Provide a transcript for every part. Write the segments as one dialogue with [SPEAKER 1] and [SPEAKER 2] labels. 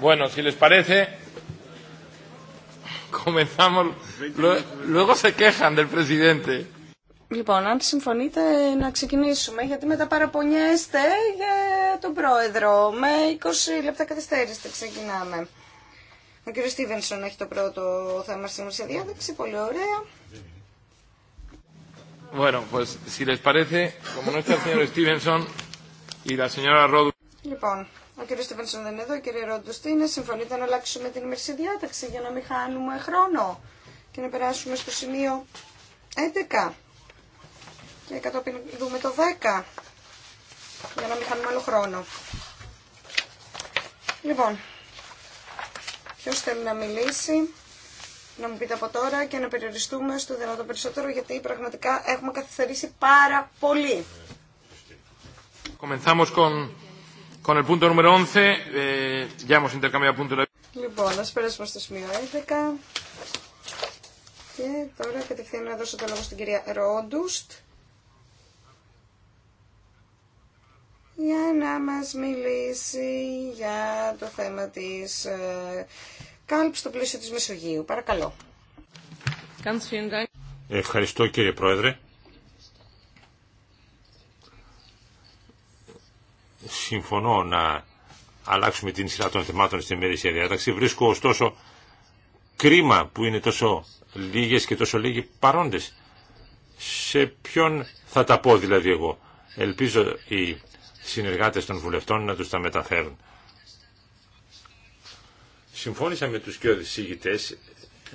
[SPEAKER 1] Bueno, si les parece, comenzamos. Luego se quejan del presidente.
[SPEAKER 2] Λοιπόν, αν συμφωνείτε να ξεκινήσουμε, γιατί μετά παραπονιέστε για τον πρόεδρο. Με 20 λεπτά καθυστέρηση ξεκινάμε. Ο κ. Στίβενσον έχει το πρώτο θέμα σήμερα σε διάδοξη. Πολύ ωραία.
[SPEAKER 1] Bueno, pues si les parece, como no está el señor Stevenson y la señora Rod...
[SPEAKER 2] Λοιπόν, ο κ. Στεφανσόν δεν είναι εδώ, κύριε είναι. Συμφωνείτε να αλλάξουμε την ημερήσια διάταξη για να μην χάνουμε χρόνο και να περάσουμε στο σημείο 11. Και κατόπιν δούμε το 10 για να μην χάνουμε άλλο χρόνο. Λοιπόν, ποιο θέλει να μιλήσει, να μου πείτε από τώρα και να περιοριστούμε στο δυνατό περισσότερο γιατί πραγματικά έχουμε καθυστερήσει πάρα πολύ.
[SPEAKER 1] Comenzamos con Con el punto número 11, eh, ya hemos intercambiado
[SPEAKER 2] punto de... Λοιπόν, ας περάσουμε στο σημείο 11. Και τώρα κατευθείαν να δώσω το λόγο στην κυρία Ρόντουστ για να μας μιλήσει για το θέμα της ε, στο πλαίσιο της Μεσογείου. Παρακαλώ.
[SPEAKER 1] Ευχαριστώ κύριε Πρόεδρε. συμφωνώ να αλλάξουμε την σειρά των θεμάτων στην ημερήσια διάταξη. Βρίσκω ωστόσο κρίμα που είναι τόσο λίγες και τόσο λίγοι παρόντες. Σε ποιον θα τα πω δηλαδή εγώ. Ελπίζω οι συνεργάτες των βουλευτών να τους τα μεταφέρουν. Συμφώνησα με τους και οδησίγητες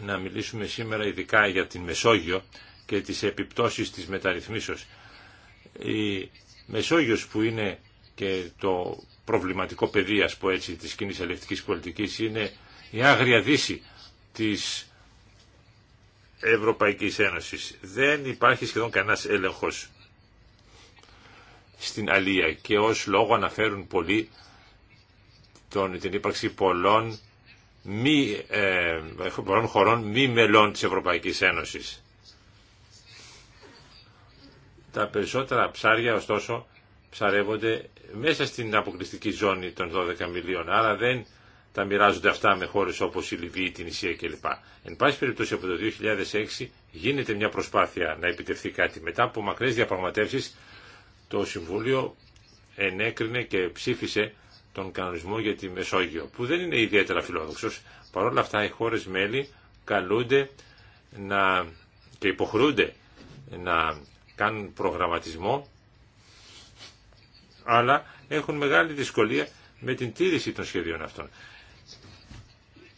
[SPEAKER 1] να μιλήσουμε σήμερα ειδικά για την Μεσόγειο και τις επιπτώσεις της μεταρρυθμίσεως. Η Μεσόγειος που είναι και το προβληματικό πεδίο ας πω έτσι, της κοινής ελευτικής πολιτικής είναι η άγρια δύση της Ευρωπαϊκής Ένωσης. Δεν υπάρχει σχεδόν κανένας έλεγχος στην Αλία και ως λόγο αναφέρουν πολλοί τον, την ύπαρξη πολλών, μη, ε, πολλών χωρών μη μελών της Ευρωπαϊκής Ένωσης. Τα περισσότερα ψάρια ωστόσο ψαρεύονται μέσα στην αποκλειστική ζώνη των 12 μιλίων, άρα δεν τα μοιράζονται αυτά με χώρες όπως η Λιβύη, την Ισία κλπ. Εν πάση περιπτώσει από το 2006 γίνεται μια προσπάθεια να επιτευχθεί κάτι. Μετά από μακρές διαπραγματεύσεις το Συμβούλιο ενέκρινε και ψήφισε τον κανονισμό για τη Μεσόγειο, που δεν είναι ιδιαίτερα φιλόδοξος. Παρ' όλα αυτά οι χώρες μέλη καλούνται να, και υποχρούνται να κάνουν προγραμματισμό αλλά έχουν μεγάλη δυσκολία με την τήρηση των σχεδίων αυτών.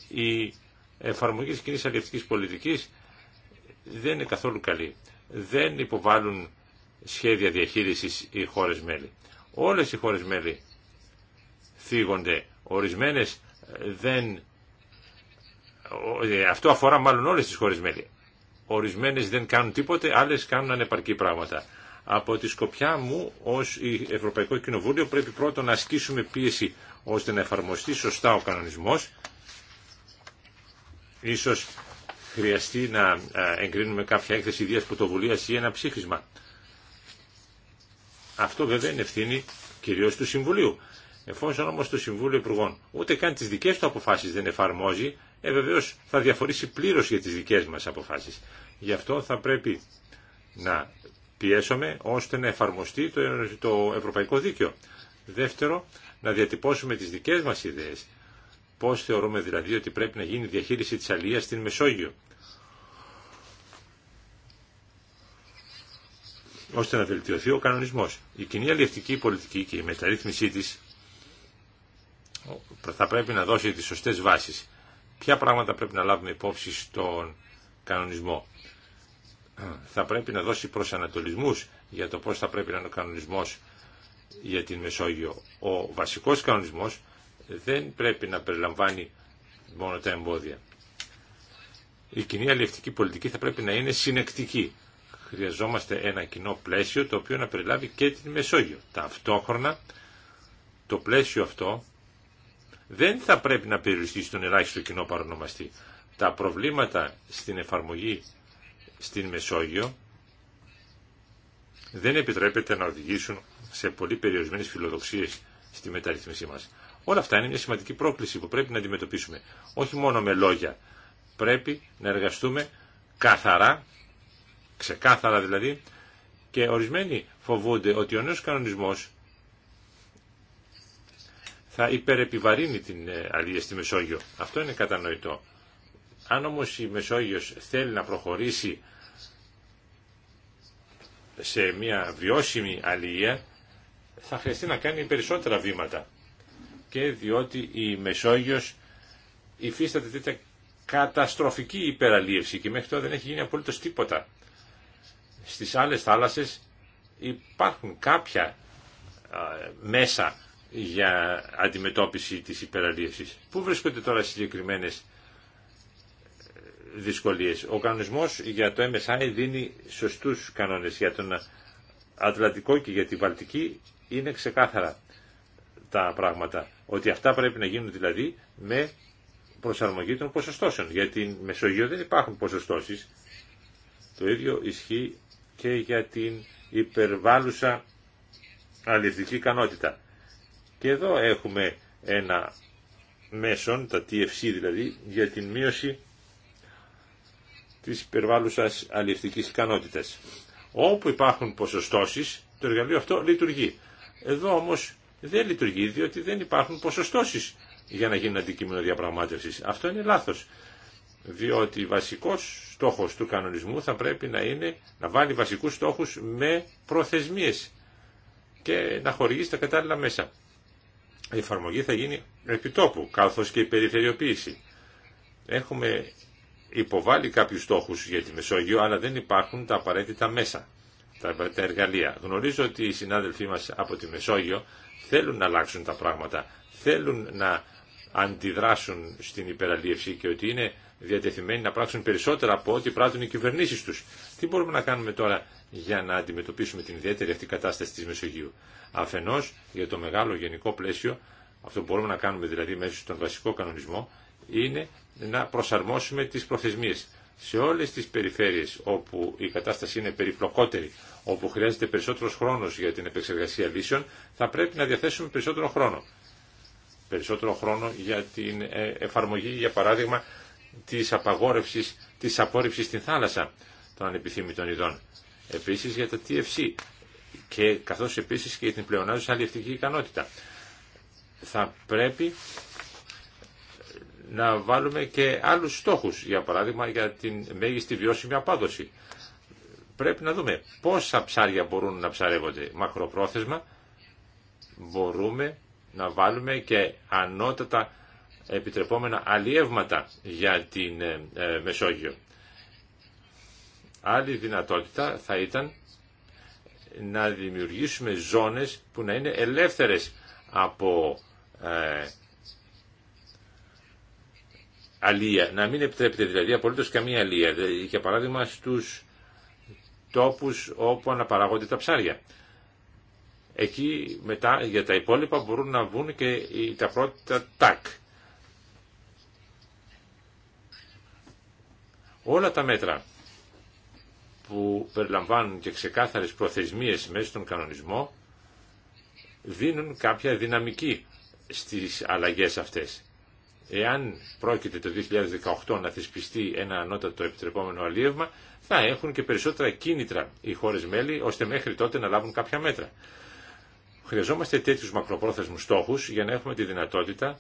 [SPEAKER 1] Η εφαρμογή της κοινής αλληλευτικής πολιτικής δεν είναι καθόλου καλή. Δεν υποβάλλουν σχέδια διαχείρισης οι χώρες μέλη. Όλες οι χώρες μέλη θίγονται. Ορισμένες ε, δεν... Ε, αυτό αφορά μάλλον όλες τις χώρες μέλη. Ορισμένες δεν κάνουν τίποτε, άλλες κάνουν ανεπαρκή πράγματα. Από τη σκοπιά μου ως Ευρωπαϊκό Κοινοβούλιο πρέπει πρώτον να ασκήσουμε πίεση ώστε να εφαρμοστεί σωστά ο κανονισμός. Ίσως χρειαστεί να ε, εγκρίνουμε κάποια έκθεση ιδίας πρωτοβουλία ή ένα ψήφισμα. Αυτό βέβαια είναι ευθύνη κυρίως του Συμβουλίου. Εφόσον όμως το Συμβούλιο Υπουργών ούτε καν τις δικές του αποφάσεις δεν εφαρμόζει, ε, βεβαίως θα διαφορήσει πλήρως για τις δικές μας αποφάσεις. Γι' αυτό θα πρέπει να πιέσουμε ώστε να εφαρμοστεί το ευρωπαϊκό δίκαιο. Δεύτερο, να διατυπώσουμε τις δικές μας ιδέες. Πώς θεωρούμε δηλαδή ότι πρέπει να γίνει η διαχείριση της αλίας στην Μεσόγειο. ώστε να βελτιωθεί ο κανονισμός. Η κοινή αλληλευτική πολιτική και η μεταρρύθμισή της θα πρέπει να δώσει τις σωστές βάσεις. Ποια πράγματα πρέπει να λάβουμε υπόψη στον κανονισμό θα πρέπει να δώσει προσανατολισμούς για το πώς θα πρέπει να είναι ο κανονισμός για την Μεσόγειο. Ο βασικός κανονισμός δεν πρέπει να περιλαμβάνει μόνο τα εμπόδια. Η κοινή αλληλευτική πολιτική θα πρέπει να είναι συνεκτική. Χρειαζόμαστε ένα κοινό πλαίσιο το οποίο να περιλάβει και την Μεσόγειο. Ταυτόχρονα το πλαίσιο αυτό δεν θα πρέπει να περιοριστεί στον ελάχιστο κοινό παρονομαστή. Τα προβλήματα στην εφαρμογή στην Μεσόγειο δεν επιτρέπεται να οδηγήσουν σε πολύ περιορισμένες φιλοδοξίες στη μεταρρύθμιση μας. Όλα αυτά είναι μια σημαντική πρόκληση που πρέπει να αντιμετωπίσουμε. Όχι μόνο με λόγια. Πρέπει να εργαστούμε καθαρά, ξεκάθαρα δηλαδή, και ορισμένοι φοβούνται ότι ο νέος κανονισμός θα υπερεπιβαρύνει την ε, αλληλεία στη Μεσόγειο. Αυτό είναι κατανοητό. Αν όμως η Μεσόγειος θέλει να προχωρήσει σε μια βιώσιμη αλληλεία, θα χρειαστεί να κάνει περισσότερα βήματα. Και διότι η Μεσόγειος υφίσταται τέτοια καταστροφική υπεραλίευση και μέχρι τώρα δεν έχει γίνει απολύτως τίποτα. Στις άλλες θάλασσες υπάρχουν κάποια μέσα για αντιμετώπιση της υπεραλίευσης. Πού βρίσκονται τώρα συγκεκριμένες δυσκολίες. Ο κανονισμός για το MSI δίνει σωστούς κανόνες για τον Ατλαντικό και για τη Βαλτική είναι ξεκάθαρα τα πράγματα. Ότι αυτά πρέπει να γίνουν δηλαδή με προσαρμογή των ποσοστώσεων. Για την Μεσογείο δεν υπάρχουν ποσοστώσεις. Το ίδιο ισχύει και για την υπερβάλλουσα αλληλευτική ικανότητα. Και εδώ έχουμε ένα μέσον, τα TFC δηλαδή, για την μείωση της περιβάλλουσας αλληλευτικής ικανότητας. Όπου υπάρχουν ποσοστώσεις, το εργαλείο αυτό λειτουργεί. Εδώ όμως δεν λειτουργεί, διότι δεν υπάρχουν ποσοστώσεις για να γίνει αντικείμενο διαπραγμάτευσης. Αυτό είναι λάθος, διότι βασικός στόχος του κανονισμού θα πρέπει να είναι να βάλει βασικούς στόχους με προθεσμίες και να χορηγήσει τα κατάλληλα μέσα. Η εφαρμογή θα γίνει επιτόπου, καθώς και η περιφερειοποίηση. Έχουμε υποβάλει κάποιους στόχους για τη Μεσόγειο, αλλά δεν υπάρχουν τα απαραίτητα μέσα, τα, εργαλεία. Γνωρίζω ότι οι συνάδελφοί μας από τη Μεσόγειο θέλουν να αλλάξουν τα πράγματα, θέλουν να αντιδράσουν στην υπεραλίευση και ότι είναι διατεθειμένοι να πράξουν περισσότερα από ό,τι πράττουν οι κυβερνήσεις τους. Τι μπορούμε να κάνουμε τώρα για να αντιμετωπίσουμε την ιδιαίτερη αυτή κατάσταση της Μεσογείου. Αφενός, για το μεγάλο γενικό πλαίσιο, αυτό που μπορούμε να κάνουμε δηλαδή μέσα στον βασικό κανονισμό, είναι να προσαρμόσουμε τις προθεσμίες. Σε όλες τις περιφέρειες όπου η κατάσταση είναι περιπλοκότερη, όπου χρειάζεται περισσότερος χρόνος για την επεξεργασία λύσεων, θα πρέπει να διαθέσουμε περισσότερο χρόνο. Περισσότερο χρόνο για την ε, εφαρμογή, για παράδειγμα, της απαγόρευσης, της απόρριψης στην θάλασσα των ανεπιθύμητων ειδών. Επίσης για τα TFC και καθώς επίσης και για την πλεονάζουσα αλληλευτική ικανότητα. Θα πρέπει να βάλουμε και άλλους στόχους, για παράδειγμα για την μέγιστη βιώσιμη απάδοση. Πρέπει να δούμε πόσα ψάρια μπορούν να ψαρεύονται μακροπρόθεσμα, μπορούμε να βάλουμε και ανώτατα επιτρεπόμενα αλλιεύματα για την ε, ε, Μεσόγειο. Άλλη δυνατότητα θα ήταν να δημιουργήσουμε ζώνες που να είναι ελεύθερες από ε, αλία. Να μην επιτρέπεται δηλαδή απολύτω καμία αλία. Για παράδειγμα στου τόπους όπου αναπαράγονται τα ψάρια. Εκεί μετά για τα υπόλοιπα μπορούν να βγουν και τα πρώτα τάκ. Όλα τα μέτρα που περιλαμβάνουν και ξεκάθαρες προθεσμίες μέσα στον κανονισμό δίνουν κάποια δυναμική στις αλλαγές αυτές εάν πρόκειται το 2018 να θεσπιστεί ένα ανώτατο επιτρεπόμενο αλίευμα, θα έχουν και περισσότερα κίνητρα οι χώρες μέλη, ώστε μέχρι τότε να λάβουν κάποια μέτρα. Χρειαζόμαστε τέτοιους μακροπρόθεσμους στόχους για να έχουμε τη δυνατότητα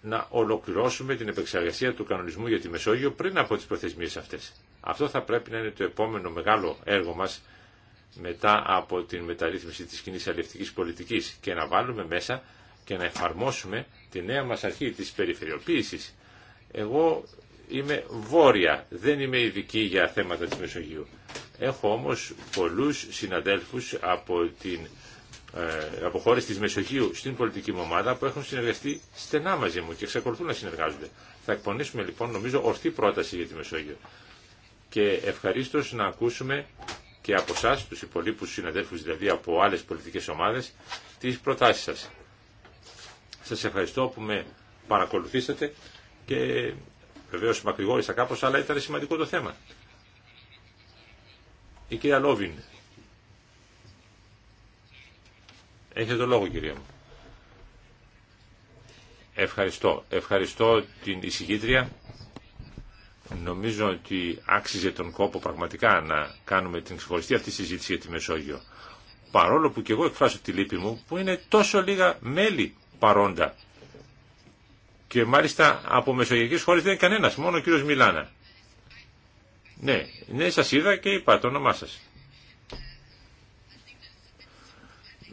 [SPEAKER 1] να ολοκληρώσουμε την επεξεργασία του κανονισμού για τη Μεσόγειο πριν από τις προθεσμίες αυτές. Αυτό θα πρέπει να είναι το επόμενο μεγάλο έργο μας μετά από την μεταρρύθμιση της κοινή αλληλευτικής πολιτικής και να βάλουμε μέσα και να εφαρμόσουμε τη νέα μας αρχή της περιφερειοποίησης. Εγώ είμαι βόρεια, δεν είμαι ειδική για θέματα της Μεσογείου. Έχω όμως πολλούς συναδέλφους από, την, ε, από χώρες της Μεσογείου στην πολιτική μου ομάδα που έχουν συνεργαστεί στενά μαζί μου και εξακολουθούν να συνεργάζονται. Θα εκπονήσουμε λοιπόν νομίζω ορθή πρόταση για τη Μεσόγειο. Και ευχαρίστω να ακούσουμε και από εσά, του υπολείπου συναδέλφου δηλαδή από άλλε πολιτικέ ομάδε, τι προτάσει σα. Σας ευχαριστώ που με παρακολουθήσατε και βεβαίως μακρηγόρησα κάπως, αλλά ήταν σημαντικό το θέμα. Η κυρία Λόβιν. Έχετε το λόγο κυρία μου. Ευχαριστώ. Ευχαριστώ την εισηγήτρια. Νομίζω ότι άξιζε τον κόπο πραγματικά να κάνουμε την ξεχωριστή αυτή συζήτηση για τη Μεσόγειο. Παρόλο που και εγώ εκφράσω τη λύπη μου που είναι τόσο λίγα μέλη παρόντα. Και μάλιστα από μεσογειακέ χώρε δεν είναι κανένα, μόνο ο κύριο Μιλάνα. Ναι, ναι, σας είδα και είπα το όνομά σας.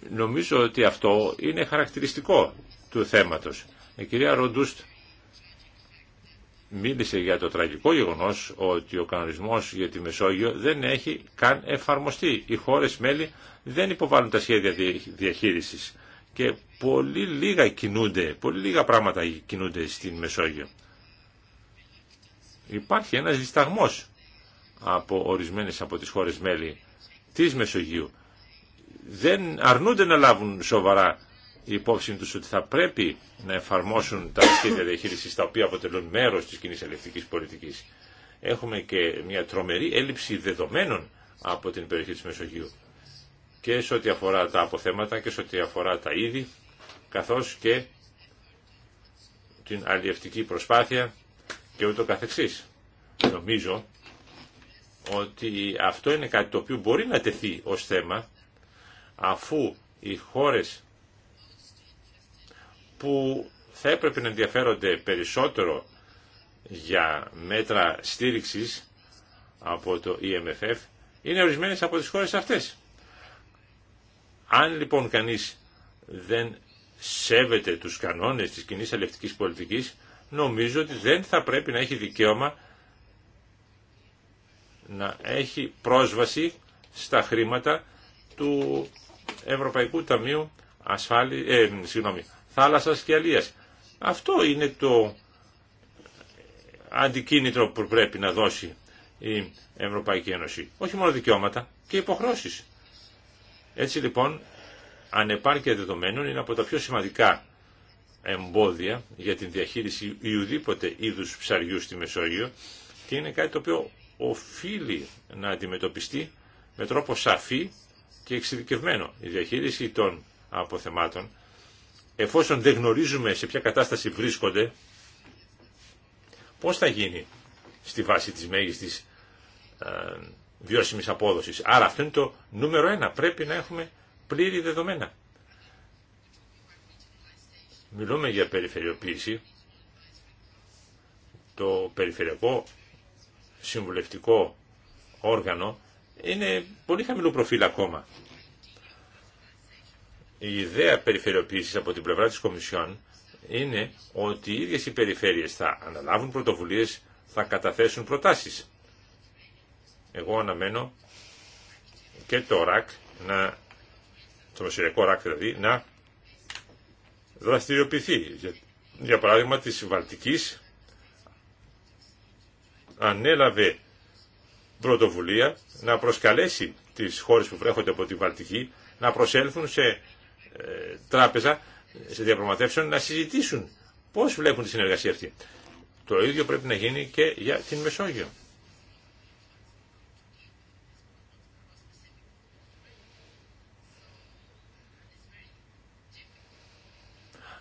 [SPEAKER 1] Νομίζω ότι αυτό είναι χαρακτηριστικό του θέματος. Η κυρία Ροντούστ μίλησε για το τραγικό γεγονός ότι ο κανονισμός για τη Μεσόγειο δεν έχει καν εφαρμοστεί. Οι χώρες μέλη δεν υποβάλλουν τα σχέδια διαχείρισης και πολύ λίγα κινούνται, πολύ λίγα πράγματα κινούνται στην Μεσόγειο. Υπάρχει ένας δισταγμός από ορισμένες από τις χώρες μέλη της Μεσογείου. Δεν αρνούνται να λάβουν σοβαρά υπόψη τους ότι θα πρέπει να εφαρμόσουν τα σχέδια διαχείρισης τα οποία αποτελούν μέρος της κοινή ελευθερικής πολιτικής. Έχουμε και μια τρομερή έλλειψη δεδομένων από την περιοχή της Μεσογείου και σε ό,τι αφορά τα αποθέματα και σε ό,τι αφορά τα είδη, καθώς και την αλλιευτική προσπάθεια και ούτω καθεξής. Νομίζω ότι αυτό είναι κάτι το οποίο μπορεί να τεθεί ως θέμα αφού οι χώρες που θα έπρεπε να ενδιαφέρονται περισσότερο για μέτρα στήριξης από το IMF e είναι ορισμένες από τις χώρες αυτές. Αν λοιπόν κανείς δεν σέβεται τους κανόνες της κοινή ελευτικής πολιτικής, νομίζω ότι δεν θα πρέπει να έχει δικαίωμα να έχει πρόσβαση στα χρήματα του Ευρωπαϊκού Ταμείου Ασφάλι... Ε, Θάλασσας και Αλίας. Αυτό είναι το αντικίνητρο που πρέπει να δώσει η Ευρωπαϊκή Ένωση. Όχι μόνο δικαιώματα και υποχρώσεις. Έτσι λοιπόν, ανεπάρκεια δεδομένων είναι από τα πιο σημαντικά εμπόδια για την διαχείριση ιουδήποτε είδου ψαριού στη Μεσόγειο και είναι κάτι το οποίο οφείλει να αντιμετωπιστεί με τρόπο σαφή και εξειδικευμένο. Η διαχείριση των αποθεμάτων, εφόσον δεν γνωρίζουμε σε ποια κατάσταση βρίσκονται, πώς θα γίνει στη βάση της μέγιστης ε, βιώσιμης απόδοσης. Άρα αυτό είναι το νούμερο ένα. Πρέπει να έχουμε πλήρη δεδομένα. Μιλούμε για περιφερειοποίηση. Το περιφερειακό συμβουλευτικό όργανο είναι πολύ χαμηλο προφίλ ακόμα. Η ιδέα περιφερειοποίησης από την πλευρά της Κομισιόν είναι ότι οι ίδιες οι περιφέρειες θα αναλάβουν πρωτοβουλίες, θα καταθέσουν προτάσεις. Εγώ αναμένω και το ΡΑΚ, να, το Μεσουριακό ΡΑΚ δηλαδή, να δραστηριοποιηθεί. Για, παράδειγμα της Βαλτικής ανέλαβε πρωτοβουλία να προσκαλέσει τις χώρες που βρέχονται από τη Βαλτική να προσέλθουν σε ε, τράπεζα, σε διαπραγματεύσεων να συζητήσουν πώς βλέπουν τη συνεργασία αυτή. Το ίδιο πρέπει να γίνει και για την Μεσόγειο.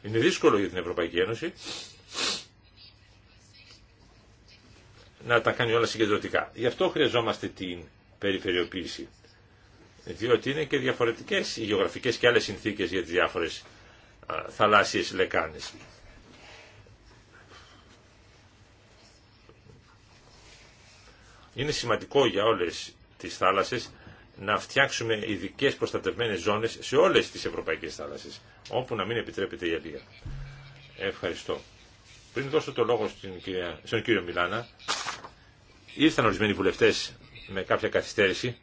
[SPEAKER 1] Είναι δύσκολο για την Ευρωπαϊκή Ένωση να τα κάνει όλα συγκεντρωτικά. Γι' αυτό χρειαζόμαστε την περιφερειοποίηση. Διότι είναι και διαφορετικές οι γεωγραφικές και άλλες συνθήκες για τις διάφορες θαλάσσιες λεκάνες. Είναι σημαντικό για όλες τις θάλασσες να φτιάξουμε ειδικέ προστατευμένε ζώνε σε όλε τι ευρωπαϊκέ θάλασσε, όπου να μην επιτρέπεται η αλία. Ευχαριστώ. Πριν δώσω το λόγο στην κυρία, στον κύριο Μιλάνα, ήρθαν ορισμένοι βουλευτέ με κάποια καθυστέρηση.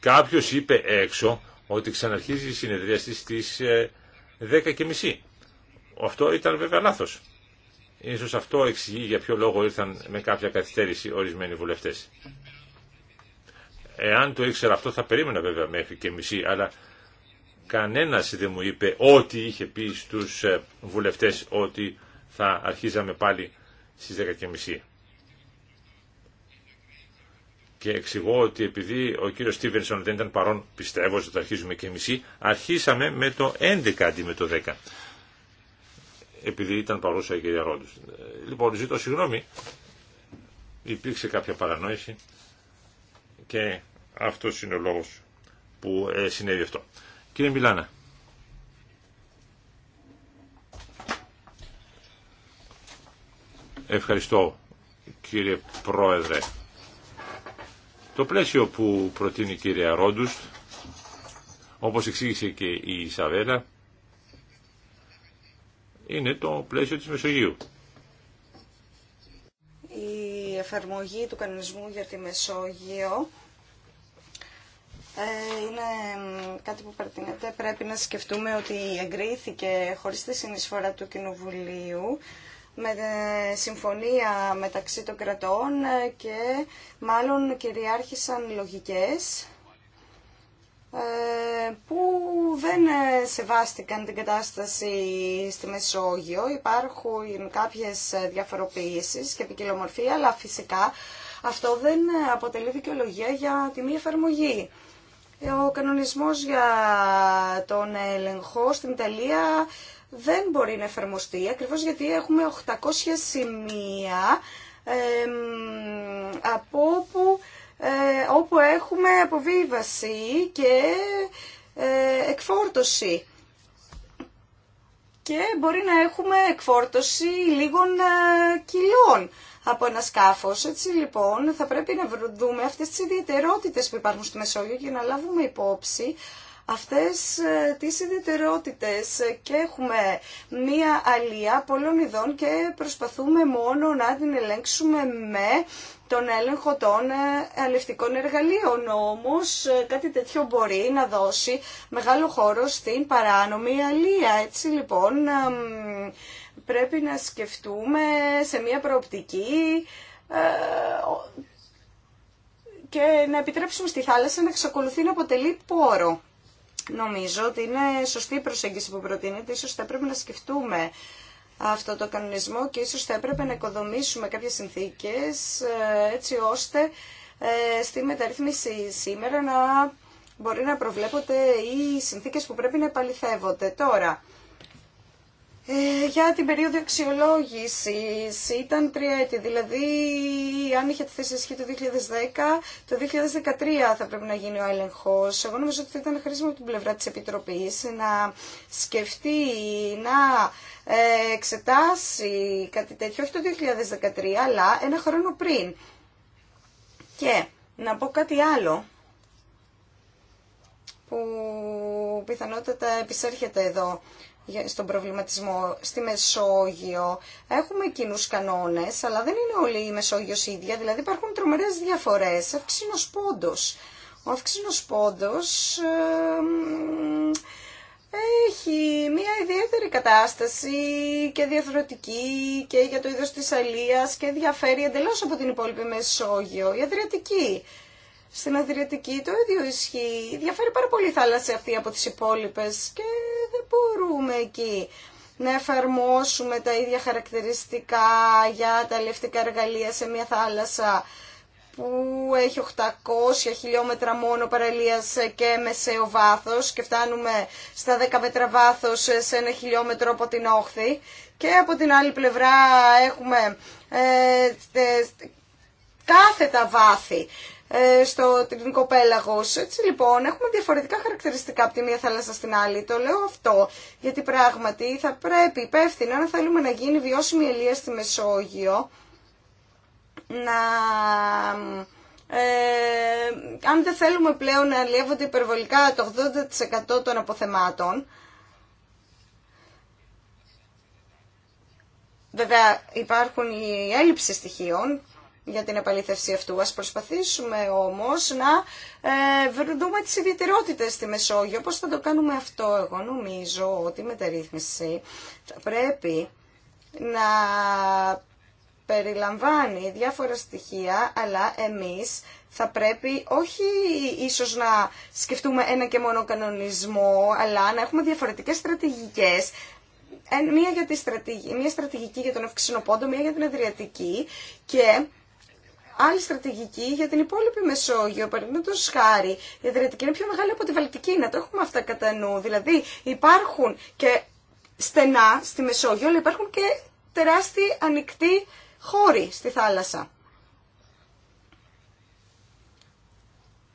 [SPEAKER 1] Κάποιο είπε έξω ότι ξαναρχίζει η συνεδρίαση στι 10.30. Ε, Αυτό ήταν βέβαια λάθος. Ίσως αυτό εξηγεί για ποιο λόγο ήρθαν με κάποια καθυστέρηση ορισμένοι βουλευτές. Εάν το ήξερα αυτό θα περίμενα βέβαια μέχρι και μισή, αλλά κανένας δεν μου είπε ό,τι είχε πει στους ε, βουλευτές ότι θα αρχίζαμε πάλι στις 10.30. Και εξηγώ ότι επειδή ο κύριος Στίβενσον δεν ήταν παρόν, πιστεύω ότι θα αρχίζουμε και μισή, αρχίσαμε με το 11 αντί με το 10 επειδή ήταν παρούσα η κυρία Ρόντου. Ε, λοιπόν, ζητώ συγγνώμη, υπήρξε κάποια παρανόηση και αυτό είναι ο λόγος που ε, συνέβη αυτό. Κύριε Μιλάνα. Ευχαριστώ κύριε Πρόεδρε. Το πλαίσιο που προτείνει η κυρία Ρόντουστ, όπως εξήγησε και η Ισαβέλα, είναι το πλαίσιο της Μεσογείου.
[SPEAKER 2] Η εφαρμογή του κανονισμού για τη Μεσόγειο ε, είναι κάτι που παρατηρείται. Πρέπει να σκεφτούμε ότι εγκρίθηκε χωρίς τη συνεισφορά του Κοινοβουλίου με ε, συμφωνία μεταξύ των κρατών ε, και μάλλον κυριάρχησαν λογικές ε, που δεν ε, σεβάστηκαν την κατάσταση στη Μεσόγειο. Υπάρχουν κάποιες ε, διαφοροποιήσεις και ποικιλομορφία, αλλά φυσικά αυτό δεν αποτελεί δικαιολογία για τη μη εφαρμογή. Ο κανονισμός για τον έλεγχο στην Ιταλία δεν μπορεί να εφαρμοστεί, ακριβώς γιατί έχουμε 800 σημεία από όπου ε, όπου έχουμε αποβίβαση και ε, εκφόρτωση. Και μπορεί να έχουμε εκφόρτωση λίγων ε, κιλών από ένα σκάφο. Έτσι λοιπόν θα πρέπει να δούμε αυτές τις ιδιαιτερότητες που υπάρχουν στη Μεσόγειο και να λάβουμε υπόψη αυτές ε, τις ιδιαιτερότητες ε, και έχουμε μία αλία πολλών ειδών και προσπαθούμε μόνο να την ελέγξουμε με τον έλεγχο των ε, αλευτικών εργαλείων. Όμως κάτι τέτοιο μπορεί να δώσει μεγάλο χώρο στην παράνομη αλία. Έτσι λοιπόν πρέπει να σκεφτούμε σε μία προοπτική και να επιτρέψουμε στη θάλασσα να εξακολουθεί να αποτελεί πόρο. Νομίζω ότι είναι σωστή η προσέγγιση που προτείνεται. Ίσως θα έπρεπε να σκεφτούμε αυτό το κανονισμό και ίσως θα έπρεπε να οικοδομήσουμε κάποιες συνθήκες ε, έτσι ώστε ε, στη μεταρρύθμιση σήμερα να μπορεί να προβλέπονται οι συνθήκες που πρέπει να επαληθεύονται. Τώρα, ε, για την περίοδο αξιολόγηση ήταν ετη δηλαδή αν είχε τη θέση ισχύ το 2010, το 2013 θα πρέπει να γίνει ο έλεγχο. Εγώ νομίζω ότι θα ήταν χρήσιμο από την πλευρά της Επιτροπής να σκεφτεί, να ε, εξετάσει κάτι τέτοιο, όχι το 2013, αλλά ένα χρόνο πριν. Και να πω κάτι άλλο που πιθανότατα επισέρχεται εδώ στον προβληματισμό στη Μεσόγειο. Έχουμε κοινού κανόνε, αλλά δεν είναι όλοι η Μεσόγειο ίδια, δηλαδή υπάρχουν τρομερέ διαφορέ. Αυξήνο πόντο. Ο αυξήνο πόντο έχει μια ιδιαίτερη κατάσταση και διαθροτική και για το είδο τη αλία και διαφέρει εντελώς από την υπόλοιπη Μεσόγειο. Η Αδριατική στην Αδριατική το ίδιο ισχύει. Διαφέρει πάρα πολύ η θάλασσα αυτή από τις υπόλοιπε και δεν μπορούμε εκεί να εφαρμόσουμε τα ίδια χαρακτηριστικά για τα λευτικά εργαλεία σε μια θάλασσα που έχει 800 χιλιόμετρα μόνο παραλίας και μεσαίο βάθος και φτάνουμε στα 10 μέτρα βάθος σε ένα χιλιόμετρο από την όχθη και από την άλλη πλευρά έχουμε ε, ε, κάθετα βάθη ε, στο Τρινικό Πέλαγος. Έτσι λοιπόν έχουμε διαφορετικά χαρακτηριστικά από τη μία θάλασσα στην άλλη. Το λέω αυτό γιατί πράγματι θα πρέπει υπεύθυνα να θέλουμε να γίνει βιώσιμη ελεία στη Μεσόγειο να... Ε, αν δεν θέλουμε πλέον να αλλιεύονται υπερβολικά το 80% των αποθεμάτων, βέβαια υπάρχουν οι έλλειψη στοιχείων για την επαλήθευση αυτού. Ας προσπαθήσουμε όμως να ε, βρούμε τις ιδιαιτερότητες στη Μεσόγειο. Πώς θα το κάνουμε αυτό. Εγώ νομίζω ότι η μεταρρύθμιση θα πρέπει να περιλαμβάνει διάφορα στοιχεία, αλλά εμείς θα πρέπει όχι ίσως να σκεφτούμε ένα και μόνο κανονισμό, αλλά να έχουμε διαφορετικές στρατηγικές, μία, για τη στρατηγική, μία στρατηγική για τον Ευξηνοπόντο, μία για την Αδριατική και άλλη στρατηγική για την υπόλοιπη Μεσόγειο, παραδείγματο χάρη. Η Αδριατική είναι πιο μεγάλη από τη Βαλτική, να το έχουμε αυτά κατά νου. Δηλαδή υπάρχουν και στενά στη Μεσόγειο, αλλά υπάρχουν και τεράστιοι ανοιχτοί χώροι στη θάλασσα.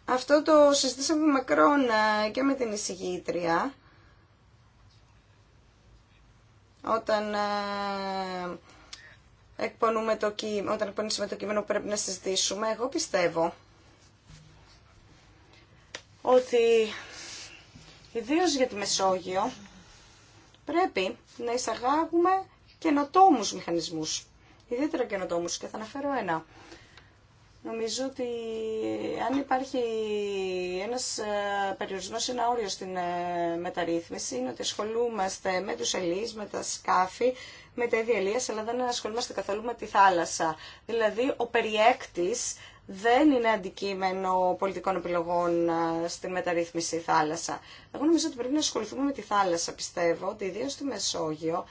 [SPEAKER 2] Αυτό το συζητήσαμε μακρόν ε, και με την εισηγήτρια όταν ε, εκπονούμε το κείμενο, όταν εκπονήσουμε το κείμενο πρέπει να συζητήσουμε. Εγώ πιστεύω ότι ιδίω για τη Μεσόγειο πρέπει να εισαγάγουμε καινοτόμους μηχανισμούς. Ιδιαίτερα καινοτόμους και θα αναφέρω ένα. Νομίζω ότι αν υπάρχει ένας ε, περιορισμός, ένα όριο στην ε, μεταρρύθμιση, είναι ότι ασχολούμαστε με τους ελείς, με τα σκάφη, με τα ίδια ελίας, αλλά δεν ασχολούμαστε καθόλου με τη θάλασσα. Δηλαδή, ο περιέκτης δεν είναι αντικείμενο πολιτικών επιλογών στη μεταρρύθμιση θάλασσα. Εγώ νομίζω ότι πρέπει να ασχοληθούμε με τη θάλασσα, πιστεύω, ότι ιδίω στη Μεσόγειο,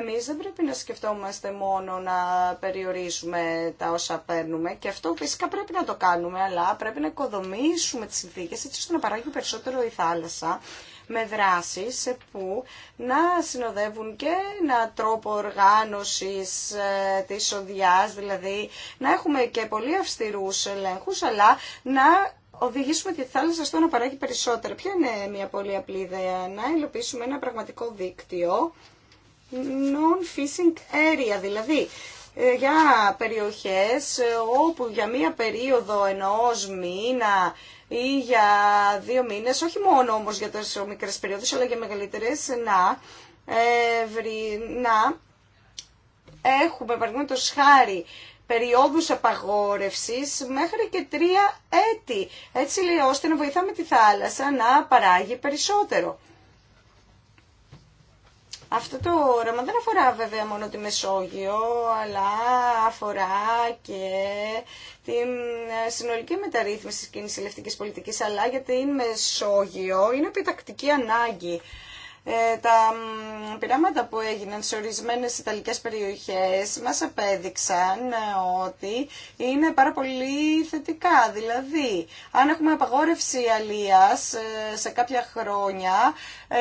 [SPEAKER 2] εμείς δεν πρέπει να σκεφτόμαστε μόνο να περιορίζουμε τα όσα παίρνουμε και αυτό φυσικά πρέπει να το κάνουμε, αλλά πρέπει να οικοδομήσουμε τις συνθήκες έτσι ώστε να παράγει περισσότερο η θάλασσα με δράσεις που να συνοδεύουν και ένα τρόπο οργάνωσης ε, της οδειάς, δηλαδή να έχουμε και πολύ αυστηρούς ελέγχους, αλλά να οδηγήσουμε τη θάλασσα στο να παράγει περισσότερα. Ποια είναι μια πολύ απλή ιδέα, να υλοποιήσουμε ένα πραγματικό δίκτυο non-fishing area, δηλαδή ε, για περιοχές όπου για μία περίοδο ενός μήνα ή για δύο μήνες, όχι μόνο όμως για τις μικρές περιόδους, αλλά για μεγαλύτερες, να, ε, να έχουμε, παραδείγματος χάρη, περιόδους απαγόρευσης μέχρι και τρία έτη, έτσι λέει, ώστε να βοηθάμε τη θάλασσα να παράγει περισσότερο. Αυτό το όραμα δεν αφορά βέβαια μόνο τη Μεσόγειο, αλλά αφορά και την ε, συνολική μεταρρύθμιση της κοινής ελευτικής πολιτικής, αλλά γιατί η Μεσόγειο είναι επιτακτική ανάγκη ε, τα πειράματα που έγιναν σε ορισμένες Ιταλικές περιοχές μας απέδειξαν ε, ότι είναι πάρα πολύ θετικά. Δηλαδή, αν έχουμε απαγόρευση αλίας ε, σε κάποια χρόνια,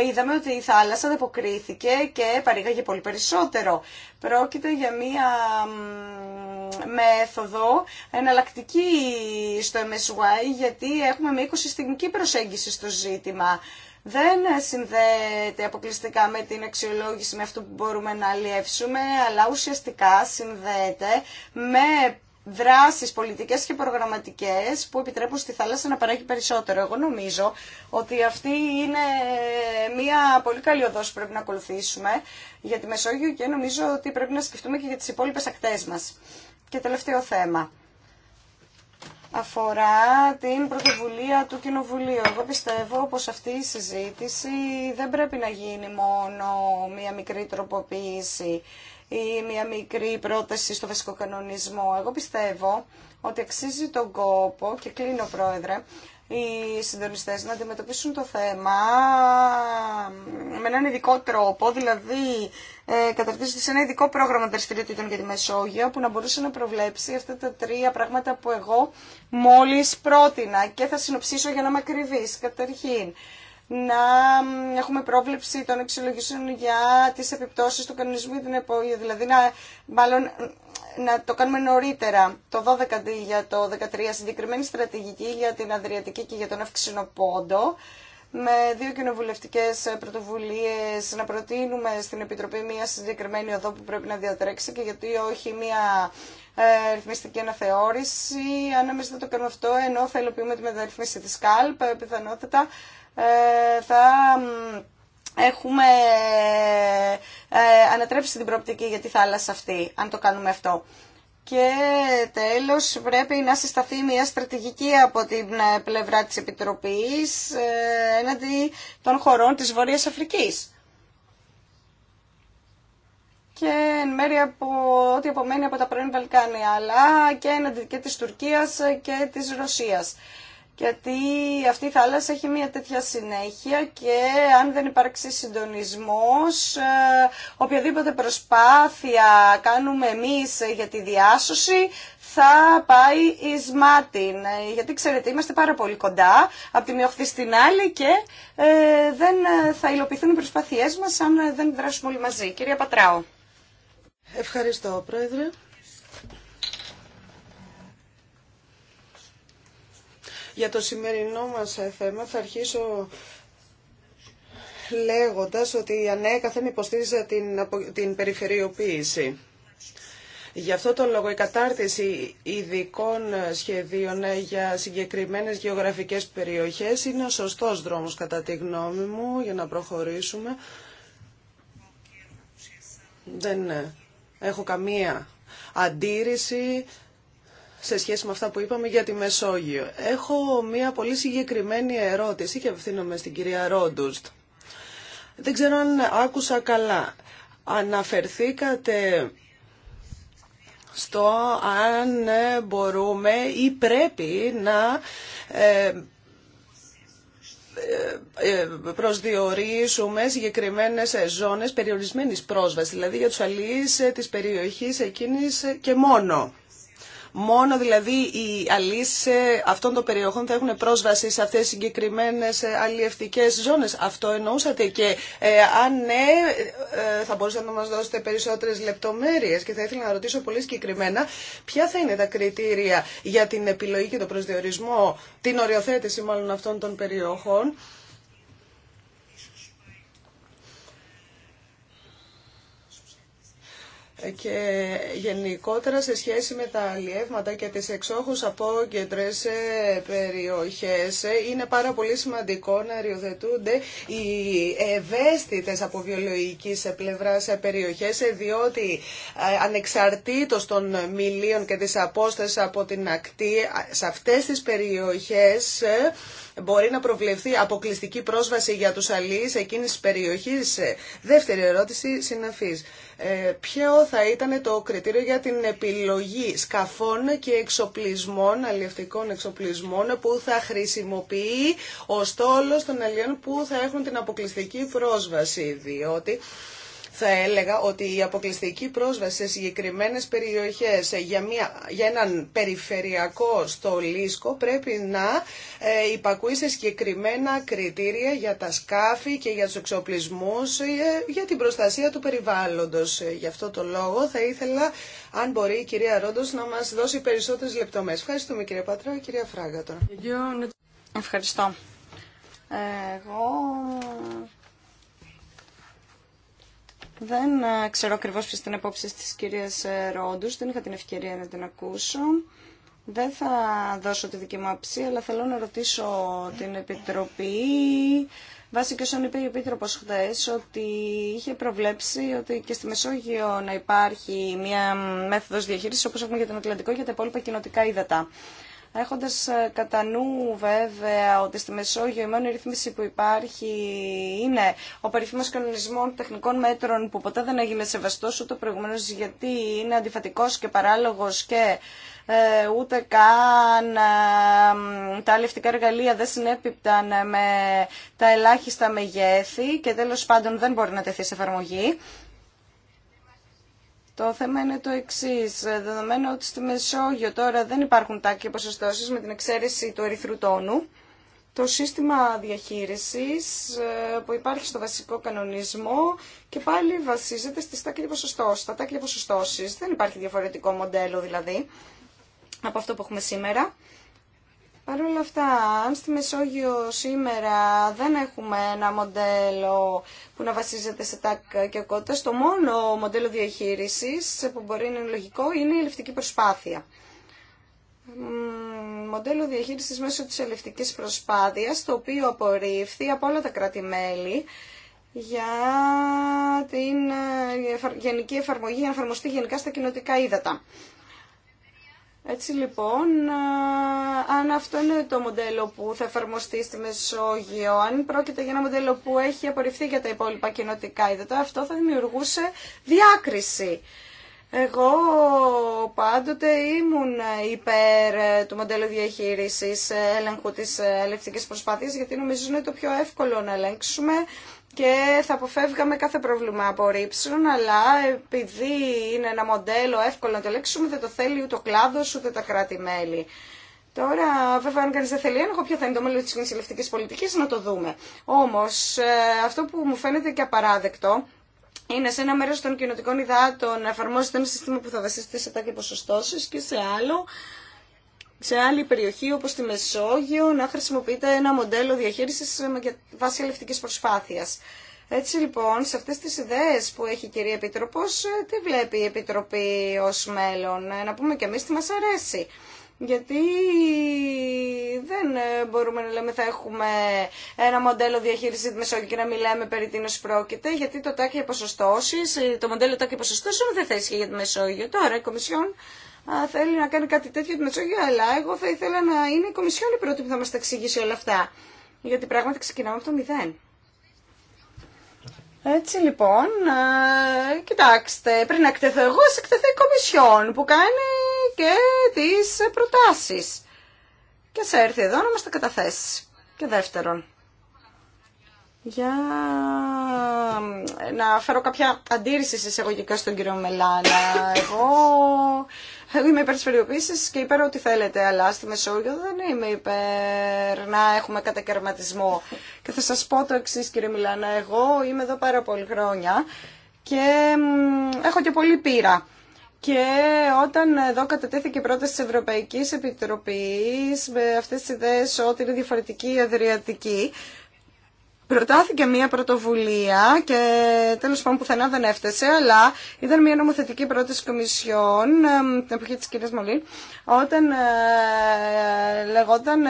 [SPEAKER 2] είδαμε ότι η θάλασσα αποκρίθηκε και παρήγαγε πολύ περισσότερο. Πρόκειται για μία μέθοδο εναλλακτική στο MSY, γιατί έχουμε μία οικοσυστημική προσέγγιση στο ζήτημα δεν συνδέεται αποκλειστικά με την αξιολόγηση, με αυτό που μπορούμε να αλλιεύσουμε, αλλά ουσιαστικά συνδέεται με δράσεις πολιτικές και προγραμματικές που επιτρέπουν στη θάλασσα να παράγει περισσότερο. Εγώ νομίζω ότι αυτή είναι μια πολύ καλή οδός που πρέπει να ακολουθήσουμε για τη Μεσόγειο και νομίζω ότι πρέπει να σκεφτούμε και για τις υπόλοιπες ακτές μας. Και τελευταίο θέμα αφορά την πρωτοβουλία του Κοινοβουλίου. Εγώ πιστεύω πως αυτή η συζήτηση δεν πρέπει να γίνει μόνο μία μικρή τροποποίηση ή μία μικρή πρόταση στο βασικό κανονισμό. Εγώ πιστεύω ότι αξίζει τον κόπο, και κλείνω πρόεδρε, οι συντονιστές να αντιμετωπίσουν το θέμα με έναν ειδικό τρόπο, δηλαδή ε, σε ένα ειδικό πρόγραμμα δραστηριοτήτων για τη Μεσόγειο που να μπορούσε να προβλέψει αυτά τα τρία πράγματα που εγώ μόλις πρότεινα και θα συνοψίσω για να είμαι ακριβής. Καταρχήν, να έχουμε πρόβλεψη των εξολογήσεων για τις επιπτώσεις του κανονισμού για την δηλαδή να, μάλλον, να το κάνουμε νωρίτερα, το 12 για το 13, συγκεκριμένη στρατηγική για την Αδριατική και για τον Αυξηνό Πόντο, με δύο κοινοβουλευτικέ πρωτοβουλίε να προτείνουμε στην Επιτροπή μια συγκεκριμένη οδό που πρέπει να διατρέξει και γιατί όχι μια ε, ρυθμιστική αναθεώρηση. Αν εμεί δεν το κάνουμε αυτό, ενώ θα υλοποιούμε τη μεταρρύθμιση τη ΚΑΛΠ, ε, πιθανότατα ε, θα έχουμε ε, ανατρέψει την προοπτική για τη θάλασσα αυτή, αν το κάνουμε αυτό. Και τέλος πρέπει να συσταθεί μια στρατηγική από την ε, πλευρά της Επιτροπής ε, έναντι των χωρών της Βόρειας Αφρικής. Και εν μέρει από ό,τι απομένει από τα πρώην Βαλκάνια, αλλά και έναντι και της Τουρκίας και της Ρωσίας γιατί αυτή η θάλασσα έχει μια τέτοια συνέχεια και αν δεν υπάρξει συντονισμός, ε, οποιαδήποτε προσπάθεια κάνουμε εμείς για τη διάσωση θα πάει εις μάτιν. Ε, γιατί ξέρετε είμαστε πάρα πολύ κοντά από τη μια στην άλλη και ε, δεν θα υλοποιηθούν οι προσπάθειές μας αν δεν δράσουμε όλοι μαζί. Κυρία Πατράου. Ευχαριστώ Πρόεδρε.
[SPEAKER 3] Για το σημερινό μας ε, θέμα θα αρχίσω λέγοντας ότι ανέκαθεν υποστήριζε την, την περιφερειοποίηση. Γι' αυτό τον λόγο η κατάρτιση ειδικών σχεδίων ε, για συγκεκριμένες γεωγραφικές περιοχές είναι ο σωστός δρόμος κατά τη γνώμη μου για να προχωρήσουμε. Δεν ε, έχω καμία αντίρρηση σε σχέση με αυτά που είπαμε για τη Μεσόγειο. Έχω μια πολύ συγκεκριμένη ερώτηση και ευθύνομαι στην κυρία Ρόντουστ. Δεν ξέρω αν άκουσα καλά. Αναφερθήκατε στο αν ε, μπορούμε ή πρέπει να ε, ε, προσδιορίσουμε συγκεκριμένες ζώνες περιορισμένης πρόσβασης, δηλαδή για τους αλληλείς της περιοχής εκείνης και μόνο. Μόνο δηλαδή οι αλείς αυτών των περιοχών θα έχουν πρόσβαση σε αυτές τις συγκεκριμένες ε, αλλιευτικές ζώνες. Αυτό εννοούσατε και ε, αν ναι ε, θα μπορούσατε να μας δώσετε περισσότερες λεπτομέρειες και θα ήθελα να ρωτήσω πολύ συγκεκριμένα ποια θα είναι τα κριτήρια για την επιλογή και τον προσδιορισμό, την οριοθέτηση μάλλον αυτών των περιοχών. και γενικότερα σε σχέση με τα αλλιεύματα και τις εξόχους κεντρές ε, περιοχές ε, είναι πάρα πολύ σημαντικό να αριοθετούνται οι ευαίσθητες από βιολογική σε πλευρά σε περιοχές ε, διότι ανεξαρτήτως των μιλίων και της απόστασης από την ακτή σε αυτές τις περιοχές μπορεί να προβλεφθεί αποκλειστική πρόσβαση για τους αλληλείς εκείνης της περιοχής. Δεύτερη ερώτηση, συναφής. Ε, ποιο θα ήταν το κριτήριο για την επιλογή σκαφών και εξοπλισμών, αλλιευτικών εξοπλισμών που θα χρησιμοποιεί ο στόλος των αλλιών που θα έχουν την αποκλειστική πρόσβαση, διότι θα έλεγα ότι η αποκλειστική πρόσβαση σε συγκεκριμένε περιοχές για, για έναν περιφερειακό στολίσκο πρέπει να ε, υπακούει σε συγκεκριμένα κριτήρια για τα σκάφη και για τους εξοπλισμούς, ε, για την προστασία του περιβάλλοντος. Ε, γι' αυτό το λόγο θα ήθελα, αν μπορεί η κυρία Ρόντο, να μας δώσει περισσότερε λεπτομέρειε. Ευχαριστούμε κυρία Πατρά, κυρία Φράγκα
[SPEAKER 2] Ευχαριστώ. Εγώ δεν ε, ξέρω ακριβώ ποιε ήταν απόψει τη κυρία ε, Ρόντου, δεν είχα την ευκαιρία να την ακούσω. Δεν θα δώσω τη δική μου αλλά θέλω να ρωτήσω την Επιτροπή. Βάσει και όσων είπε η Επίτροπος χθε ότι είχε προβλέψει ότι και στη Μεσόγειο να υπάρχει μια μέθοδος διαχείρισης, όπως έχουμε για τον Ατλαντικό, για τα υπόλοιπα κοινοτικά ύδατα έχοντας ε, κατά νου βέβαια ότι στη Μεσόγειο η μόνη ρύθμιση που υπάρχει είναι ο περίφημος κανονισμών τεχνικών μέτρων που ποτέ δεν έγινε σεβαστός ούτε προηγουμένως γιατί είναι αντιφατικός και παράλογος και ε, ούτε καν ε, τα αλληλευτικά εργαλεία δεν συνέπιπταν με τα ελάχιστα μεγέθη και τέλος πάντων δεν μπορεί να τεθεί σε εφαρμογή. Το θέμα είναι το εξή. Δεδομένου ότι στη Μεσόγειο τώρα δεν υπάρχουν τάκια ποσοστώσει με την εξαίρεση του ερυθρού τόνου, το σύστημα διαχείρισης ε, που υπάρχει στο βασικό κανονισμό και πάλι βασίζεται στι τάκια ποσοστώσει. Τα τάκια ποσοστώσεις δεν υπάρχει διαφορετικό μοντέλο δηλαδή από αυτό που έχουμε σήμερα. Παρ' όλα αυτά, αν στη Μεσόγειο σήμερα δεν έχουμε ένα μοντέλο που να βασίζεται σε τάκ και κότα, το μόνο μοντέλο διαχείρισης που μπορεί να είναι λογικό είναι η ελευτική προσπάθεια. Μοντέλο διαχείρισης μέσω της ελευτική προσπάθειας, το οποίο απορρίφθη από όλα τα κράτη-μέλη για την ε, γενική εφαρμογή, για να εφαρμοστεί γενικά στα κοινοτικά ύδατα. Έτσι λοιπόν, αν αυτό είναι το μοντέλο που θα εφαρμοστεί στη Μεσόγειο, αν πρόκειται για ένα μοντέλο που έχει απορριφθεί για τα υπόλοιπα κοινοτικά είδατα, αυτό θα δημιουργούσε διάκριση. Εγώ πάντοτε ήμουν υπέρ του μοντέλου διαχείρισης έλεγχου της ελευθερικής προσπάθειας, γιατί νομίζω είναι το πιο εύκολο να ελέγξουμε και θα αποφεύγαμε κάθε πρόβλημα απορρίψεων, αλλά επειδή είναι ένα μοντέλο εύκολο να το λέξουμε, δεν το θέλει ούτε ο κλάδο ούτε τα κράτη-μέλη. Τώρα, βέβαια, αν κανεί δεν θέλει έλεγχο, ποιο θα είναι το μέλλον τη πολιτική, να το δούμε. Όμω, ε, αυτό που μου φαίνεται και απαράδεκτο είναι σε ένα μέρο των κοινωτικών υδάτων να εφαρμόζεται ένα σύστημα που θα βασίζεται σε ποσοστώσει και σε άλλο σε άλλη περιοχή όπως τη Μεσόγειο να χρησιμοποιείται ένα μοντέλο διαχείρισης ε, με βάση αλευτικής προσπάθειας. Έτσι λοιπόν, σε αυτές τις ιδέες που έχει η κυρία Επίτροπος, ε, τι βλέπει η Επιτροπή ως μέλλον, ε, να πούμε και εμείς τι μας αρέσει. Γιατί δεν μπορούμε να λέμε θα έχουμε ένα μοντέλο διαχείρισης τη Μεσόγειο και να μιλάμε περί τίνο πρόκειται, γιατί το τάκι το μοντέλο τάκι ποσοστώσεων δεν θα ισχύει για τη Μεσόγειο. Τώρα η Κομισιόν α, θέλει να κάνει κάτι τέτοιο τη Μετσόγειο, αλλά εγώ θα ήθελα να είναι η Κομισιόν η πρώτη που θα μας τα εξηγήσει όλα αυτά. Γιατί πράγματι ξεκινάμε από το μηδέν. Έτσι λοιπόν, κοιτάξτε, πριν να εκτεθώ εγώ, σε εκτεθεί η Κομισιόν που κάνει και τις προτάσεις. Και σε έρθει εδώ να μας τα καταθέσει. Και δεύτερον, για ε, να φέρω κάποια αντίρρηση σε εισαγωγικά στον κύριο Μελάνα. Εγώ είμαι υπέρ της και υπέρ ό,τι θέλετε, αλλά στη Μεσόγειο δεν είμαι υπέρ να έχουμε κατακαιρματισμό. Και θα σας πω το εξή κύριε Μιλάνα, εγώ είμαι εδώ πάρα πολύ χρόνια και έχω και πολύ πείρα. Και όταν εδώ κατατέθηκε η πρόταση της Ευρωπαϊκής Επιτροπής με αυτές τις ιδέες ότι είναι διαφορετική η Αδριατική, Προτάθηκε μια πρωτοβουλία και τέλος πάντων πουθενά δεν έφτασε, αλλά ήταν μια νομοθετική πρόταση Κομισιόν, ε, την εποχή της κυρίας Μολύν, όταν ε, λεγόταν ε,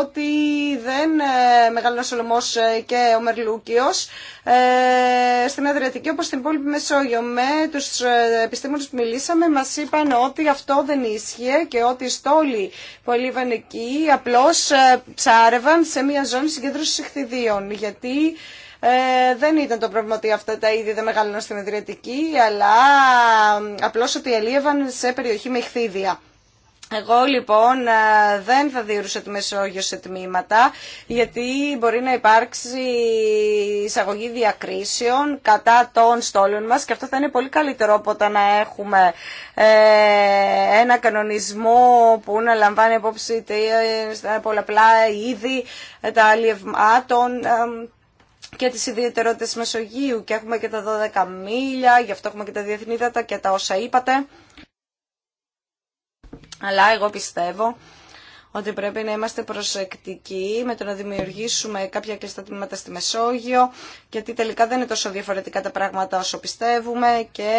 [SPEAKER 2] ότι δεν ο ε, και ο Μερλούκιος στην Αδριατική όπως στην υπόλοιπη Μεσόγειο. Με τους επιστήμονες που μιλήσαμε μας είπαν ότι αυτό δεν ίσχυε και ότι οι στόλοι που έλειβαν εκεί απλώς ψάρευαν σε μια ζώνη συγκέντρωσης ηχθιδίων γιατί ε, δεν ήταν το πρόβλημα ότι αυτά τα είδη δεν μεγάλωναν στην Αδριατική αλλά απλώς ότι ελίευαν σε περιοχή με ηχθίδια. Εγώ λοιπόν ε, δεν θα διορούσα τη Μεσόγειο σε τμήματα, γιατί μπορεί να υπάρξει εισαγωγή διακρίσεων κατά των στόλων μας και αυτό θα είναι πολύ καλύτερο από το να έχουμε ε, ένα κανονισμό που να λαμβάνει υπόψη τα πολλαπλά είδη τα αλλιευμάτων ε, και τις ιδιαιτερότητες Μεσογείου και έχουμε και τα 12 μίλια, γι' αυτό έχουμε και τα διεθνή και τα όσα είπατε. Αλλά εγώ πιστεύω ότι πρέπει να είμαστε προσεκτικοί με το να δημιουργήσουμε κάποια κλειστά τμήματα στη Μεσόγειο, γιατί τελικά δεν είναι τόσο διαφορετικά τα πράγματα όσο πιστεύουμε και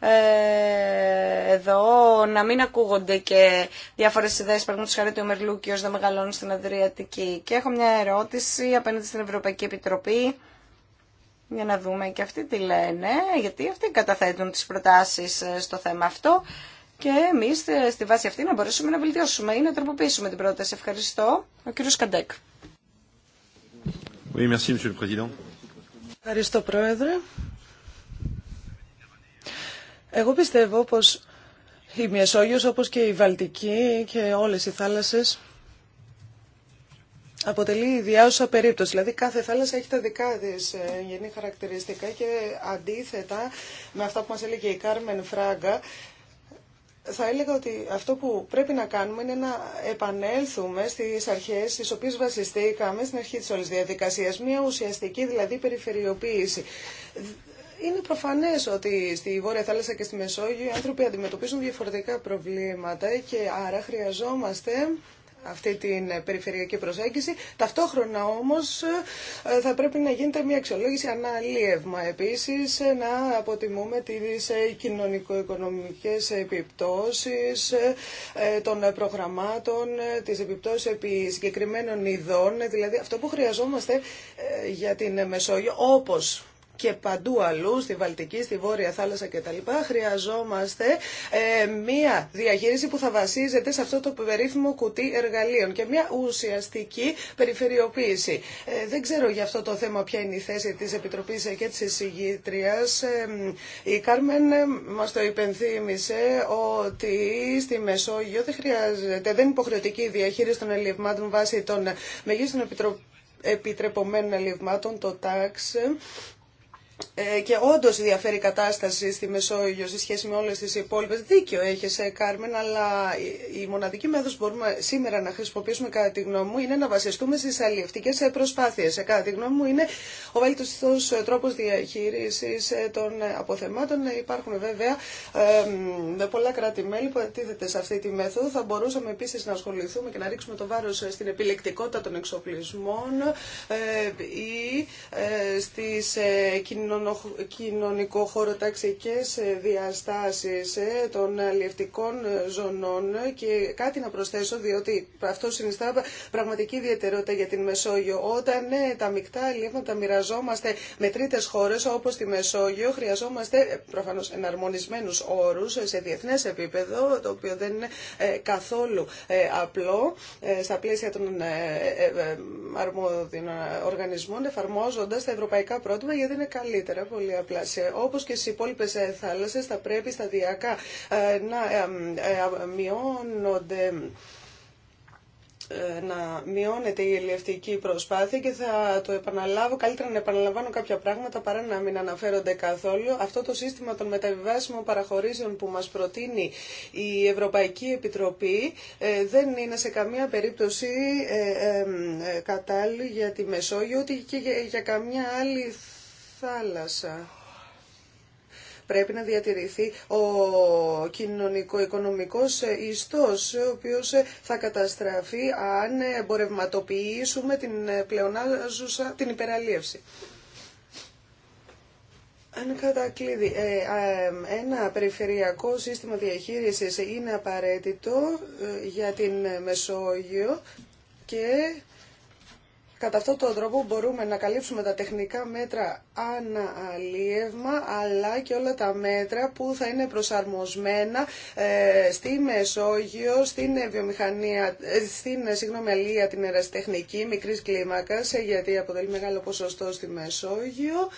[SPEAKER 2] ε, εδώ να μην ακούγονται και διάφορες ιδέες, τους χαρή του Ομερλούκιος να μεγαλώνουν στην Αδριατική. Και έχω μια ερώτηση απέναντι στην Ευρωπαϊκή Επιτροπή. Για να δούμε και αυτοί τι λένε, γιατί αυτοί καταθέτουν τις προτάσεις ε, στο θέμα αυτό και εμεί ε, στη βάση αυτή να μπορέσουμε να βελτιώσουμε ή να τροποποιήσουμε την πρόταση. Ευχαριστώ.
[SPEAKER 3] Ο κύριος Καντέκ. Ευχαριστώ, Πρόεδρε. Εγώ πιστεύω πως η Μεσόγειος όπως και η Βαλτική και όλες οι θάλασσες αποτελεί ιδιάζουσα περίπτωση. Δηλαδή κάθε θάλασσα έχει τα δικά της ε, γενή χαρακτηριστικά και αντίθετα με αυτά που μας έλεγε η Κάρμεν Φράγκα θα έλεγα ότι αυτό που πρέπει να κάνουμε είναι να επανέλθουμε στις αρχές στις οποίες βασιστήκαμε στην αρχή της όλης διαδικασίας, μια ουσιαστική δηλαδή περιφερειοποίηση. Είναι προφανέ ότι στη Βόρεια Θάλασσα και στη Μεσόγειο οι άνθρωποι αντιμετωπίζουν διαφορετικά προβλήματα και άρα χρειαζόμαστε αυτή την ε, περιφερειακή προσέγγιση. Ταυτόχρονα όμως ε, θα πρέπει να γίνεται μια αξιολόγηση αναλύευμα. Επίσης ε, να αποτιμούμε τις κοινωνικο-οικονομικές επιπτώσεις των προγραμμάτων, τις επιπτώσεις επί συγκεκριμένων ειδών, δηλαδή αυτό που χρειαζόμαστε για την Μεσόγειο όπως και παντού αλλού, στη Βαλτική, στη Βόρεια Θάλασσα κτλ. Χρειαζόμαστε ε, μία διαχείριση που θα βασίζεται σε αυτό το περίφημο κουτί εργαλείων και μία ουσιαστική περιφερειοποίηση. Ε, δεν ξέρω για αυτό το θέμα ποια είναι η θέση της Επιτροπή ε, και τη εισηγήτριας. η Κάρμεν μας το υπενθύμησε ότι στη Μεσόγειο δεν χρειάζεται, δεν υποχρεωτική διαχείριση των ελλειμμάτων βάσει των μεγίστων επιτροπών επιτρεπωμένων αλληλευμάτων, το ΤΑΞ ε, και όντω διαφέρει η κατάσταση στη Μεσόγειο σε σχέση με όλε τι υπόλοιπε. Δίκιο έχει, ε, Κάρμεν, αλλά η μοναδική μέθοδο που μπορούμε σήμερα να χρησιμοποιήσουμε, κατά τη γνώμη μου, είναι να βασιστούμε στι αλληλευτικέ ε, προσπάθειε. Κατά τη γνώμη μου, είναι ο βέλτιστο τρόπο διαχείριση των αποθεμάτων. Υπάρχουν βέβαια με πολλά κράτη-μέλη που αντίθεται σε αυτή τη μέθοδο. Θα μπορούσαμε επίση να ασχοληθούμε και να ρίξουμε το βάρο στην επιλεκτικότητα των εξοπλισμών ή στι κοινωνικέ κοινωνικό χώρο ταξικές ε, διαστάσεις ε, των αλλιευτικών ε, ζωνών και κάτι να προσθέσω διότι αυτό συνιστά πραγματική ιδιαιτερότητα για την Μεσόγειο. Όταν τα μεικτά αλλιεύματα μοιραζόμαστε με τρίτες χώρες όπως τη Μεσόγειο χρειαζόμαστε προφανώς εναρμονισμένους όρους σε διεθνές επίπεδο το οποίο δεν είναι καθόλου απλό στα πλαίσια των αρμόδιων οργανισμών εφαρμόζοντας τα ευρωπαϊκά πρότυπα γιατί είναι καλή καλύτερα, πολύ και στι υπόλοιπε ε, θάλασσε, θα πρέπει σταδιακά ε, να ε, μειώνονται να μειώνεται η ελευθερική προσπάθεια και θα το επαναλάβω. Καλύτερα να επαναλαμβάνω κάποια πράγματα παρά να μην αναφέρονται καθόλου. Αυτό το σύστημα των μεταβιβάσιμων παραχωρήσεων που μας προτείνει η Ευρωπαϊκή Επιτροπή δεν είναι σε καμία περίπτωση κατάλληλη για τη Μεσόγειο και για καμιά άλλη θάλασσα. Πρέπει να διατηρηθεί ο κοινωνικο-οικονομικός ιστός, ο οποίος θα καταστραφεί αν εμπορευματοποιήσουμε την πλεονάζουσα, την υπεραλίευση. Αν κατακλείδη, ε, ένα περιφερειακό σύστημα διαχείρισης είναι απαραίτητο ε, για την Μεσόγειο και Κατά αυτόν τον τρόπο μπορούμε να καλύψουμε τα τεχνικά μέτρα αναλύευμα αλλά και όλα τα μέτρα που θα είναι προσαρμοσμένα ε, στη Μεσόγειο, στην βιομηχανία, ε, στην ε, συγγνώμη, αλία, την ερασιτεχνική μικρής κλίμακας γιατί αποτελεί μεγάλο ποσοστό στη Μεσόγειο.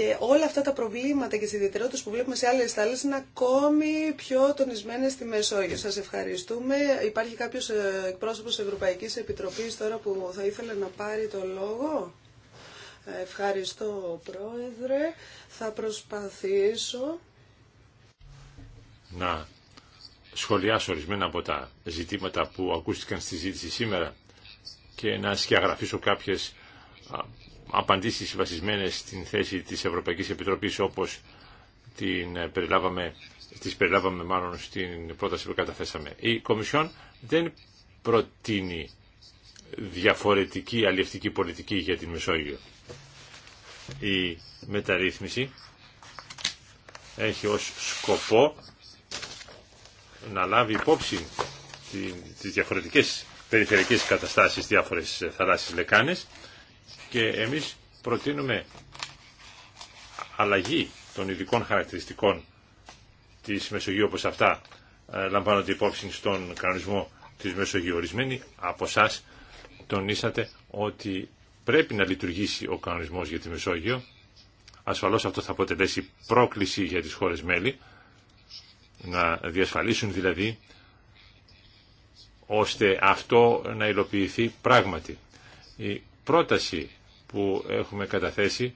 [SPEAKER 3] Και όλα αυτά τα προβλήματα και τι ιδιαιτερότητε που βλέπουμε σε άλλε θάλασσε είναι ακόμη πιο τονισμένε στη Μεσόγειο. Σα ευχαριστούμε. Υπάρχει κάποιο ε, εκπρόσωπο Ευρωπαϊκή Επιτροπή τώρα που θα ήθελε να πάρει το λόγο. Ευχαριστώ, Πρόεδρε. Θα προσπαθήσω
[SPEAKER 1] να σχολιάσω ορισμένα από τα ζητήματα που ακούστηκαν στη ζήτηση σήμερα και να σκιαγραφίσω κάποιες απαντήσεις βασισμένες στην θέση της Ευρωπαϊκής Επιτροπής όπως την περιλάβαμε, τις περιλάβαμε μάλλον στην πρόταση που καταθέσαμε. Η Κομισιόν δεν προτείνει διαφορετική αλληλευτική πολιτική για την Μεσόγειο. Η μεταρρύθμιση έχει ως σκοπό να λάβει υπόψη τις διαφορετικές περιφερειακές καταστάσεις, διάφορες θαλάσσιες λεκάνες και εμείς προτείνουμε αλλαγή των ειδικών χαρακτηριστικών της Μεσογείου όπως αυτά ε, λαμβάνονται υπόψη στον κανονισμό της Μεσογείου. Ορισμένοι από εσά τονίσατε ότι πρέπει να λειτουργήσει ο κανονισμός για τη Μεσόγειο. Ασφαλώς αυτό θα αποτελέσει πρόκληση για τις χώρες μέλη να διασφαλίσουν δηλαδή ώστε αυτό να υλοποιηθεί πράγματι. Η πρόταση που έχουμε καταθέσει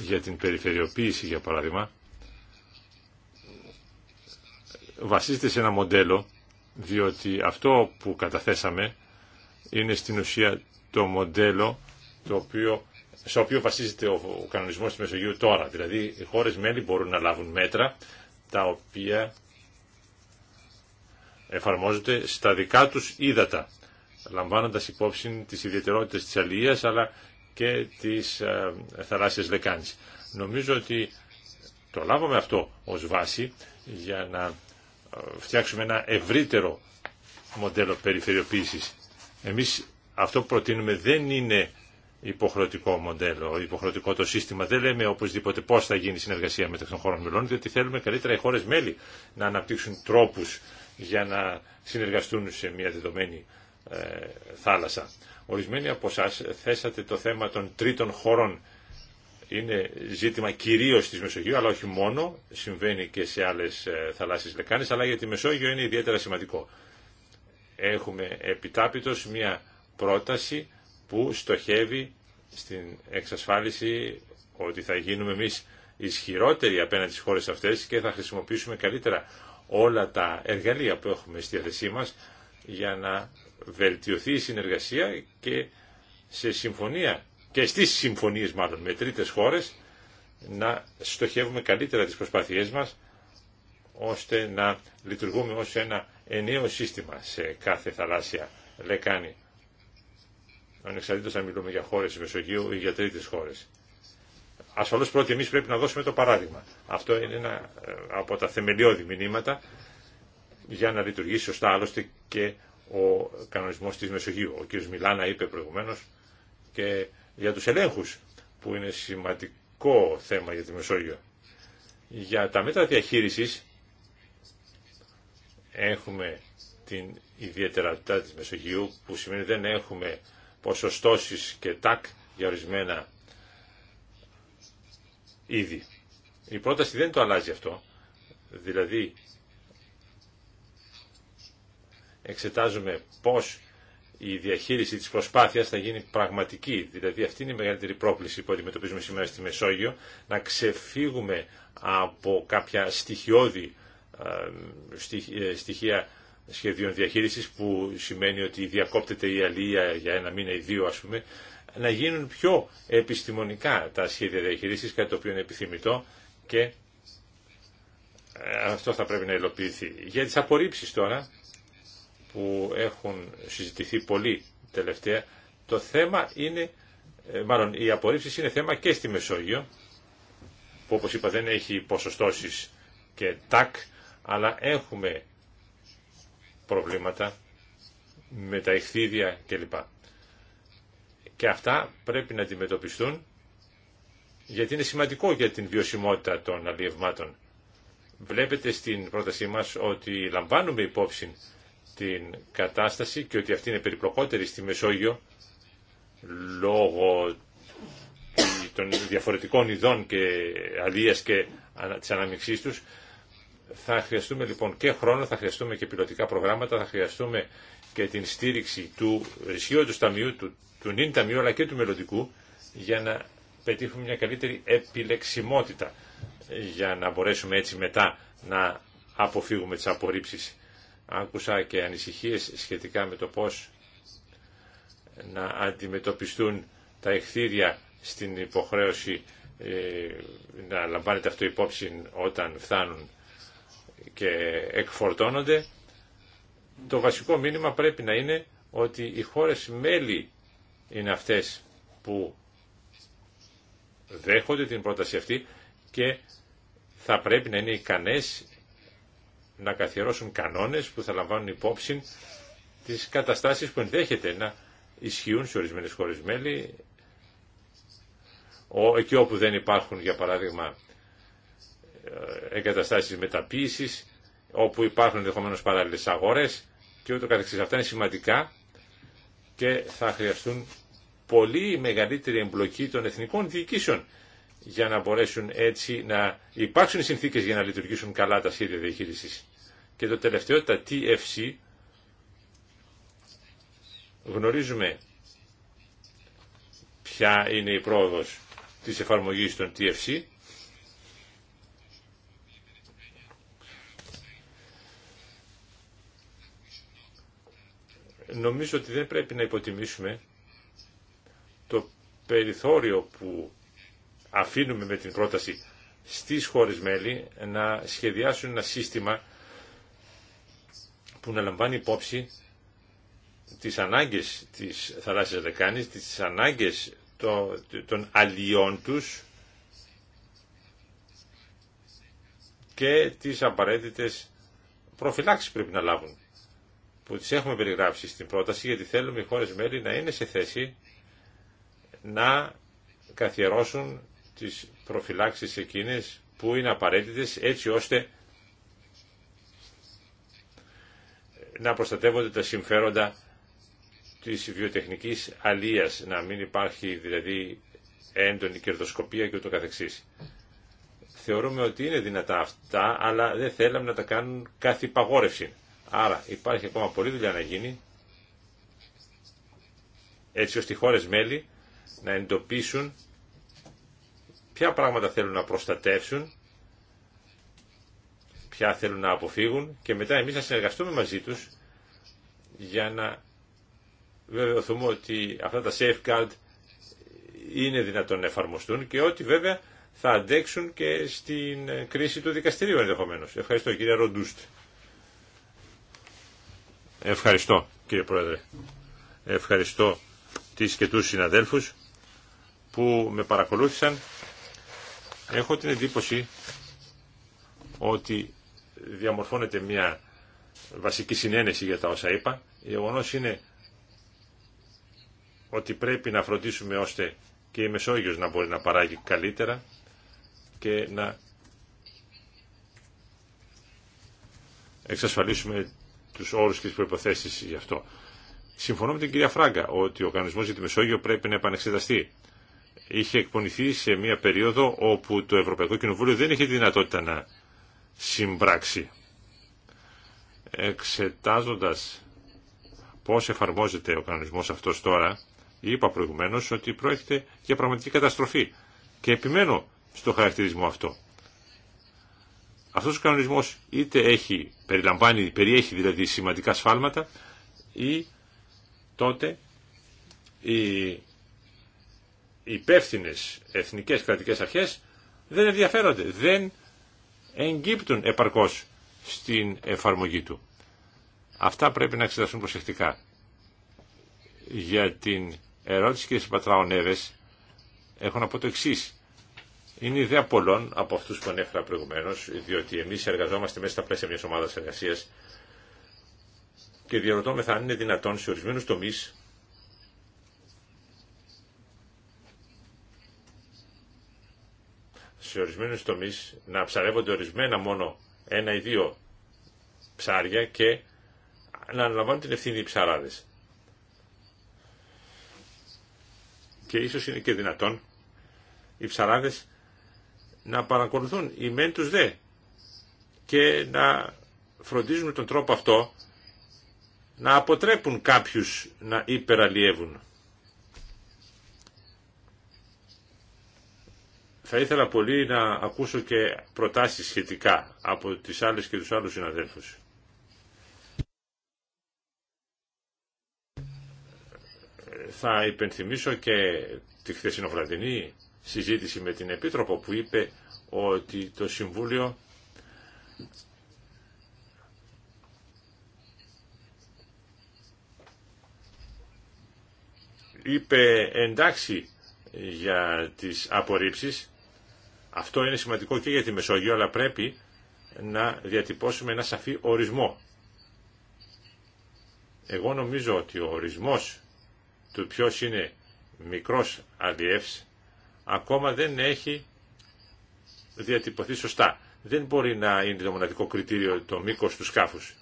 [SPEAKER 1] για την περιφερειοποίηση, για παράδειγμα, βασίζεται σε ένα μοντέλο, διότι αυτό που καταθέσαμε είναι στην ουσία το μοντέλο το οποίο, στο οποίο βασίζεται ο, κανονισμός της Μεσογείου τώρα. Δηλαδή οι χώρες μέλη μπορούν να λάβουν μέτρα τα οποία εφαρμόζονται στα δικά τους ύδατα, λαμβάνοντας υπόψη τις ιδιαιτερότητες της αλληλείας αλλά και τις ε, θαλάσσιας δεκάνης. Νομίζω ότι το λάβουμε αυτό ως βάση για να ε, φτιάξουμε ένα ευρύτερο μοντέλο περιφερειοποίησης. Εμείς αυτό που προτείνουμε δεν είναι υποχρεωτικό μοντέλο, υποχρεωτικό το σύστημα. Δεν λέμε οπωσδήποτε πώ θα γίνει η συνεργασία μεταξύ των χωρών μελών, διότι θέλουμε καλύτερα οι χώρε μέλη να αναπτύξουν τρόπου για να συνεργαστούν σε μια δεδομένη ε, θάλασσα. Ορισμένοι από εσά θέσατε το θέμα των τρίτων χωρών. Είναι ζήτημα κυρίω τη Μεσογείου, αλλά όχι μόνο. Συμβαίνει και σε άλλε ε, θαλάσσιες λεκάνε, αλλά για τη Μεσόγειο είναι ιδιαίτερα σημαντικό. Έχουμε επιτάπητο μια πρόταση που στοχεύει στην εξασφάλιση ότι θα γίνουμε εμεί ισχυρότεροι απέναντι στι χώρε αυτέ και θα χρησιμοποιήσουμε καλύτερα όλα τα εργαλεία που έχουμε στη θέση μα για να βελτιωθεί η συνεργασία και σε συμφωνία και στις συμφωνίες μάλλον με τρίτες χώρες να στοχεύουμε καλύτερα τις προσπάθειές μας ώστε να λειτουργούμε ως ένα ενιαίο σύστημα σε κάθε θαλάσσια λεκάνη. Ανεξαρτήτως αν μιλούμε για χώρες Μεσογείου ή για τρίτες χώρες. Ασφαλώς πρώτοι εμείς πρέπει να δώσουμε το παράδειγμα. Αυτό είναι ένα ε, από τα θεμελιώδη μηνύματα για να λειτουργήσει σωστά άλλωστε και ο κανονισμό τη Μεσογείου. Ο κ. Μιλάνα είπε προηγουμένω. και για τους ελέγχου, που είναι σημαντικό θέμα για τη Μεσόγειο. Για τα μέτρα διαχείριση έχουμε την ιδιαιτερότητα της Μεσογείου που σημαίνει δεν έχουμε ποσοστώσεις και τάκ για ορισμένα είδη. Η πρόταση δεν το αλλάζει αυτό. Δηλαδή εξετάζουμε πώς η διαχείριση της προσπάθειας θα γίνει πραγματική. Δηλαδή αυτή είναι η μεγαλύτερη πρόκληση που αντιμετωπίζουμε σήμερα στη Μεσόγειο, να ξεφύγουμε από κάποια στοιχειώδη ε, ε, στοιχεία σχεδίων διαχείρισης που σημαίνει ότι διακόπτεται η αλληλεία για ένα μήνα ή δύο ας πούμε, να γίνουν πιο επιστημονικά τα σχέδια διαχείρισης, κάτι το οποίο είναι επιθυμητό και ε, αυτό θα πρέπει να υλοποιηθεί. Για τις απορρίψεις τώρα, που έχουν συζητηθεί πολύ τελευταία. Το θέμα είναι, ε, μάλλον οι απορρίψεις είναι θέμα και στη Μεσόγειο, που όπως είπα δεν έχει ποσοστώσεις και τάκ, αλλά έχουμε προβλήματα με τα ηχθίδια κλπ. Και αυτά πρέπει να αντιμετωπιστούν γιατί είναι σημαντικό για την βιωσιμότητα των αλλιευμάτων. Βλέπετε στην πρότασή μας ότι λαμβάνουμε υπόψη την κατάσταση και ότι αυτή είναι περιπλοκότερη στη Μεσόγειο λόγω των διαφορετικών ειδών και αλίας και της αναμειξής τους. Θα χρειαστούμε λοιπόν και χρόνο, θα χρειαστούμε και πιλωτικά προγράμματα, θα χρειαστούμε και την στήριξη του ισχύοντος ταμείου, του, του νυν ταμείου αλλά και του μελλοντικού για να πετύχουμε μια καλύτερη επιλεξιμότητα για να μπορέσουμε έτσι μετά να αποφύγουμε τις απορρίψεις. Άκουσα και ανησυχίες σχετικά με το πώς να αντιμετωπιστούν τα εχθήρια... στην υποχρέωση ε, να λαμβάνεται αυτό υπόψη όταν φτάνουν και εκφορτώνονται. Το βασικό μήνυμα πρέπει να είναι ότι οι χώρες μέλη είναι αυτές που δέχονται την πρόταση αυτή και θα πρέπει να είναι ικανές να καθιερώσουν κανόνες που θα λαμβάνουν υπόψη τις καταστάσεις που ενδέχεται να ισχύουν σε ορισμένες χώρες μέλη, εκεί όπου δεν υπάρχουν, για παράδειγμα, ε, εγκαταστάσεις μεταποίησης, όπου υπάρχουν ενδεχομένω παράλληλες αγορές και ούτω καθεξής. Αυτά είναι σημαντικά και θα χρειαστούν πολύ μεγαλύτερη εμπλοκή των εθνικών διοικήσεων για να μπορέσουν έτσι να υπάρξουν οι συνθήκες για να λειτουργήσουν καλά τα σχέδια διαχείρισης. Και το τελευταίο, τα TFC, γνωρίζουμε ποια είναι η πρόοδος της εφαρμογής των TFC. Νομίζω ότι δεν πρέπει να υποτιμήσουμε το περιθώριο που αφήνουμε με την πρόταση στις χώρες μέλη να σχεδιάσουν ένα σύστημα που να λαμβάνει υπόψη τις ανάγκες της θαλάσσιας δεκάνης, τις ανάγκες των αλλιών τους και τις απαραίτητες προφυλάξεις που πρέπει να λάβουν που τις έχουμε περιγράψει στην πρόταση γιατί θέλουμε οι χώρες μέλη να είναι σε θέση να καθιερώσουν τις προφυλάξεις εκείνες που είναι απαραίτητες έτσι ώστε να προστατεύονται τα συμφέροντα της βιοτεχνικής αλίας, να μην υπάρχει δηλαδή έντονη κερδοσκοπία και ούτω καθεξής. Θεωρούμε ότι είναι δυνατά αυτά, αλλά δεν θέλαμε να τα κάνουν κάθε υπαγόρευση. Άρα υπάρχει ακόμα πολλή δουλειά να γίνει, έτσι ώστε οι χώρες μέλη να εντοπίσουν ποια πράγματα θέλουν να προστατεύσουν ποια θέλουν να αποφύγουν και μετά εμείς θα συνεργαστούμε μαζί τους για να βεβαιωθούμε ότι αυτά τα safeguard είναι δυνατόν να εφαρμοστούν και ότι βέβαια θα αντέξουν και στην κρίση του δικαστηρίου ενδεχομένω. Ευχαριστώ κύριε Ροντούστ. Ευχαριστώ κύριε Πρόεδρε. Ευχαριστώ τις και τους συναδέλφους που με παρακολούθησαν. Έχω την εντύπωση ότι διαμορφώνεται μια βασική συνένεση για τα όσα είπα. Η γεγονό είναι ότι πρέπει να φροντίσουμε ώστε και η Μεσόγειος να μπορεί να παράγει καλύτερα και να εξασφαλίσουμε τους όρους και τις προϋποθέσεις γι' αυτό. Συμφωνώ με την κυρία Φράγκα ότι ο οργανισμός για τη Μεσόγειο πρέπει να επανεξεταστεί. Είχε εκπονηθεί σε μια περίοδο όπου το Ευρωπαϊκό Κοινοβούλιο δεν είχε τη δυνατότητα να συμπράξη. Εξετάζοντας πώς εφαρμόζεται ο κανονισμός αυτός τώρα, είπα προηγουμένως ότι πρόκειται για πραγματική καταστροφή και επιμένω στο χαρακτηρισμό αυτό. Αυτός ο κανονισμός είτε έχει, περιλαμβάνει, περιέχει δηλαδή σημαντικά σφάλματα ή τότε οι υπεύθυνε εθνικές κρατικές αρχές δεν ενδιαφέρονται, δεν εγκύπτουν επαρκώς στην εφαρμογή του. Αυτά πρέπει να εξεταστούν προσεκτικά. Για την ερώτηση κ. Πατραονέβες έχω να πω το εξή. Είναι ιδέα πολλών από αυτούς που ανέφερα προηγουμένως, διότι εμείς εργαζόμαστε μέσα στα πλαίσια μιας ομάδας εργασίας και διαρωτώμεθα αν είναι δυνατόν σε ορισμένους τομείς σε ορισμένου τομεί να ψαρεύονται ορισμένα μόνο ένα ή δύο ψάρια και να αναλαμβάνουν την ευθύνη οι ψαράδες. Και ίσω είναι και δυνατόν οι ψαράδες να παρακολουθούν οι μεν τους δε και να φροντίζουν με τον τρόπο αυτό να αποτρέπουν κάποιους να υπεραλλιεύουν. Θα ήθελα πολύ να ακούσω και προτάσεις σχετικά από τις άλλες και τους άλλους συναδέλφους. Θα υπενθυμίσω και τη χθεσινοβραδινή συζήτηση με την Επίτροπο που είπε ότι το Συμβούλιο είπε εντάξει για τις απορρίψεις αυτό είναι σημαντικό και για τη Μεσόγειο, αλλά πρέπει να διατυπώσουμε ένα σαφή ορισμό. Εγώ νομίζω ότι ο ορισμός του ποιος είναι μικρός αλλιεύς ακόμα δεν έχει διατυπωθεί σωστά. Δεν μπορεί να είναι το μοναδικό κριτήριο το μήκος του σκάφους.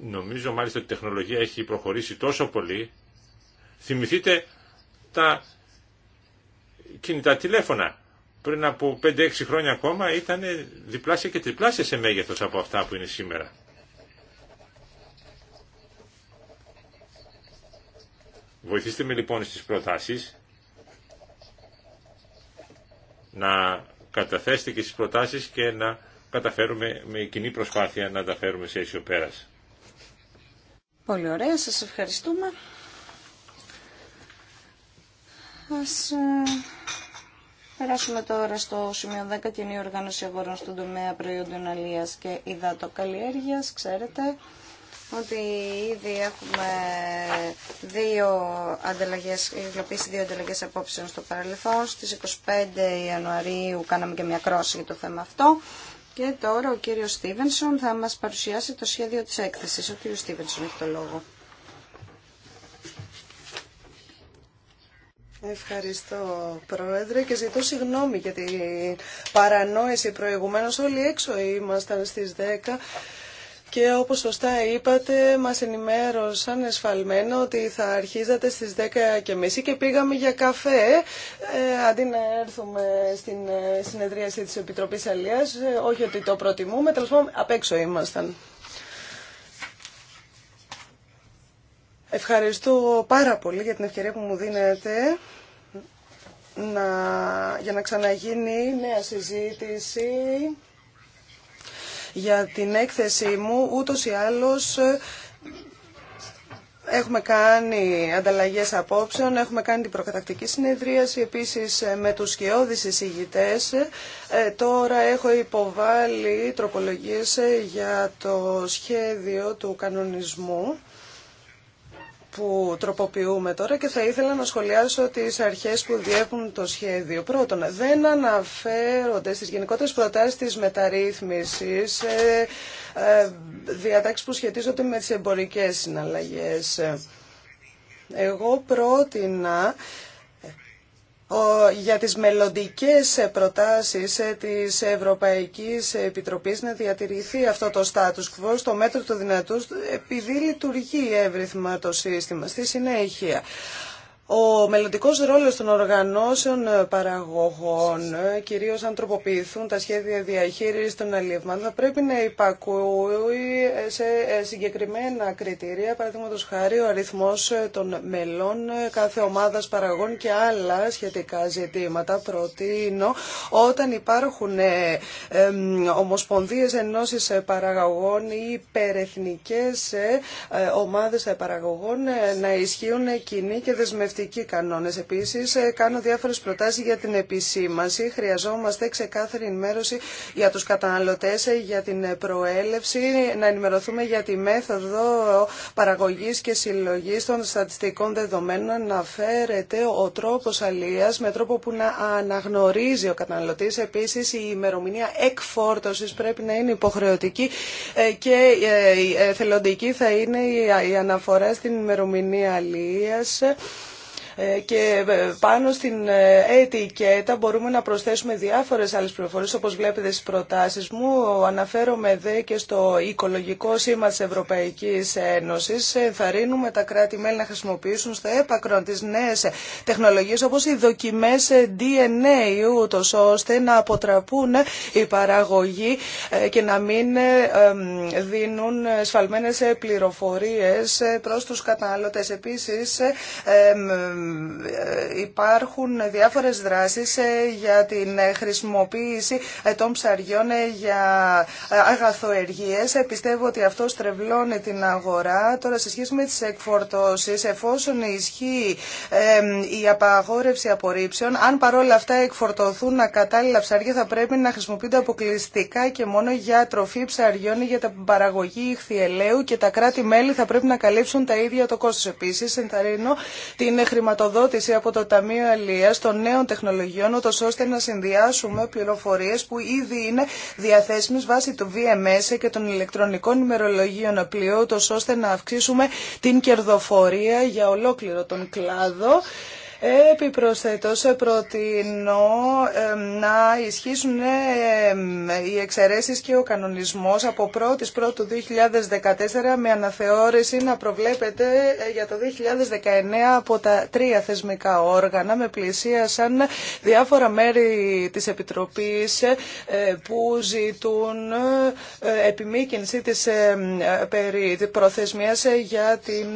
[SPEAKER 1] Νομίζω μάλιστα ότι η τεχνολογία έχει προχωρήσει τόσο πολύ. Θυμηθείτε τα κινητά τηλέφωνα. Πριν από 5-6 χρόνια ακόμα ήταν διπλάσια και τριπλάσια σε μέγεθος από αυτά που είναι σήμερα. Βοηθήστε με λοιπόν στις προτάσεις να καταθέσετε και στις προτάσεις και να καταφέρουμε με κοινή προσπάθεια να τα φέρουμε σε αίσιο
[SPEAKER 2] Πολύ ωραία, σας ευχαριστούμε. Ας ε, περάσουμε τώρα στο σημείο 10 η οργάνωση αγορών στον τομέα προϊόντων αλίας και υδατοκαλλιέργειας. Ξέρετε ότι ήδη έχουμε δύο ανταλλαγές, υλοποιήσει δύο ανταλλαγές απόψεων στο παρελθόν. Στις 25 Ιανουαρίου κάναμε και μια κρόση για το θέμα αυτό. Και τώρα ο κύριος Στίβενσον θα μας παρουσιάσει το σχέδιο της έκθεσης. Ο
[SPEAKER 3] κύριος Στίβενσον έχει το λόγο. Ευχαριστώ Πρόεδρε και ζητώ συγγνώμη για την παρανόηση προηγουμένως. Όλοι έξω ήμασταν στις 10 και όπως σωστά είπατε μας ενημέρωσαν εσφαλμένο ότι θα αρχίζατε στις 10 και και πήγαμε για καφέ ε, αντί να έρθουμε στην ε, συνεδρίαση της Επιτροπής Αλίας. Ε, όχι ότι το προτιμούμε, τέλος πάντων απ' έξω ήμασταν. Ευχαριστώ πάρα πολύ για την ευκαιρία που μου δίνετε να, για να ξαναγίνει νέα συζήτηση για την έκθεση μου. Ούτως ή άλλως έχουμε κάνει ανταλλαγές απόψεων, έχουμε κάνει την προκατακτική συνεδρίαση επίσης ε, με τους σκιώδεις εισηγητές. Ε, τώρα έχω υποβάλει τροπολογίες ε, για το σχέδιο του κανονισμού που τροποποιούμε τώρα και θα ήθελα να σχολιάσω τις αρχές που διέπουν το σχέδιο. Πρώτον, δεν αναφέρονται στις γενικότερες προτάσεις της μεταρρύθμισης ε, ε που σχετίζονται με τις εμπορικές συναλλαγές. Εγώ πρότεινα για τις μελλοντικές προτάσεις της Ευρωπαϊκής Επιτροπής να διατηρηθεί αυτό το status quo στο μέτρο του δυνατού επειδή λειτουργεί εύρυθμα το σύστημα στη συνέχεια. Ο μελλοντικό ρόλο των οργανώσεων ε, παραγωγών, ε, κυρίω αν τροποποιηθούν τα σχέδια διαχείριση των αλλιευμάτων, θα πρέπει να υπακούει ε, σε συγκεκριμένα κριτήρια, παραδείγματο χάρη ο αριθμό των μελών κάθε ομάδα παραγωγών και άλλα σχετικά ζητήματα. Προτείνω όταν υπάρχουν ομοσπονδίε ενώσεις παραγωγών ή υπερεθνικέ ομάδε παραγωγών να ισχύουν κοινοί και δεσμευτικοί δεσμευτικοί κανόνε. Επίση, ε, κάνω διάφορε προτάσει για την επισήμανση. Χρειαζόμαστε ξεκάθαρη ενημέρωση για του καταναλωτέ, ε, για την προέλευση, να ενημερωθούμε για τη μέθοδο παραγωγή και συλλογή των στατιστικών δεδομένων. να Αναφέρεται ο τρόπο αλλία με τρόπο που να αναγνωρίζει ο καταναλωτή. Επίση, η ημερομηνία εκφόρτωση πρέπει να είναι υποχρεωτική ε, και θελοντική θα είναι η αναφορά στην ημερομηνία αλλία. Ε, και ε, πάνω στην ε, ετικέτα μπορούμε να προσθέσουμε διάφορες άλλες πληροφορίες όπως βλέπετε στις προτάσεις μου. Αναφέρομαι δε και στο οικολογικό σήμα της Ευρωπαϊκής Ένωσης. Ενθαρρύνουμε τα κράτη-μέλη να χρησιμοποιήσουν στο έπακρο τις νέες τεχνολογίες όπως οι δοκιμές DNA ούτως ώστε να αποτραπούν η παραγωγή και να μην δίνουν σφαλμένες πληροφορίες προς τους καταναλωτές. Επίσης, υπάρχουν διάφορες δράσεις ε, για την χρησιμοποίηση ε, των ψαριών ε, για αγαθοεργίες. Πιστεύω ότι αυτό στρεβλώνει την αγορά. Τώρα σε σχέση με τις εκφορτώσεις, εφόσον ισχύει η απαγόρευση απορρίψεων, αν παρόλα αυτά εκφορτωθούν ακατάλληλα ψάρια θα πρέπει να χρησιμοποιούνται αποκλειστικά και μόνο για τροφή ψαριών ή για την παραγωγή ηχθιελαίου και τα κράτη-μέλη θα πρέπει να καλύψουν τα ίδια το κόστος. Επίσης, ενθαρρύνω την χρηματοδότηση από το Ταμείο Αλίας των νέων τεχνολογιών, ούτω ώστε να συνδυάσουμε πληροφορίε που ήδη είναι διαθέσιμες βάσει του VMS και των ηλεκτρονικών ημερολογίων απλοίου, ώστε να αυξήσουμε την κερδοφορία για ολόκληρο τον κλάδο. Επιπροσθέτως ε, προτείνω να ισχύσουν ε, οι εξαιρέσεις και ο κανονισμός από 1η πρώτου 2014 με αναθεώρηση να προβλέπεται ε, για το 2019 από τα τρία θεσμικά όργανα με πλησίασαν διάφορα μέρη της Επιτροπής που ζητούν επιμήκυνση της προθεσμίας για την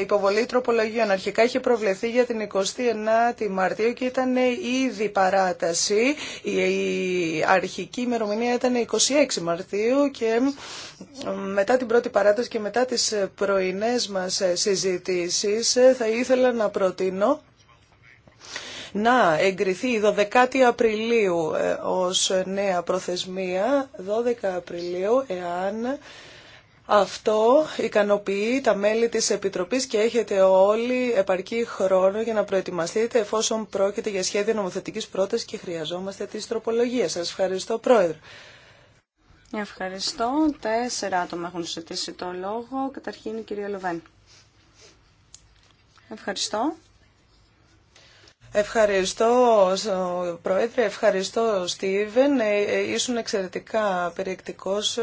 [SPEAKER 3] υποβολή τροπολογίων. Αρχικά είχε προβλεφθεί για την 20 29η Μαρτίου και ήταν ήδη παράταση. Η αρχική ημερομηνία ήταν 26 Μαρτίου και μετά την πρώτη παράταση και μετά τις πρωινές μας συζητήσεις θα ήθελα να προτείνω να εγκριθεί η 12η Απριλίου και μετα τις πρωινε νέα προθεσμία, 12 Απριλίου, εάν αυτό ικανοποιεί τα μέλη της Επιτροπής και έχετε όλοι επαρκή χρόνο για να προετοιμαστείτε εφόσον πρόκειται για σχέδιο νομοθετικής πρότασης και χρειαζόμαστε τις τροπολογίες. Σας ευχαριστώ Πρόεδρε. Ευχαριστώ. Τέσσερα άτομα έχουν ζητήσει το λόγο.
[SPEAKER 2] Καταρχήν η κυρία Λοβέν. Ευχαριστώ.
[SPEAKER 3] Ευχαριστώ, Πρόεδρε, ευχαριστώ, Στίβεν. Ε, ε, ήσουν εξαιρετικά περιεκτικός ε,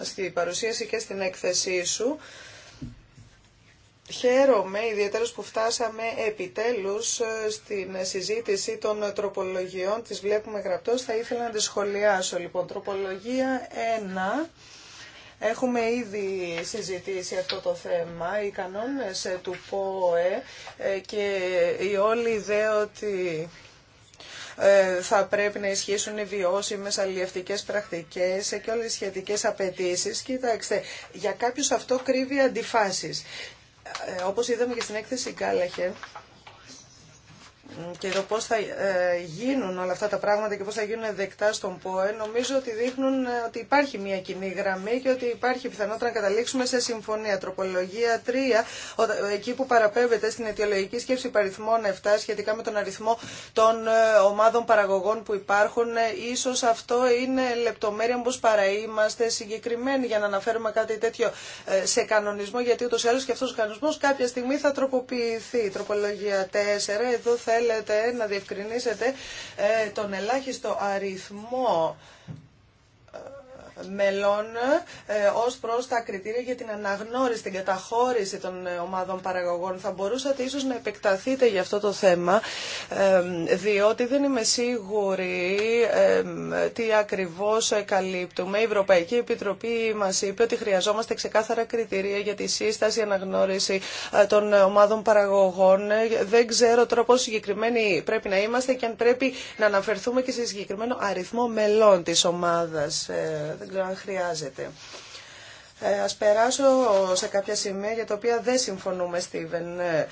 [SPEAKER 3] στη παρουσίαση και στην έκθεσή σου. Χαίρομαι ιδιαίτερα που φτάσαμε επιτέλους στην συζήτηση των τροπολογιών. Τις βλέπουμε γραπτός. Θα ήθελα να τις σχολιάσω. Λοιπόν, τροπολογία 1 Έχουμε ήδη συζητήσει αυτό το θέμα. Οι κανόνες του ΠΟΕ ε, και η όλη ιδέα ότι ε, θα πρέπει να ισχύσουν οι βιώσιμες αλληλευτικές πρακτικές και όλες οι σχετικές απαιτήσεις. Κοιτάξτε, για κάποιους αυτό κρύβει αντιφάσεις. Ε, όπως είδαμε και στην έκθεση Γκάλαχερ, και το πώς θα ε, γίνουν όλα αυτά τα πράγματα και πώς θα γίνουν δεκτά στον ΠΟΕ νομίζω ότι δείχνουν ε, ότι υπάρχει μια κοινή γραμμή και ότι υπάρχει πιθανότητα να καταλήξουμε σε συμφωνία. Τροπολογία 3, εκεί που παραπέμπεται στην αιτιολογική σκέψη παριθμών 7 σχετικά με τον αριθμό των ε, ομάδων παραγωγών που υπάρχουν, ίσως αυτό είναι λεπτομέρεια όπως παραείμαστε συγκεκριμένοι για να αναφέρουμε κάτι τέτοιο σε κανονισμό, γιατί ούτως ή άλλως και αυτός ο κανονισμός κάποια στιγμή θα τροποποιηθεί. Τροπολογία 4, εδώ θα θέλετε να διευκρινίσετε ε, τον ελάχιστο αριθμό μελών ε, ως προς τα κριτήρια για την αναγνώριση, την καταχώρηση των ομάδων παραγωγών. Θα μπορούσατε ίσως να επεκταθείτε για αυτό το θέμα, ε, διότι δεν είμαι σίγουρη ε, τι ακριβώς καλύπτουμε. Η Ευρωπαϊκή Επιτροπή μας είπε ότι χρειαζόμαστε ξεκάθαρα κριτήρια για τη σύσταση, αναγνώριση των ομάδων παραγωγών. Δεν ξέρω τώρα συγκεκριμένοι πρέπει να είμαστε και αν πρέπει να αναφερθούμε και σε συγκεκριμένο αριθμό μελών της ομάδας ξέρω χρειάζεται. Ε, ας περάσω σε κάποια σημεία για τα οποία δεν συμφωνούμε, Στίβεν. Ε,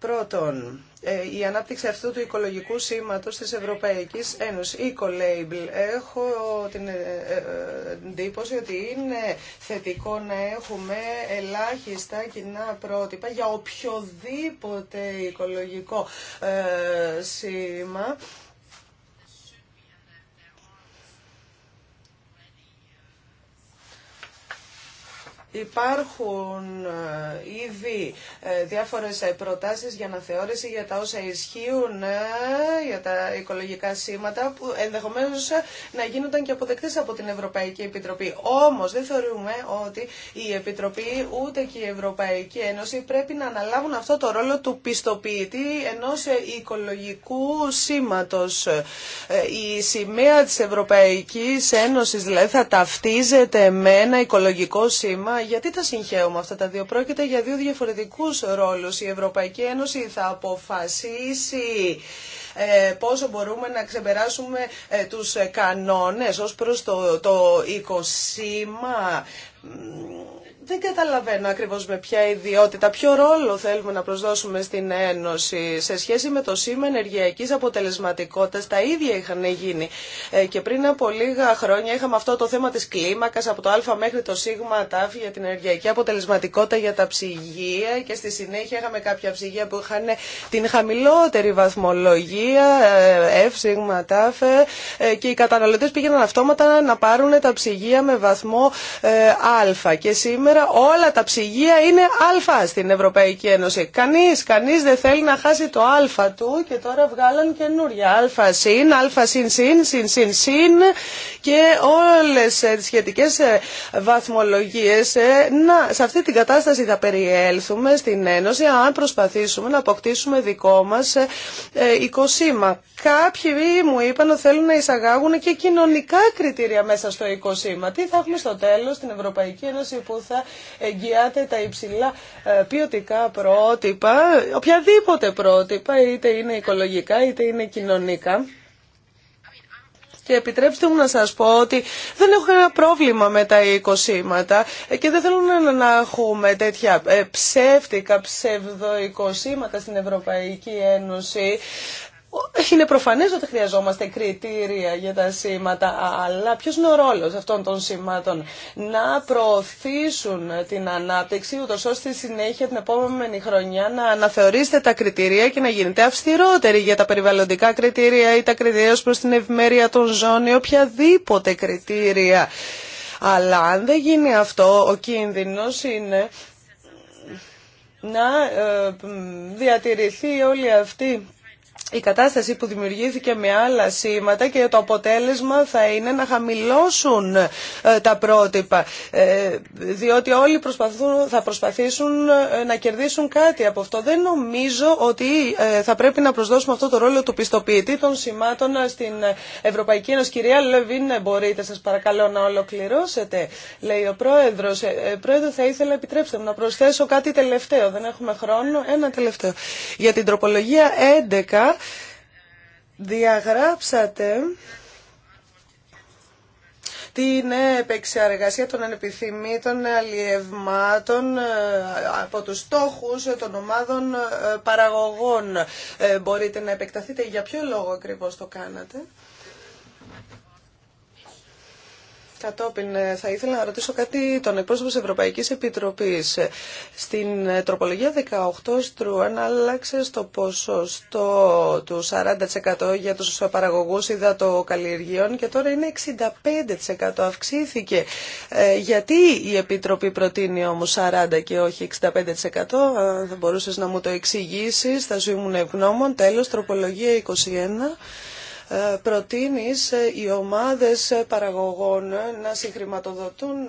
[SPEAKER 3] πρώτον, ε, η ανάπτυξη αυτού του οικολογικού σήματος της Ευρωπαϊκής Ένωσης, Ecolabel. Έχω την ε, εντύπωση ότι είναι θετικό να έχουμε ελάχιστα κοινά πρότυπα για οποιοδήποτε οικολογικό σήμα Υπάρχουν ε, ήδη ε, διάφορες ε, προτάσεις για αναθεώρηση για τα όσα ισχύουν για τα οικολογικά σήματα που ενδεχομένως να γίνονταν και αποδεκτές από την Ευρωπαϊκή Επιτροπή. Όμως δεν θεωρούμε ότι η Επιτροπή ούτε και η Ευρωπαϊκή Ένωση πρέπει να αναλάβουν αυτό το ρόλο του πιστοποιητή ενός οικολογικού σήματος. Η σημαία της Ευρωπαϊκής Ένωσης δηλαδή θα ταυτίζεται με ένα οικολογικό σήμα γιατί τα συγχαίουμε αυτά τα δύο. Πρόκειται για δύο διαφορετικούς ρόλους. Η Ευρωπαϊκή Ένωση θα αποφασίσει ε, πόσο μπορούμε να ξεπεράσουμε ε, τους κανόνες ως προς το, το οικοσύμα δεν καταλαβαίνω ακριβώς με ποια ιδιότητα, ποιο ρόλο θέλουμε να προσδώσουμε στην Ένωση σε σχέση με το σήμα ενεργειακής αποτελεσματικότητας. Τα ίδια είχαν γίνει ε, και πριν από λίγα χρόνια είχαμε αυτό το θέμα της κλίμακας από το Α μέχρι το σιγμα τάφη για την ενεργειακή αποτελεσματικότητα για τα ψυγεία και στη συνέχεια είχαμε κάποια ψυγεία που είχαν την χαμηλότερη βαθμολογία ε, F σίγμα τάφε και οι καταναλωτές πήγαιναν αυτόματα να πάρουν τα ψυγεία με βαθμό ε, Α και σήμερα όλα τα ψυγεία είναι α στην Ευρωπαϊκή Ένωση. Κανείς, κανείς δεν θέλει να χάσει το α του και τώρα βγάλαν καινούρια α συν, αλφα συν συν, συν συν συν και όλες τις σχετικές ε, βαθμολογίες. Ε, να, σε αυτή την κατάσταση θα περιέλθουμε στην Ένωση αν προσπαθήσουμε να αποκτήσουμε δικό μας ε, οικοσύμα. Κάποιοι μου είπαν ότι θέλουν να εισαγάγουν και κοινωνικά κριτήρια μέσα στο οικοσύμα. Τι θα έχουμε στο τέλος στην Ευρωπαϊκή Ένωση που θα εγγυάται τα υψηλά ε, ποιοτικά πρότυπα, οποιαδήποτε πρότυπα, είτε είναι οικολογικά είτε είναι κοινωνικά. Και επιτρέψτε μου να σας πω ότι δεν έχω ένα πρόβλημα με τα οικοσύματα και δεν θέλω να έχουμε τέτοια ε, ψεύτικα ψευδοοικοσύματα στην Ευρωπαϊκή Ένωση. Είναι προφανές ότι χρειαζόμαστε κριτήρια για τα σήματα, αλλά ποιο είναι ο ρόλος αυτών των σημάτων να προωθήσουν την ανάπτυξη, ούτω ώστε στη συνέχεια την επόμενη χρονιά να αναθεωρήσετε τα κριτήρια και να γίνετε αυστηρότεροι για τα περιβαλλοντικά κριτήρια ή τα κριτήρια ως προς την ευημερία των ζώων ή οποιαδήποτε κριτήρια. Αλλά αν δεν γίνει αυτό, ο κίνδυνο είναι να ε, διατηρηθεί όλη αυτή η κατάσταση που δημιουργήθηκε με άλλα σήματα και το αποτέλεσμα θα είναι να χαμηλώσουν ε, τα πρότυπα. Ε, διότι όλοι προσπαθούν, θα προσπαθήσουν ε, να κερδίσουν κάτι από αυτό. Δεν νομίζω ότι θα πρέπει να προσδώσουμε αυτό το ρόλο του πιστοποιητή των σημάτων στην Ευρωπαϊκή Ένωση. Κυρία Λεβίν, μπορείτε σας παρακαλώ να ολοκληρώσετε, λέει ο Πρόεδρος. Πρόεδρο, θα ήθελα, επιτρέψτε μου, να προσθέσω κάτι τελευταίο. Δεν έχουμε χρόνο. Ένα τελευταίο. Για την τροπολογία 11 διαγράψατε την επεξεργασία των ανεπιθυμήτων αλλιευμάτων ε, από τους στόχους των ομάδων ε, παραγωγών. Ε, μπορείτε να επεκταθείτε για ποιο λόγο ακριβώς το κάνατε. Κατόπιν ε, θα ήθελα να ρωτήσω κάτι τον εκπρόσωπο της Ευρωπαϊκής Επιτροπής. Στην ε, τροπολογία 18 Στρούεν άλλαξε το ποσοστό του 40% για τους παραγωγούς υδατοκαλλιεργείων και τώρα είναι 65% αυξήθηκε. Ε, γιατί η Επιτροπή προτείνει όμω 40% και όχι 65% θα μπορούσες να μου το εξηγήσει. θα σου ήμουν ευγνώμων. Τέλο, τροπολογία 21. Ε, προτείνεις ε, οι ομάδες ε, παραγωγών να συγχρηματοδοτούν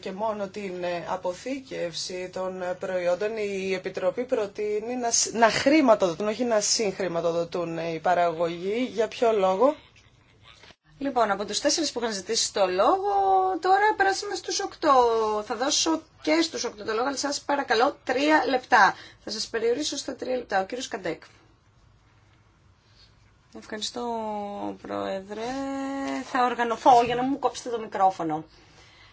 [SPEAKER 3] και μόνο την αποθήκευση των προϊόντων. Η Επιτροπή προτείνει να χρηματοδοτούν, όχι να συγχρηματοδοτούν οι παραγωγοί. Για ποιο λόγο? Λοιπόν, από τους τέσσερις που είχαν ζητήσει το λόγο, τώρα περάσαμε στους οκτώ. Θα δώσω και
[SPEAKER 2] στους οκτώ το λόγο, αλλά σας παρακαλώ τρία λεπτά. Θα σας περιορίσω στα τρία λεπτά. Ο κύριος Καντέκ. Ευχαριστώ, Πρόεδρε. Θα οργανωθώ για να μου κόψετε το μικρόφωνο.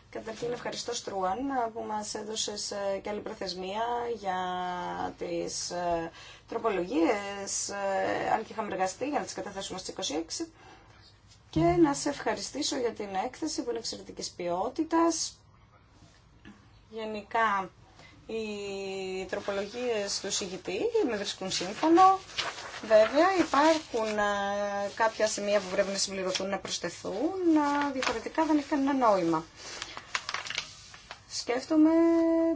[SPEAKER 2] Καταρχήν ευχαριστώ Στρούαν που μας έδωσε ε, και άλλη προθεσμία για τις ε, τροπολογίες, ε, αν και είχαμε εργαστεί για να τις καταθέσουμε στις 26. Και να σε ευχαριστήσω για την έκθεση που είναι εξαιρετικής ποιότητας. Γενικά οι τροπολογίες του συγητή με βρίσκουν σύμφωνο. Βέβαια υπάρχουν ε, κάποια σημεία που πρέπει να συμπληρωθούν, να προσθεθούν, ε, διαφορετικά δεν έχει κανένα νόημα. Σκέφτομαι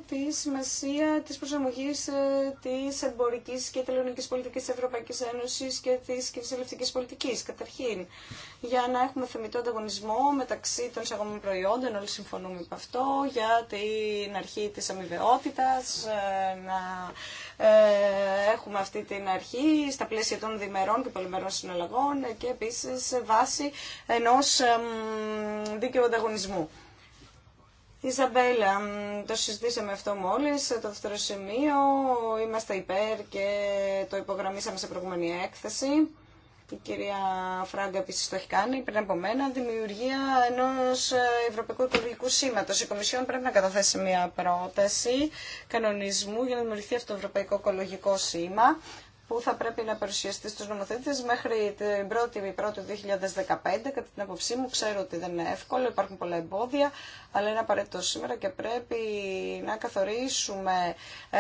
[SPEAKER 2] τη σημασία τη προσαρμογή ε, τη εμπορική και τελωνική πολιτική τη Ευρωπαϊκή Ένωση και τη κοινή πολιτική. Καταρχήν, για να έχουμε θεμητό ανταγωνισμό μεταξύ των εισαγωγών προϊόντων, όλοι συμφωνούμε με αυτό, για την αρχή τη αμοιβαιότητα, ε, να ε, έχουμε αυτή την αρχή στα πλαίσια των διμερών και πολυμερών συναλλαγών και επίση βάση ενό δίκαιου ανταγωνισμού. Ιζαμπέλα, το συζητήσαμε αυτό μόλις, το δεύτερο σημείο, είμαστε υπέρ και το υπογραμμίσαμε σε προηγούμενη έκθεση. Η κυρία Φράγκα επίση το έχει κάνει πριν από μένα. Δημιουργία ενό ε, Ευρωπαϊκού Οικολογικού Σήματο. Η Κομισιόν πρέπει να καταθέσει μια πρόταση κανονισμού για να δημιουργηθεί αυτό το Ευρωπαϊκό Οικολογικό Σήμα που θα πρέπει να παρουσιαστεί στους νομοθέτες μέχρι την 1η, 1η 2015. Κατά την άποψή μου ξέρω ότι δεν είναι εύκολο, υπάρχουν πολλά εμπόδια, αλλά είναι απαραίτητο σήμερα και πρέπει να καθορίσουμε ε,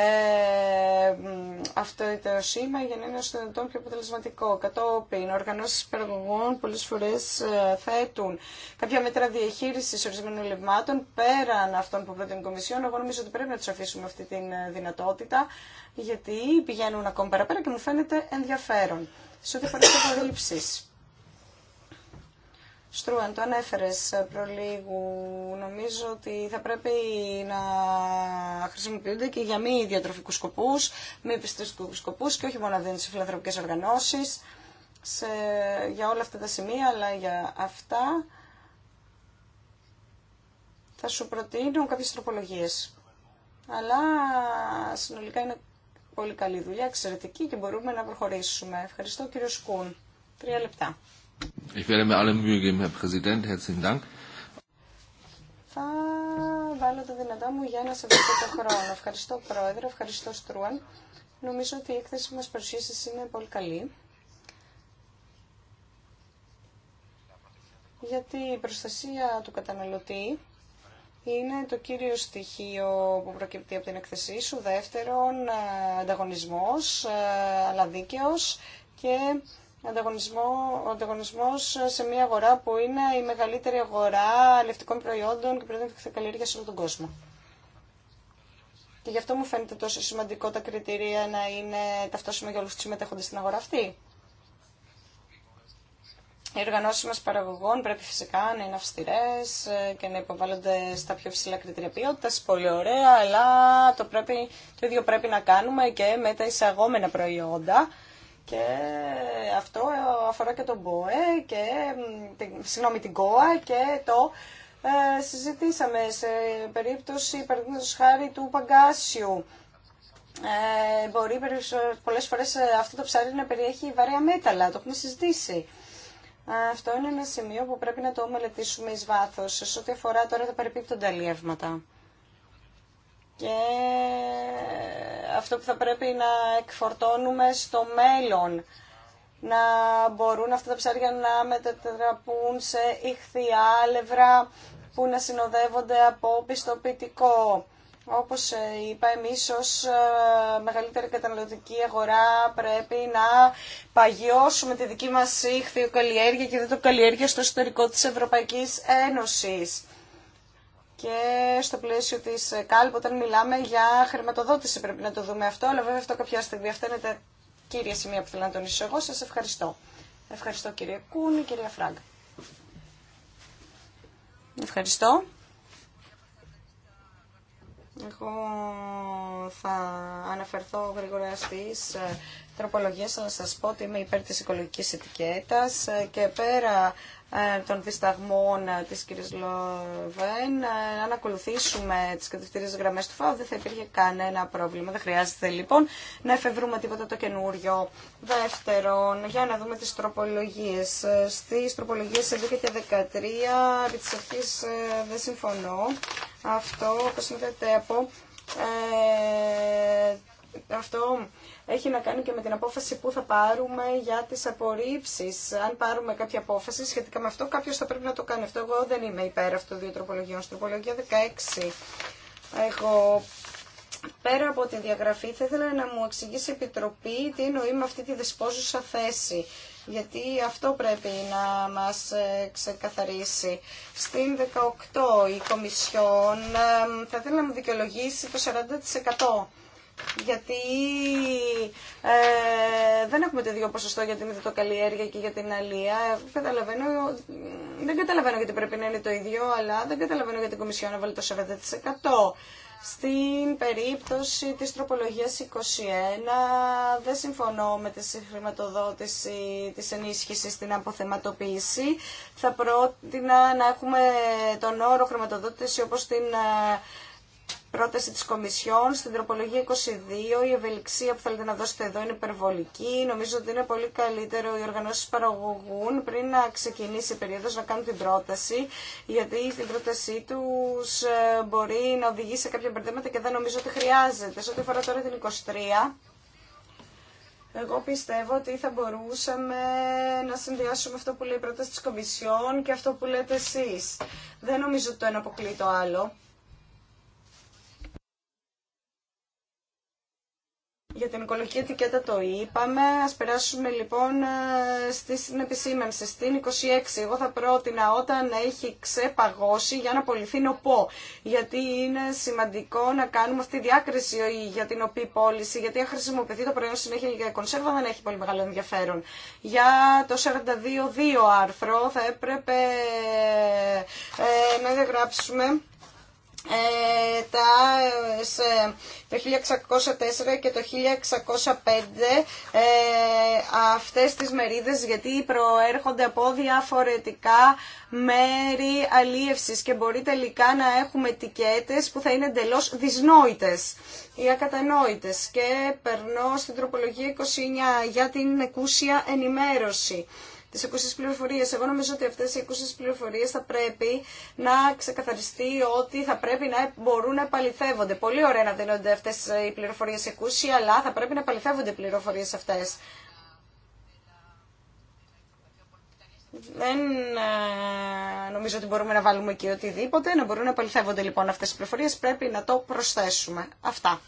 [SPEAKER 2] αυτό το σήμα για να είναι στο δυνατόν πιο αποτελεσματικό. Κατόπιν, οργανώσει παραγωγών πολλές φορές ε, θέτουν κάποια μέτρα διαχείριση ορισμένων λευμάτων πέραν αυτών που προτείνει η Κομισιόν. Εγώ νομίζω ότι πρέπει να του αφήσουμε αυτή τη ε, δυνατότητα, γιατί πηγαίνουν ακόμα παραπέρα και μου φαίνεται ενδιαφέρον. Σε ό,τι αφορά τις Στρούαν, το ανέφερες προλίγου. Νομίζω ότι θα πρέπει να χρησιμοποιούνται και για μη διατροφικού σκοπούς, μη επιστημονικούς σκοπού και όχι μόνο δίνουν σε φιλανθρωπικέ για όλα αυτά τα σημεία, αλλά για αυτά θα σου προτείνω κάποιες τροπολογίες. Αλλά συνολικά είναι πολύ καλή δουλειά, εξαιρετική και μπορούμε να προχωρήσουμε. Ευχαριστώ κύριο Σκούν. Τρία λεπτά. Θα βάλω το δυνατά μου για ένα σε χρόνο. Ευχαριστώ, Πρόεδρε. Ευχαριστώ, Στρούαν. Νομίζω ότι η έκθεση μας παρουσίασες είναι πολύ καλή. Γιατί η προστασία του καταναλωτή είναι το κύριο στοιχείο που προκύπτει από την εκθεσή σου. Δεύτερον, ε, ανταγωνισμός, ε, αλλά δίκαιος και ανταγωνισμό, ο ανταγωνισμός σε μια αγορά που είναι η μεγαλύτερη αγορά λευτικών προϊόντων και προϊόντων καλλιέργεια σε όλο τον κόσμο. Και γι' αυτό μου φαίνεται τόσο σημαντικό τα κριτήρια να είναι ταυτόσιμα για όλους τους συμμετέχοντες στην αγορά αυτή. Οι οργανώσει μα παραγωγών πρέπει φυσικά να είναι αυστηρέ και να υποβάλλονται στα πιο ψηλά κριτήρια ποιότητα. Πολύ ωραία, αλλά το, πρέπει, το ίδιο πρέπει να κάνουμε και με τα εισαγόμενα προϊόντα και αυτό αφορά και τον ΠΟΕ και συγγνώμη, την ΚΟΑ και το ε, συζητήσαμε σε περίπτωση παραδείγματος χάρη του Παγκάσιου. Ε, μπορεί πολλές φορές ε, αυτό το ψάρι να περιέχει βαρέα μέταλλα, το έχουμε συζητήσει. Αυτό είναι ένα σημείο που πρέπει να το μελετήσουμε εις βάθος, σε ό,τι αφορά τώρα τα περιπίπτοντα λιεύματα. Και αυτό που θα πρέπει να εκφορτώνουμε στο μέλλον. Να μπορούν αυτά τα ψάρια να μετατραπούν σε αλεύρα που να συνοδεύονται από πιστοποιητικό. Όπως ε, είπα, εμείς ως ε, μεγαλύτερη καταναλωτική αγορά πρέπει να παγιώσουμε τη δική μας ήχθιο και δεν το καλλιέργεια στο εσωτερικό της Ευρωπαϊκής Ένωσης και στο πλαίσιο της ΚΑΛΠ όταν μιλάμε για χρηματοδότηση πρέπει να το δούμε αυτό, αλλά βέβαια αυτό κάποια στιγμή. Αυτά είναι τα κύρια σημεία που θέλω να τονίσω εγώ. Σας ευχαριστώ. Ευχαριστώ κύριε Κούνη, κυρία Φράγκ. Ευχαριστώ. Εγώ θα αναφερθώ γρήγορα στις ε, τροπολογίες, Να σας πω ότι είμαι υπέρ της οικολογικής ετικέτας ε, και πέρα ε, των δισταγμών ε, της κ. Λοβέν, ε, αν ακολουθήσουμε τις κατευθυντήριες γραμμές του ΦΑΟ δεν θα υπήρχε κανένα πρόβλημα. Δεν χρειάζεται λοιπόν να εφευρούμε τίποτα το καινούριο. Δεύτερον, για να δούμε τις τροπολογίες. Στις τροπολογίες 11 και 13, επί της αρχής δεν συμφωνώ. Αυτό, όπω είδατε από... Ε, αυτό έχει να κάνει και με την απόφαση που θα πάρουμε για τι απορρίψει. Αν πάρουμε κάποια απόφαση σχετικά με αυτό, κάποιο θα πρέπει να το κάνει. Αυτό εγώ δεν είμαι υπέρ αυτού δύο τροπολογιών. Στην τροπολογία 16 εγώ πέρα από τη διαγραφή θα ήθελα να μου εξηγήσει η Επιτροπή τι εννοεί με αυτή τη δεσπόζουσα θέση. Γιατί αυτό πρέπει να μας ε, ξεκαθαρίσει. Στην 18 η Κομισιόν ε, θα ήθελα να μου δικαιολογήσει το 40% γιατί ε, δεν έχουμε το ίδιο ποσοστό για την ιδιωτοκαλλιέργεια και για την αλία. Καταλαβαίνω, δεν καταλαβαίνω γιατί πρέπει να είναι το ίδιο, αλλά δεν καταλαβαίνω γιατί η Κομισιόν έβαλε το 40%. Στην περίπτωση της τροπολογίας 21 δεν συμφωνώ με τη χρηματοδότηση της ενίσχυσης στην αποθεματοποίηση. Θα πρότεινα να έχουμε τον όρο χρηματοδότηση όπως την ε, πρόταση της Κομισιόν στην τροπολογία 22. Η ευελιξία που θέλετε να δώσετε εδώ είναι υπερβολική. Νομίζω ότι είναι πολύ καλύτερο οι οργανώσεις παραγωγούν πριν να ξεκινήσει η περίοδος να κάνουν την πρόταση, γιατί στην πρότασή τους ε, μπορεί να οδηγήσει σε κάποια μπερδέματα και δεν νομίζω ότι χρειάζεται. Σε ό,τι αφορά τώρα την 23, εγώ πιστεύω ότι θα μπορούσαμε να συνδυάσουμε αυτό που λέει η πρόταση της Κομισιόν και αυτό που λέτε εσείς. Δεν νομίζω ότι το ένα αποκλεί το άλλο. Για την οικολογική ετικέτα το είπαμε. Ας περάσουμε λοιπόν ε, στην επισήμανση, στην 26. Εγώ θα πρότεινα όταν έχει ξεπαγώσει για να απολυθεί νοπό. Γιατί είναι σημαντικό να κάνουμε αυτή τη διάκριση για την οπή πώληση. Γιατί αν χρησιμοποιηθεί το προϊόν συνέχεια για κονσέρβα δεν έχει πολύ μεγάλο ενδιαφέρον. Για το 42.2 άρθρο θα έπρεπε ε, να διαγράψουμε ε, τα, ε, το 1604 και το 1605 ε, αυτές τις μερίδες γιατί προέρχονται από διαφορετικά μέρη αλίευσης και μπορεί τελικά να έχουμε τικέτες που θα είναι εντελώ δυσνόητες ή ακατανόητες και περνώ στην τροπολογία 29 για την εκούσια ενημέρωση τις πληροφορίες. Εγώ νομίζω ότι αυτές οι ακούσεις πληροφορίες θα πρέπει να ξεκαθαριστεί ότι θα πρέπει να μπορούν να επαληθεύονται. Πολύ ωραία να δίνονται αυτές οι πληροφορίες εκούσιοι, αλλά θα πρέπει να επαληθεύονται οι πληροφορίες αυτές. Δεν ε, νομίζω ότι μπορούμε να βάλουμε εκεί οτιδήποτε. Να μπορούν να επαληθεύονται λοιπόν αυτές οι πληροφορίες. Πρέπει να το προσθέσουμε. Αυτά.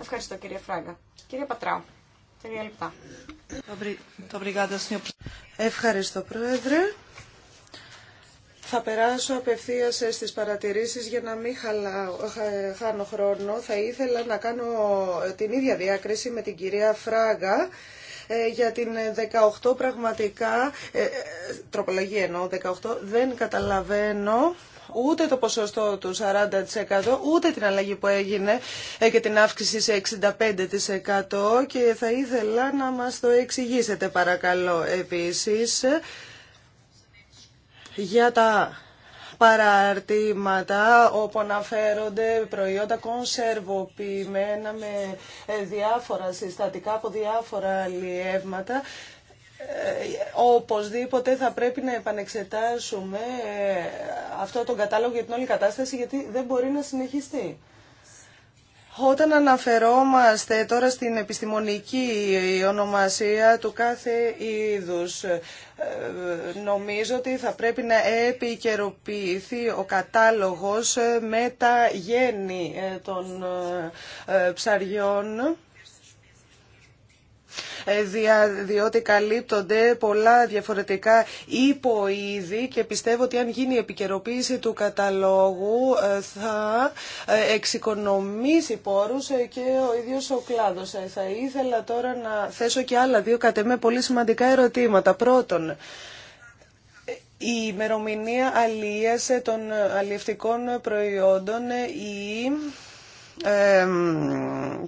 [SPEAKER 2] Ευχαριστώ κύριε Φράγκα. Κύριε Πατράου.
[SPEAKER 3] Ευχαριστώ, Πρόεδρε. Θα περάσω απευθείας στις παρατηρήσεις για να μην χάνω χρόνο. Θα ήθελα να κάνω την ίδια διάκριση με την κυρία Φράγκα ε, για την 18 πραγματικά, ε, ε, τροπολογία εννοώ 18, δεν καταλαβαίνω ούτε το ποσοστό του 40% ούτε την αλλαγή που έγινε ε, και την αύξηση σε 65% και θα ήθελα να μας το εξηγήσετε παρακαλώ επίσης για τα παραρτήματα όπου αναφέρονται προϊόντα κονσερβοποιημένα με ε, διάφορα συστατικά από διάφορα λιεύματα ε, οπωσδήποτε θα πρέπει να επανεξετάσουμε ε, αυτό τον κατάλογο για την όλη κατάσταση γιατί δεν μπορεί να συνεχιστεί. Όταν αναφερόμαστε τώρα στην επιστημονική ονομασία του κάθε είδους, ε, νομίζω ότι θα πρέπει να επικαιροποιηθεί ο κατάλογος με τα γέννη των ψαριών διότι καλύπτονται πολλά διαφορετικά υποείδη και πιστεύω ότι αν γίνει η επικαιροποίηση του καταλόγου ε, θα ε, εξοικονομήσει πόρους ε, και ο ίδιος ο κλάδος. Θα ήθελα τώρα να θέσω και άλλα δύο κατ' εμέ πολύ σημαντικά ερωτήματα. Πρώτον, η ημερομηνία αλίεσε των αλλιευτικών προϊόντων ή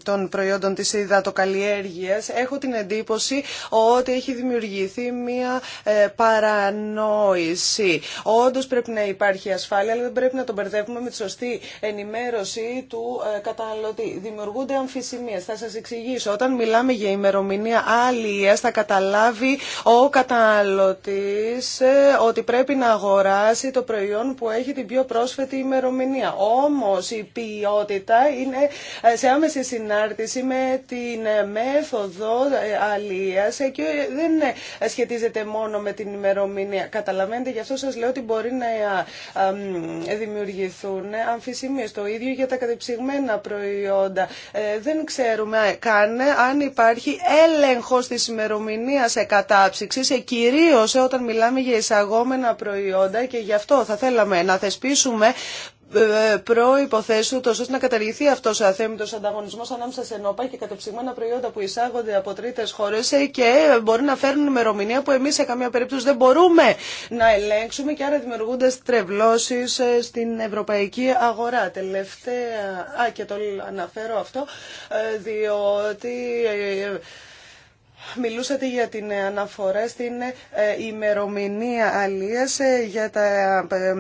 [SPEAKER 3] των προϊόντων της υδατοκαλλιέργειας έχω την εντύπωση ότι έχει δημιουργηθεί μια ε, παρανόηση. Όντως πρέπει να υπάρχει ασφάλεια αλλά δεν πρέπει να τον μπερδεύουμε με τη σωστή ενημέρωση του ε, καταναλωτή. Δημιουργούνται αμφισημίες. Θα σας εξηγήσω. Όταν μιλάμε για ημερομηνία άλλη θα καταλάβει ο καταναλωτής ε, ότι πρέπει να αγοράσει το προϊόν που έχει την πιο πρόσφατη ημερομηνία. Όμως η ποιότητα είναι ε, σε άμεση συνάρτηση με την ε, μέθοδο ε, αλίας και δεν σχετίζεται μόνο με την ημερομηνία. Καταλαβαίνετε, γι' αυτό σας λέω ότι μπορεί να δημιουργηθούν αμφισημίες. Το ίδιο για τα κατεψυγμένα προϊόντα. Δεν ξέρουμε καν αν υπάρχει έλεγχος της ημερομηνία κατάψυξης, κυρίως όταν μιλάμε για εισαγόμενα προϊόντα και γι' αυτό θα θέλαμε να θεσπίσουμε ε, ε, προποθέσει τόσο ώστε να καταργηθεί αυτό ο αθέμητο ανταγωνισμό ανάμεσα σε νόπα και κατεψυγμένα προϊόντα που εισάγονται από τρίτες χώρε ε, και μπορεί να φέρνουν ημερομηνία που εμεί σε καμία περίπτωση δεν μπορούμε να ελέγξουμε και άρα δημιουργούνται στρεβλώσει στην ευρωπαϊκή αγορά. Τελευταία, α και το αναφέρω αυτό, διότι Μιλούσατε για την αναφορά στην ε, ημερομηνία αλίας ε, για τα ε,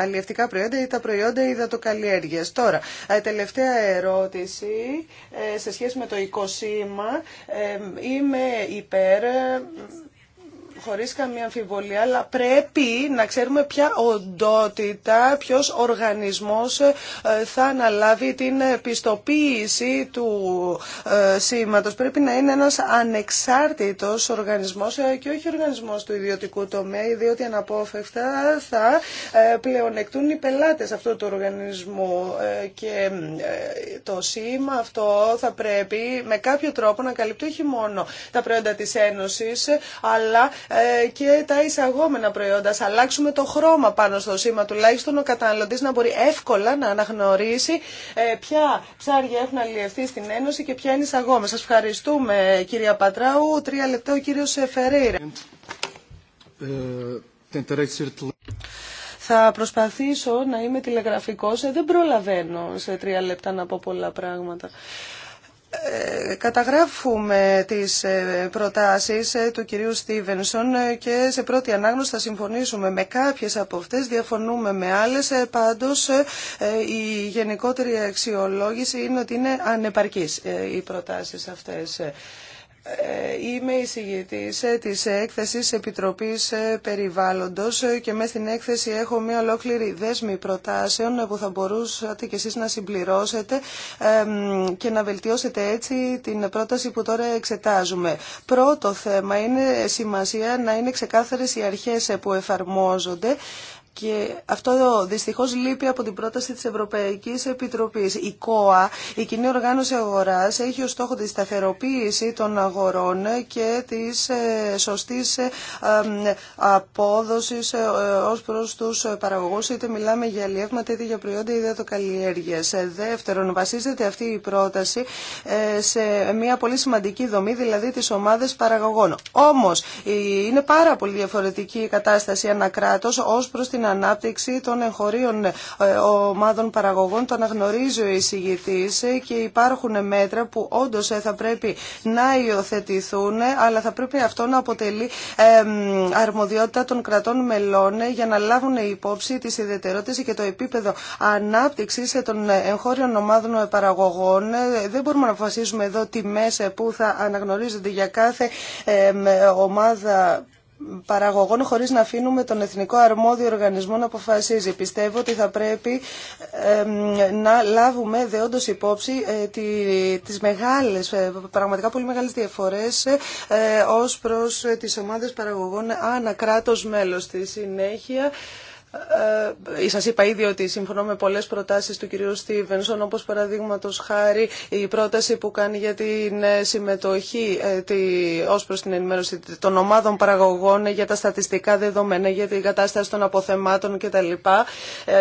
[SPEAKER 3] αλλιευτικά προϊόντα ή τα προϊόντα υδατοκαλλιέργειας. Τώρα, τελευταία ερώτηση σε σχέση με το οικοσύμα. Είμαι υπέρ χωρίς καμία αμφιβολία, αλλά πρέπει να ξέρουμε ποια οντότητα, ποιος οργανισμός ε, θα αναλάβει την πιστοποίηση του ε, σήματος. Πρέπει να είναι ένας ανεξάρτητος οργανισμός ε, και όχι οργανισμός του ιδιωτικού τομέα, διότι αναπόφευκτα θα πλεονεκτούν οι πελάτες αυτού του οργανισμού και το σήμα αυτό θα πρέπει με κάποιο τρόπο να καλυπτεί όχι μόνο τα προϊόντα της Ένωσης, αλλά ε, και τα εισαγόμενα προϊόντα. Ας αλλάξουμε το χρώμα πάνω στο σήμα τουλάχιστον ο καταναλωτής να μπορεί εύκολα να αναγνωρίσει ε, ποια ψάρια έχουν αλλιευθεί στην Ένωση και ποια είναι εισαγόμενα. Σας ευχαριστούμε κυρία Πατράου. Τρία λεπτά ο κύριο ε, Φερέιρα. Θα προσπαθήσω να είμαι τηλεγραφικός. Δεν προλαβαίνω σε τρία λεπτά να πω πολλά πράγματα. Ε, καταγράφουμε τις ε, προτάσεις ε, του κυρίου Στίβενσον και σε πρώτη ανάγνωση θα συμφωνήσουμε με κάποιες από αυτές, διαφωνούμε με άλλες, πάντως η γενικότερη αξιολόγηση είναι ότι είναι ανεπαρκής οι προτάσεις αυτές. Ε, είμαι η εισηγητής ε, της έκθεσης Επιτροπής ε, Περιβάλλοντος και μέσα στην έκθεση έχω μια ολόκληρη δέσμη προτάσεων που θα μπορούσατε και εσείς να συμπληρώσετε και να βελτιώσετε έτσι την πρόταση που τώρα εξετάζουμε. Πρώτο θέμα είναι σημασία να είναι ξεκάθαρες οι αρχές που εφαρμόζονται και αυτό δυστυχώ λείπει από την πρόταση τη Ευρωπαϊκή Επιτροπή. Η ΚΟΑ, η Κοινή Οργάνωση Αγορά, έχει ω στόχο τη σταθεροποίηση των αγορών και τη ε, σωστή ε, απόδοση ε, ω προ του παραγωγού, είτε μιλάμε για αλλιεύματα είτε για προϊόντα καλλιέργεια. Δεύτερον, βασίζεται αυτή η πρόταση σε μια πολύ σημαντική δομή, δηλαδή τι ομάδε παραγωγών. Όμω, είναι πάρα πολύ διαφορετική η κατάσταση ανακράτω ω προ την ανάπτυξη των εγχωρίων ε, ομάδων παραγωγών. Το αναγνωρίζει ο εισηγητή ε, και υπάρχουν μέτρα που όντω ε, θα πρέπει να υιοθετηθούν, αλλά θα πρέπει αυτό να αποτελεί αρμοδιότητα των κρατών μελών για να λάβουν υπόψη τι ιδιαιτερότητε και το επίπεδο ανάπτυξη των εγχώριων ομάδων παραγωγών. Δεν μπορούμε να αποφασίζουμε εδώ τιμέ που θα αναγνωρίζονται για κάθε ομάδα παραγωγών χωρίς να αφήνουμε τον Εθνικό Αρμόδιο Οργανισμό να αποφασίζει. Πιστεύω ότι θα πρέπει να λάβουμε δεόντως υπόψη ε, τις μεγάλες, ε, πραγματικά πολύ μεγάλες διαφορές ε, ως προς τις ομάδες παραγωγών ανακράτω μέλο μέλος. Στη συνέχεια ε, ε, Σα είπα ήδη ότι συμφωνώ με πολλέ προτάσει του κυρίου Στίβενσον, όπω παραδείγματο χάρη η πρόταση που κάνει για την ε, συμμετοχή ω προ την ενημέρωση των ομάδων παραγωγών για τα στατιστικά δεδομένα, για την κατάσταση των αποθεμάτων κτλ.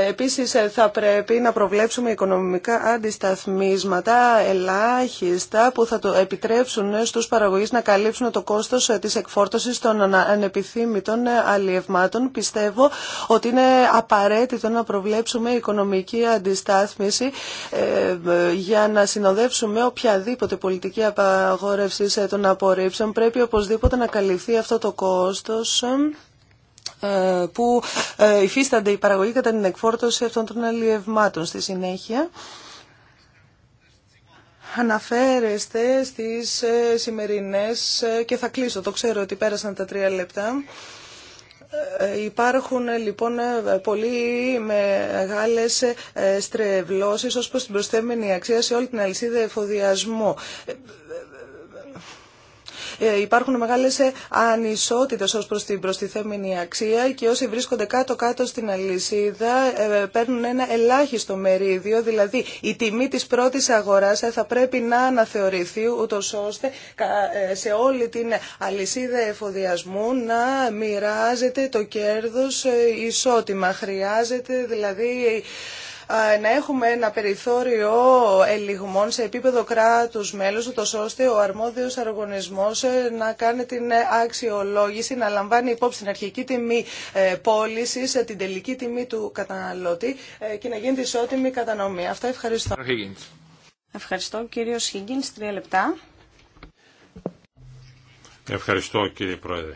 [SPEAKER 3] Επίση, θα πρέπει να προβλέψουμε οικονομικά αντισταθμίσματα ελάχιστα που θα το επιτρέψουν στου παραγωγεί να καλύψουν το κόστο τη εκφόρτωση των ανεπιθύμητων αλλιευμάτων. Πιστεύω ότι είναι απαραίτητο να προβλέψουμε οικονομική αντιστάθμιση ε, για να συνοδεύσουμε οποιαδήποτε πολιτική απαγόρευση των απορρίψεων. Πρέπει οπωσδήποτε να καλυφθεί αυτό το κόστος ε, που ε, υφίστανται η παραγωγή κατά την εκφόρτωση αυτών των αλλιευμάτων στη συνέχεια. Αναφέρεστε στις σημερινές και θα κλείσω, το ξέρω ότι πέρασαν τα τρία λεπτά. Ε, υπάρχουν λοιπόν ε, πολύ μεγάλε στρεβλώσει ω προ την προσθέμενη αξία σε όλη την αλυσίδα εφοδιασμού. Ε, ε, υπάρχουν μεγάλες ε, ανισότητες ω προς την προστιθέμενη αξία και όσοι βρίσκονται κάτω-κάτω στην αλυσίδα ε, παίρνουν ένα ελάχιστο μερίδιο, δηλαδή η τιμή της πρώτης αγοράς θα πρέπει να αναθεωρηθεί ούτω ώστε σε όλη την αλυσίδα εφοδιασμού να μοιράζεται το κέρδος ισότιμα. Χρειάζεται δηλαδή να έχουμε ένα περιθώριο ελιγμών σε επίπεδο κράτους μέλους, ούτως ώστε ο αρμόδιος αργονισμός ε, να κάνει την αξιολόγηση, να λαμβάνει υπόψη την αρχική τιμή ε, πώληση, ε, την τελική τιμή του καταναλώτη και να γίνει ισότιμη κατανομή. Αυτά ευχαριστώ. Ευχαριστώ κύριο τρία λεπτά.
[SPEAKER 1] Ευχαριστώ κύριε Πρόεδρε.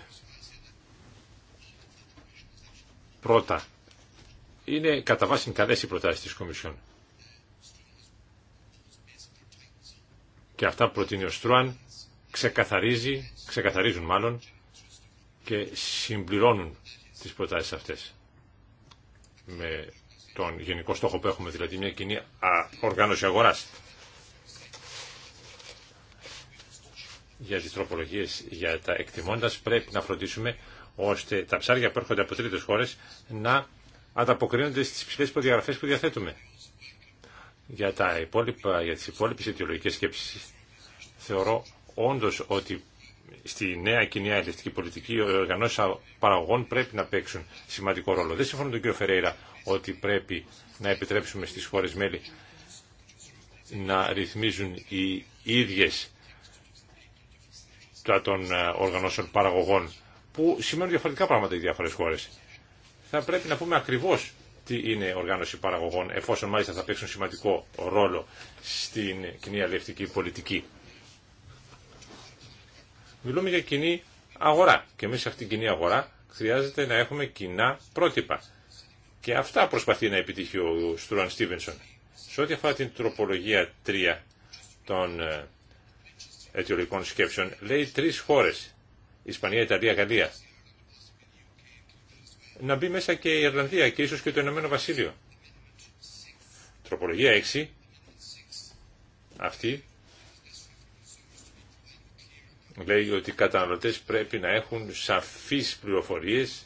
[SPEAKER 1] Πρώτα, είναι κατά βάση καλέ οι προτάσει της Κομισιόν. Και αυτά που προτείνει ο Στρούαν ξεκαθαρίζει, ξεκαθαρίζουν μάλλον και συμπληρώνουν τις προτάσεις αυτές. Με τον γενικό στόχο που έχουμε, δηλαδή μια κοινή οργάνωση αγοράς. Για τις τροπολογίες, για τα εκτιμώντας πρέπει να φροντίσουμε ώστε τα ψάρια που έρχονται από τρίτες χώρες να ανταποκρίνονται στις ψηλές προδιαγραφές που διαθέτουμε. Για, τα υπόλοιπα, για τις υπόλοιπες αιτιολογικές σκέψεις θεωρώ όντως ότι στη νέα κοινή αλληλευτική πολιτική οι οργανώσει παραγωγών πρέπει να παίξουν σημαντικό ρόλο. Δεν συμφωνώ τον κ. Φερέιρα ότι πρέπει να επιτρέψουμε στις χώρες μέλη να ρυθμίζουν οι ίδιες των ε, οργανώσεων παραγωγών που σημαίνουν διαφορετικά πράγματα οι διάφορες χώρες θα πρέπει να πούμε ακριβώ τι είναι οργάνωση παραγωγών, εφόσον μάλιστα θα παίξουν σημαντικό ρόλο στην κοινή αλληλευτική πολιτική. Μιλούμε για κοινή αγορά και μέσα σε αυτήν την κοινή αγορά χρειάζεται να έχουμε κοινά πρότυπα. Και αυτά προσπαθεί να επιτύχει ο Στρούαν Στίβενσον. Σε ό,τι αφορά την τροπολογία 3 των ε, αιτιολογικών σκέψεων, λέει τρει χώρε. Ισπανία, Ιταλία, Γαλλία να μπει μέσα και η Ιρλανδία και ίσως και το Ηνωμένο Βασίλειο. Τροπολογία 6, αυτή, λέει ότι οι καταναλωτές πρέπει να έχουν σαφείς πληροφορίες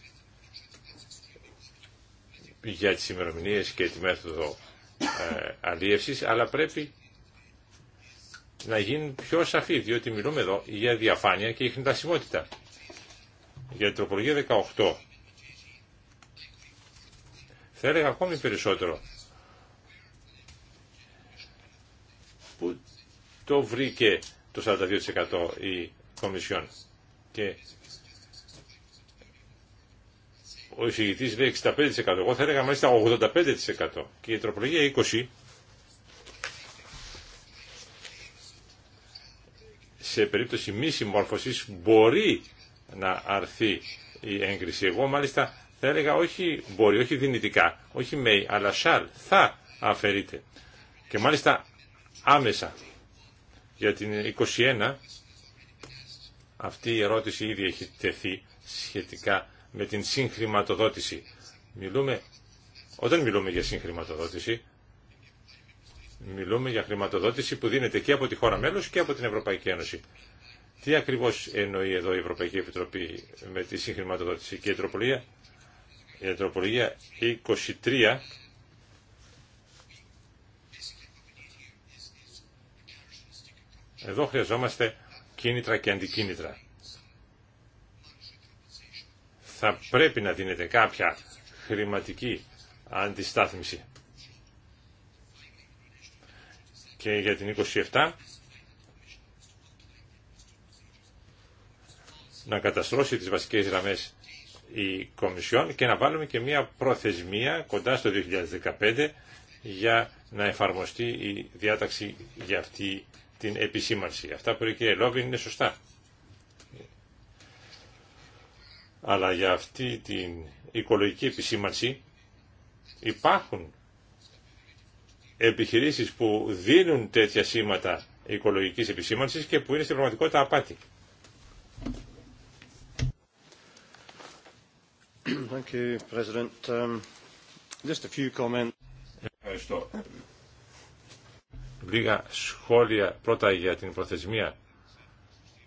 [SPEAKER 1] για τις ημερομηνίε και τη μέθοδο ε, αλλά πρέπει να γίνει πιο σαφή, διότι μιλούμε εδώ για διαφάνεια και ηχνητασιμότητα. Για την τροπολογία 18, θα έλεγα ακόμη περισσότερο. Πού το βρήκε το 42% η Κομισιόν και ο εισηγητής λέει 65%, εγώ θα έλεγα μάλιστα 85% και η τροπολογία 20% σε περίπτωση μη συμμόρφωση μπορεί να αρθεί η έγκριση. Εγώ μάλιστα θα έλεγα όχι μπορεί, όχι δυνητικά, όχι may, αλλά shall, θα αφαιρείται. Και μάλιστα άμεσα. Για την 21, αυτή η ερώτηση ήδη έχει τεθεί σχετικά με την συγχρηματοδότηση. Μιλούμε, όταν μιλούμε για συγχρηματοδότηση, μιλούμε για χρηματοδότηση που δίνεται και από τη χώρα μέλος και από την Ευρωπαϊκή Ένωση. Τι ακριβώς εννοεί εδώ η Ευρωπαϊκή Επιτροπή με τη συγχρηματοδότηση και η τροπολία... Η ε, τροπολογία 23 Εδώ χρειαζόμαστε κίνητρα και αντικίνητρα. Θα πρέπει να δίνεται κάποια χρηματική αντιστάθμιση. Και για την 27 να καταστρώσει τις βασικές γραμμές η Κομισιόν και να βάλουμε και μια προθεσμία κοντά στο 2015 για να εφαρμοστεί η διάταξη για αυτή την επισήμανση. Αυτά που λέει η Λόβιν είναι σωστά. Αλλά για αυτή την οικολογική επισήμανση υπάρχουν επιχειρήσεις που δίνουν τέτοια σήματα οικολογικής επισήμανσης και που είναι στην πραγματικότητα απάτη. Thank um, Ευχαριστώ. Λίγα σχόλια πρώτα για την προθεσμία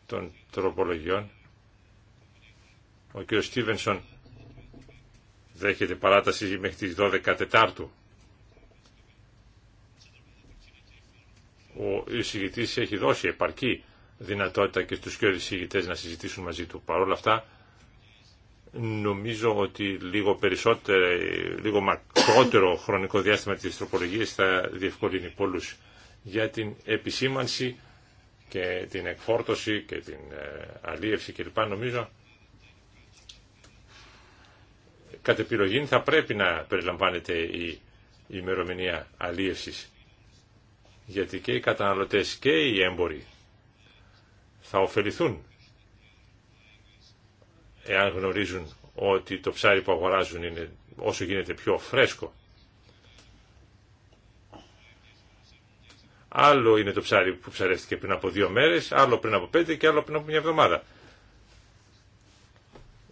[SPEAKER 1] των τροπολογιών. Ο κ. Στίβενσον δέχεται παράταση μέχρι τις 12 Τετάρτου. Ο εισηγητής έχει δώσει επαρκή δυνατότητα και στους κ. εισηγητές να συζητήσουν μαζί του. Παρ' όλα αυτά Νομίζω ότι λίγο περισσότερο, λίγο μακρότερο χρονικό διάστημα της τροπολογίας θα διευκολύνει πολλούς για την επισήμανση και την εκφόρτωση και την ε, αλίευση κλπ. Νομίζω κατ' επιλογή θα πρέπει να περιλαμβάνεται η ημερομηνία αλίευσης γιατί και οι καταναλωτές και οι έμποροι θα ωφεληθούν εάν γνωρίζουν ότι το ψάρι που αγοράζουν είναι όσο γίνεται πιο φρέσκο. Άλλο είναι το ψάρι που ψαρεύτηκε πριν από δύο μέρες, άλλο πριν από πέντε και άλλο πριν από μια εβδομάδα.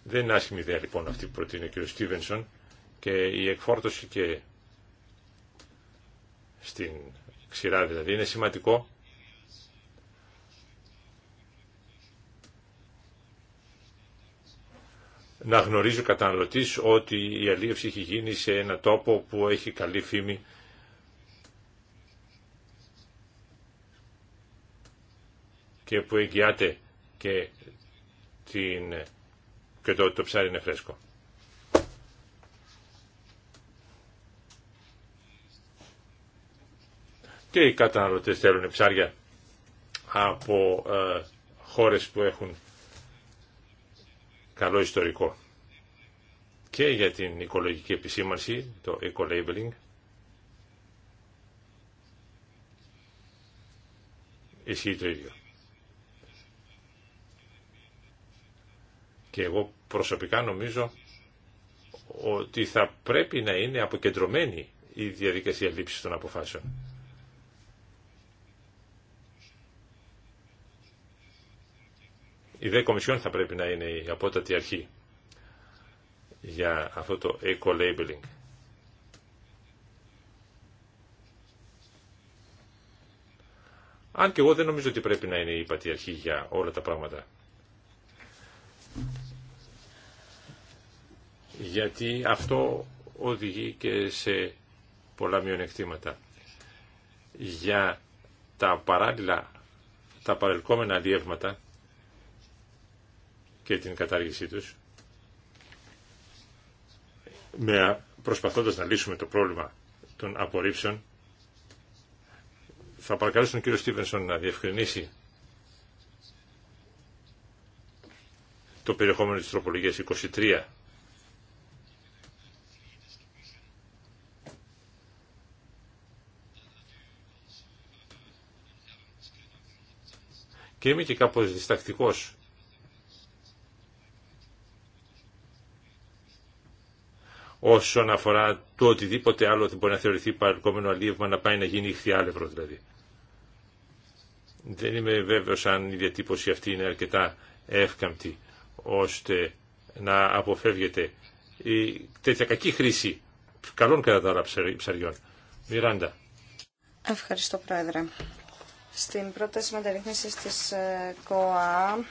[SPEAKER 1] Δεν είναι άσχημη ιδέα λοιπόν αυτή που προτείνει ο κ. Στίβενσον και η εκφόρτωση και στην ξηρά δηλαδή είναι σημαντικό να γνωρίζει ο καταναλωτή ότι η αλίευση έχει γίνει σε ένα τόπο που έχει καλή φήμη. και που εγγυάται και, την, και το, ψάρι είναι φρέσκο. Και οι καταναλωτές θέλουν ψάρια από ε, χώρες που έχουν καλό ιστορικό και για την οικολογική επισήμανση, το eco-labeling, ισχύει το ίδιο. Και εγώ προσωπικά νομίζω ότι θα πρέπει να είναι αποκεντρωμένη η διαδικασία λήψης των αποφάσεων. Η δε κομισιόν θα πρέπει να είναι η απότατη αρχή για αυτό το eco-labeling. Αν και εγώ δεν νομίζω ότι πρέπει να είναι η υπατή αρχή για όλα τα πράγματα. Γιατί αυτό οδηγεί και σε πολλά μειονεκτήματα. Για τα παράλληλα, τα παρελκόμενα αλλιεύματα, και την κατάργησή τους, με, προσπαθώντας να λύσουμε το πρόβλημα των απορρίψεων, θα παρακαλέσω τον κύριο Στίβενσον να διευκρινίσει το περιεχόμενο της τροπολογίας 23 και είμαι και κάπως διστακτικός όσον αφορά το οτιδήποτε άλλο που μπορεί να θεωρηθεί παρελκόμενο αλίευμα να πάει να γίνει ηχθιάλευρο δηλαδή. Δεν είμαι βέβαιος αν η διατύπωση αυτή είναι αρκετά εύκαμπτη ώστε να αποφεύγεται η τέτοια κακή χρήση καλών κατά τα άλλα ψαριών. Μιράντα.
[SPEAKER 2] Ευχαριστώ Πρόεδρε. Στην πρόταση μεταρρύθμισης της ε, ΚΟΑ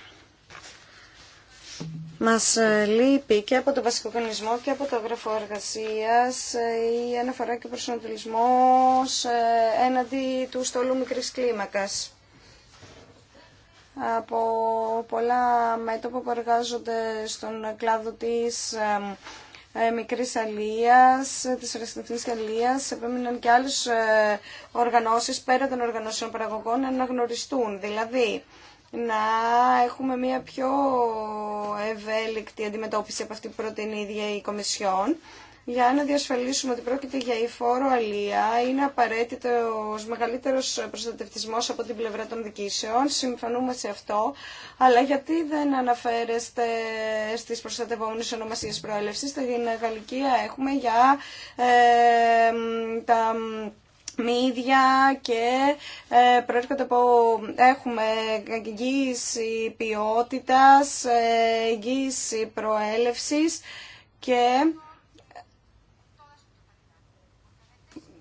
[SPEAKER 2] μας ε, λείπει και από το βασικό κανονισμό και από το γραφό εργασίας ε, η αναφορά και προσανατολισμός ε, έναντι του στόλου μικρής κλίμακας. Από πολλά μέτωπα που εργάζονται στον κλάδο της μικρής αλίας, της ρεστινικής αλίας, επέμειναν και άλλες οργανώσεις πέρα των οργανώσεων παραγωγών να αναγνωριστούν. Δηλαδή, να έχουμε μια πιο ευέλικτη αντιμετώπιση από αυτή που προτείνει η ίδια η Κομισιόν. Για να διασφαλίσουμε ότι πρόκειται για φόρο αλία, είναι απαραίτητο ο μεγαλύτερο προστατευτισμό από την πλευρά των δικήσεων. Συμφωνούμε σε αυτό. Αλλά γιατί δεν αναφέρεστε στι προστατευόμενε ονομασίε προέλευση. Στην Γαλλικία έχουμε για ε, τα μύδια και ε, προέρχονται από έχουμε εγγύηση ποιότητας, ε, εγγύηση προέλευσης και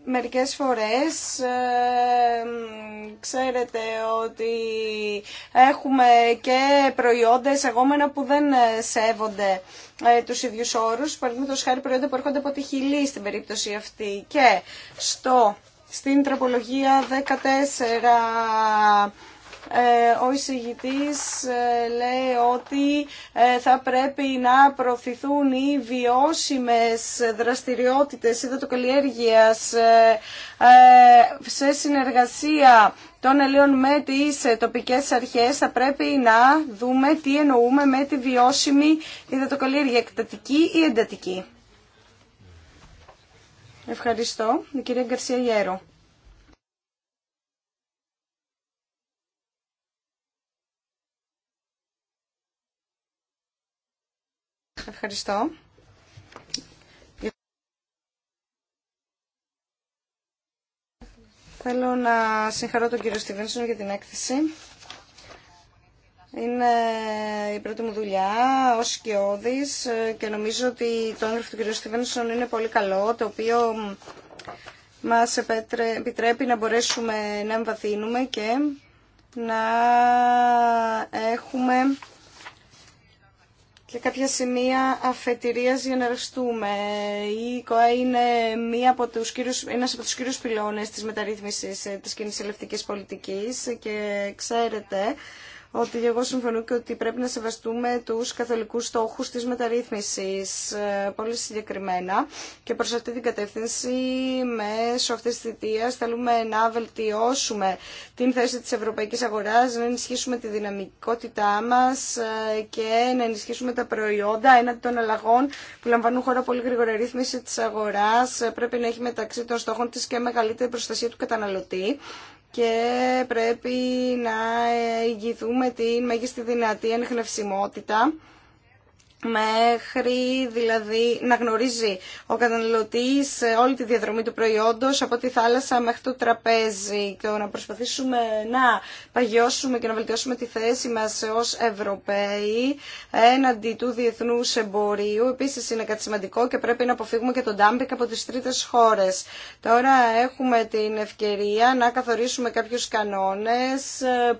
[SPEAKER 2] μερικές φορές ε, ξέρετε ότι έχουμε και προϊόντα εισαγόμενα που δεν ε, σέβονται ε, τους ίδιους όρους, παραδείγματος χάρη προϊόντα που έρχονται από τη χιλή στην περίπτωση αυτή και στο στην τραπολογία 14 ε, ο εισηγητής ε, λέει ότι ε, θα πρέπει να προωθηθούν οι βιώσιμες δραστηριότητες υδατοκαλλιέργειας σε συνεργασία των Ελλήνων με τις τοπικές αρχές θα πρέπει να δούμε τι εννοούμε με τη βιώσιμη υδατοκαλλιέργεια εκτατική ή εντατική. Ευχαριστώ. Η κυρία Γκαρσία Γέρο.
[SPEAKER 3] Ευχαριστώ.
[SPEAKER 2] Θέλω να συγχαρώ τον κύριο Στιβένσον για την έκθεση. Είναι η πρώτη μου δουλειά ως σκιώδης ε, και νομίζω ότι το έγγραφο του κ. Στίβενσον είναι πολύ καλό, το οποίο μας επιτρέπει να μπορέσουμε να εμβαθύνουμε και να έχουμε και κάποια σημεία αφετηρίας για να εργαστούμε. Η ΚΟΑ είναι μία από τους κύριους, ένας από τους κύριους πυλώνες της μεταρρύθμισης ε, πολιτικής και ξέρετε ότι εγώ συμφωνώ και ότι πρέπει να σεβαστούμε τους καθολικούς στόχους της μεταρρύθμισης ε, πολύ συγκεκριμένα και προς αυτή την κατεύθυνση μέσω αυτής της θητείας θέλουμε να βελτιώσουμε την θέση της ευρωπαϊκής αγοράς, να ενισχύσουμε τη δυναμικότητά μας ε, και να ενισχύσουμε τα προϊόντα έναντι των αλλαγών που λαμβάνουν χώρα πολύ γρήγορα ρύθμιση της αγοράς ε, πρέπει να έχει μεταξύ των στόχων της και μεγαλύτερη προστασία του καταναλωτή και πρέπει να ηγηθούμε την μέγιστη δυνατή ενχνευσιμότητα μέχρι δηλαδή να γνωρίζει ο καταναλωτής όλη τη διαδρομή του προϊόντος από τη θάλασσα μέχρι το τραπέζι και να προσπαθήσουμε να παγιώσουμε και να βελτιώσουμε τη θέση μας ως Ευρωπαίοι έναντι του διεθνούς εμπορίου. Επίσης είναι κάτι σημαντικό και πρέπει να αποφύγουμε και τον ντάμπικ από τις τρίτες χώρες. Τώρα έχουμε την ευκαιρία να καθορίσουμε κάποιους κανόνες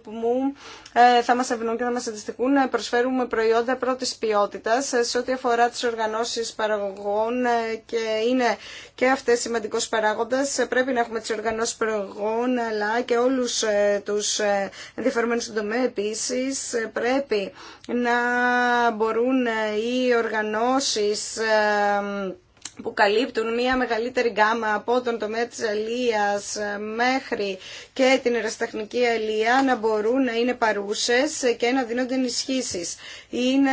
[SPEAKER 2] που μου ε, θα μας ευνοούν και θα μας αντιστοιχούν να ε, προσφέρουμε προϊόντα πρώτης ποιότητας ε, σε ό,τι αφορά τις οργανώσεις παραγωγών και είναι και αυτές σημαντικός παράγοντας. Πρέπει να έχουμε τις οργανώσεις παραγωγών αλλά και όλους τους ενδιαφερμένους στον τομέα επίσης πρέπει να μπορούν οι οργανώσεις που καλύπτουν μια μεγαλύτερη γκάμα από τον τομέα της αλίας μέχρι και την ερασταχνική αλία να μπορούν να είναι παρούσες και να δίνονται ενισχύσει. Είναι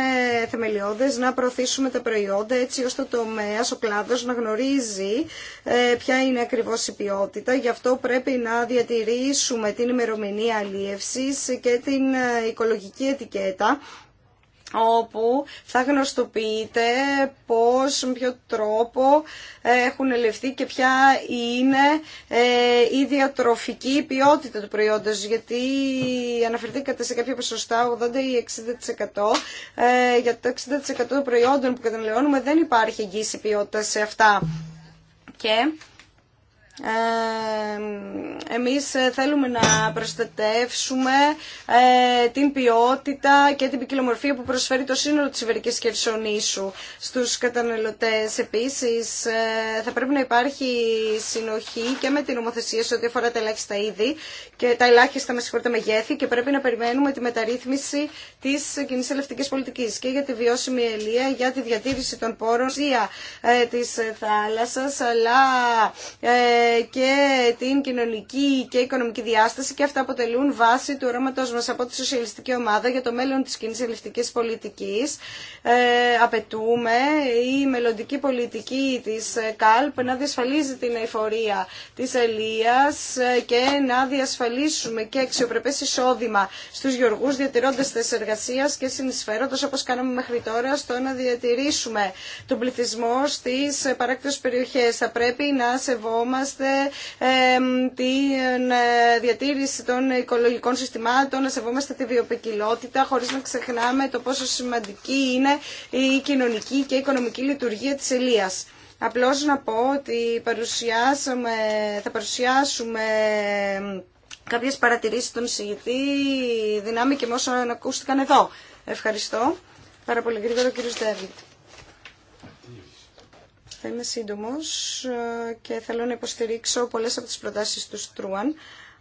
[SPEAKER 2] θεμελιώδες να προωθήσουμε τα προϊόντα έτσι ώστε το τομέας, ο κλάδος να γνωρίζει ε, ποια είναι ακριβώς η ποιότητα. Γι' αυτό πρέπει να διατηρήσουμε την ημερομηνία αλίευσης και την ε, οικολογική ετικέτα όπου θα γνωστοποιείτε πώς, με ποιο τρόπο έχουν ελευθεί και ποια είναι ε, η διατροφική ποιότητα του προϊόντος. Γιατί αναφερθήκατε σε κάποια ποσοστά, 80 ή 60%. Ε, για το 60% των προϊόντων που καταναλώνουμε δεν υπάρχει εγγύηση ποιότητα σε αυτά. Και ε, εμείς ε, θέλουμε να προστατεύσουμε ε, την ποιότητα και την ποικιλομορφία που προσφέρει το σύνολο της Ιβερικής Κερσονήσου στους καταναλωτές. Επίσης, θα πρέπει να υπάρχει συνοχή και με την ομοθεσία σε ό,τι αφορά τα ελάχιστα είδη και τα ελάχιστα με συγχωρείτε μεγέθη και πρέπει να περιμένουμε τη μεταρρύθμιση της κοινή ελευτικής πολιτικής και για τη βιώσιμη ελεία, για τη διατήρηση των πόρων, της θάλασσας, αλλά και την κοινωνική και οικονομική διάσταση και αυτά αποτελούν βάση του ορώματο μας από τη Σοσιαλιστική Ομάδα για το μέλλον της κοινή ελευθερικής πολιτικής. Ε, απαιτούμε η μελλοντική πολιτική της ΚΑΛΠ να διασφαλίζει την εφορία της Ελίας ε, και να διασφαλίσουμε και αξιοπρεπές εισόδημα στους γεωργούς διατηρώντας τις εργασίας και συνεισφέροντας όπως κάναμε μέχρι τώρα στο να διατηρήσουμε τον πληθυσμό στις παράκτητες περιοχές. Θα πρέπει να σεβόμαστε την ε, διατήρηση των οικολογικών συστημάτων, να σεβόμαστε τη βιοπικιλότητα, χωρίς να ξεχνάμε το πόσο σημαντική είναι η κοινωνική και η οικονομική λειτουργία της Ελίας. Απλώς να πω ότι θα παρουσιάσουμε κάποιες παρατηρήσεις των συγητή, δυνάμει και με ακούστηκαν εδώ. Ευχαριστώ. Πάρα πολύ γρήγορα, κύριος Ντέβιτ. Θα είμαι σύντομος ε, και θέλω να υποστηρίξω πολλές από τις προτάσεις του Στρούαν,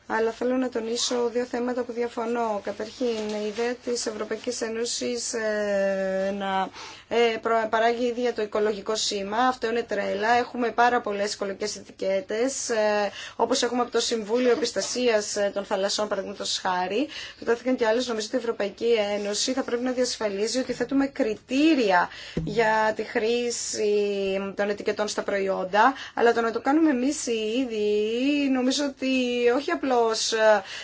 [SPEAKER 2] αλλά θέλω να τονίσω δύο θέματα που διαφωνώ. Καταρχήν, η ιδέα της Ευρωπαϊκής Ένωσης ε, να ε, παράγει η ίδια το οικολογικό σήμα. Αυτό είναι τρέλα. Έχουμε πάρα πολλέ οικολογικέ ετικέτε, ε, όπω έχουμε από το Συμβούλιο Επιστασία ε, των Θαλασσών, παραδείγματο χάρη. Προτάθηκαν και άλλε. Νομίζω ότι η Ευρωπαϊκή Ένωση θα πρέπει να διασφαλίζει ότι θέτουμε κριτήρια για τη χρήση των ετικετών στα προϊόντα, αλλά το να το κάνουμε εμεί οι νομίζω ότι όχι απλώ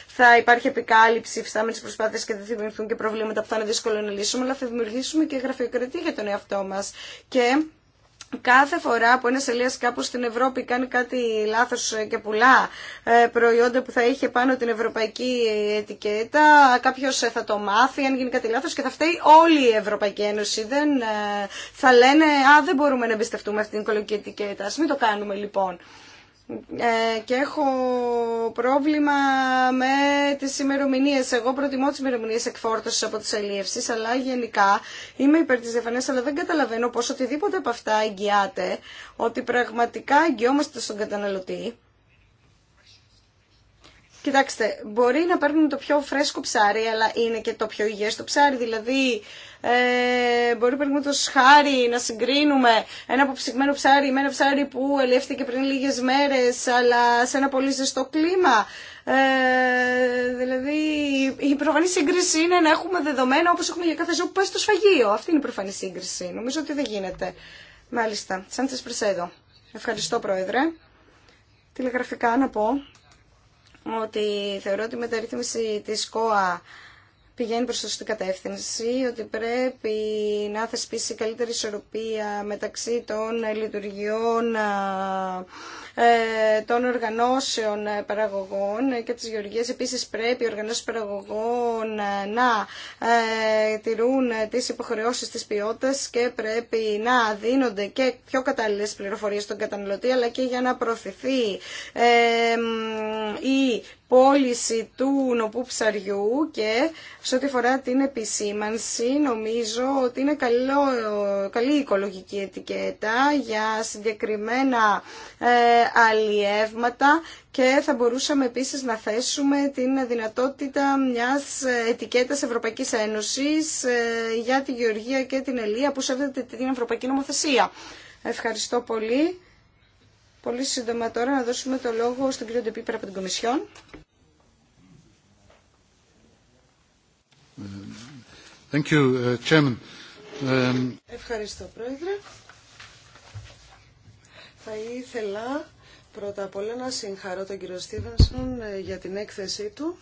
[SPEAKER 2] θα υπάρχει επικάλυψη φυστάμενε προσπάθειε και δεν θα δημιουργηθούν και προβλήματα που θα είναι δύσκολο να λύσουμε, αλλά θα δημιουργήσουμε και γραφειοκρατία τον εαυτό μας. Και Κάθε φορά που ένας Ελίας κάπου στην Ευρώπη κάνει κάτι λάθος ε, και πουλά ε, προϊόντα που θα είχε πάνω την ευρωπαϊκή ετικέτα, κάποιος ε, θα το μάθει αν γίνει κάτι λάθος και θα φταίει όλη η Ευρωπαϊκή Ένωση. Δεν, θα λένε, α δεν μπορούμε να εμπιστευτούμε αυτήν την οικολογική ετικέτα, ας μην το κάνουμε λοιπόν. Ε, και έχω πρόβλημα με τις ημερομηνίε. Εγώ προτιμώ τις ημερομηνίε εκφόρτωσης από τις αλλιεύσεις, αλλά γενικά είμαι υπέρ της διαφανές, αλλά δεν καταλαβαίνω πως οτιδήποτε από αυτά εγγυάται ότι πραγματικά εγγυόμαστε στον καταναλωτή Κοιτάξτε, μπορεί να παίρνουν το πιο φρέσκο ψάρι, αλλά είναι και το πιο υγιές το ψάρι. Δηλαδή, ε, μπορεί το σχάρι, να συγκρίνουμε ένα αποψυγμένο ψάρι με ένα ψάρι που ελεύθηκε πριν λίγες μέρες, αλλά σε ένα πολύ ζεστό κλίμα. Ε, δηλαδή, η προφανή σύγκριση είναι να έχουμε δεδομένα όπως έχουμε για κάθε ζώο που πάει στο σφαγείο. Αυτή είναι η προφανή σύγκριση. Νομίζω ότι δεν γίνεται. Μάλιστα. Σαν τη Ευχαριστώ, Πρόεδρε. Τηλεγραφικά να πω ότι θεωρώ ότι η μεταρρύθμιση της ΚΟΑ πηγαίνει προς σωστή κατεύθυνση, ότι πρέπει να θεσπίσει καλύτερη ισορροπία μεταξύ των λειτουργιών ε, των οργανώσεων παραγωγών και της γεωργίας. Επίσης πρέπει οι οργανώσεις παραγωγών ε, να ε, τηρούν τις υποχρεώσεις της ποιότητας και πρέπει να δίνονται και πιο κατάλληλες πληροφορίες στον καταναλωτή αλλά και για να προωθηθεί η πώληση του νοπού ψαριού και σε ό,τι αφορά την επισήμανση νομίζω ότι είναι καλό, καλή οικολογική ετικέτα για συγκεκριμένα αλλιεύματα και θα μπορούσαμε επίσης να θέσουμε την δυνατότητα μιας ετικέτας Ευρωπαϊκής Ένωσης ε, για τη Γεωργία και την Ελία που σέβεται την Ευρωπαϊκή Νομοθεσία. Ευχαριστώ πολύ. Πολύ σύντομα τώρα να δώσουμε το λόγο στον κύριο Ντεπίπερα από την Κομισιόν.
[SPEAKER 3] Thank uh, um, Ευχαριστώ, Πρόεδρε. Θα ήθελα Πρώτα απ' όλα να συγχαρώ τον κύριο Στίβενσον ε, για την έκθεσή του.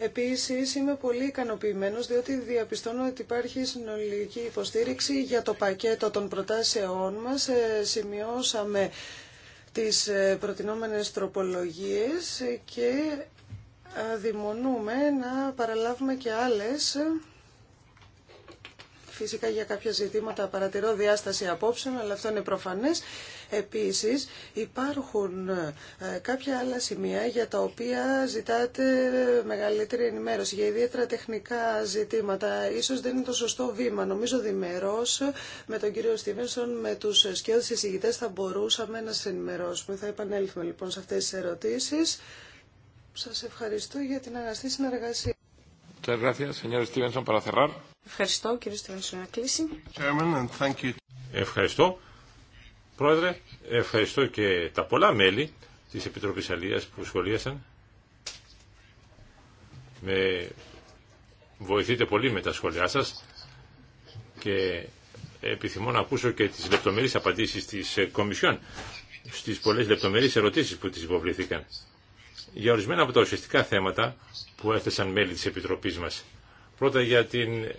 [SPEAKER 3] Επίσης είμαι πολύ ικανοποιημένος διότι διαπιστώνω ότι υπάρχει συνολική υποστήριξη για το πακέτο των προτάσεών μας. Ε, σημειώσαμε τις ε, προτινόμενες τροπολογίες και δημονούμε να παραλάβουμε και άλλες Φυσικά για κάποια ζητήματα παρατηρώ διάσταση απόψεων, αλλά αυτό είναι προφανές. Επίσης υπάρχουν ε, κάποια άλλα σημεία για τα οποία ζητάτε μεγαλύτερη ενημέρωση για ιδιαίτερα τεχνικά ζητήματα. Ίσως δεν είναι το σωστό βήμα. Νομίζω διμερώς με τον κύριο Στίβενσον, με τους σκιώδεις εισηγητές θα μπορούσαμε να σας ενημερώσουμε. Θα επανέλθουμε λοιπόν σε αυτές τις ερωτήσεις. Σας ευχαριστώ για την αγαστή συνεργασία.
[SPEAKER 1] Ευχαριστώ,
[SPEAKER 3] κύριε Στίβενσον, να κλείσει.
[SPEAKER 1] Ευχαριστώ, Πρόεδρε. Ευχαριστώ και τα πολλά μέλη της Επιτροπής Αλίας που σχολίασαν. Με βοηθείτε πολύ με τα σχόλιά σας και επιθυμώ να ακούσω και τις λεπτομερείς απαντήσεις της Κομισιόν στις πολλές λεπτομερείς ερωτήσεις που της υποβληθήκαν για ορισμένα από τα ουσιαστικά θέματα που έθεσαν μέλη της Επιτροπής μας. Πρώτα για την ε,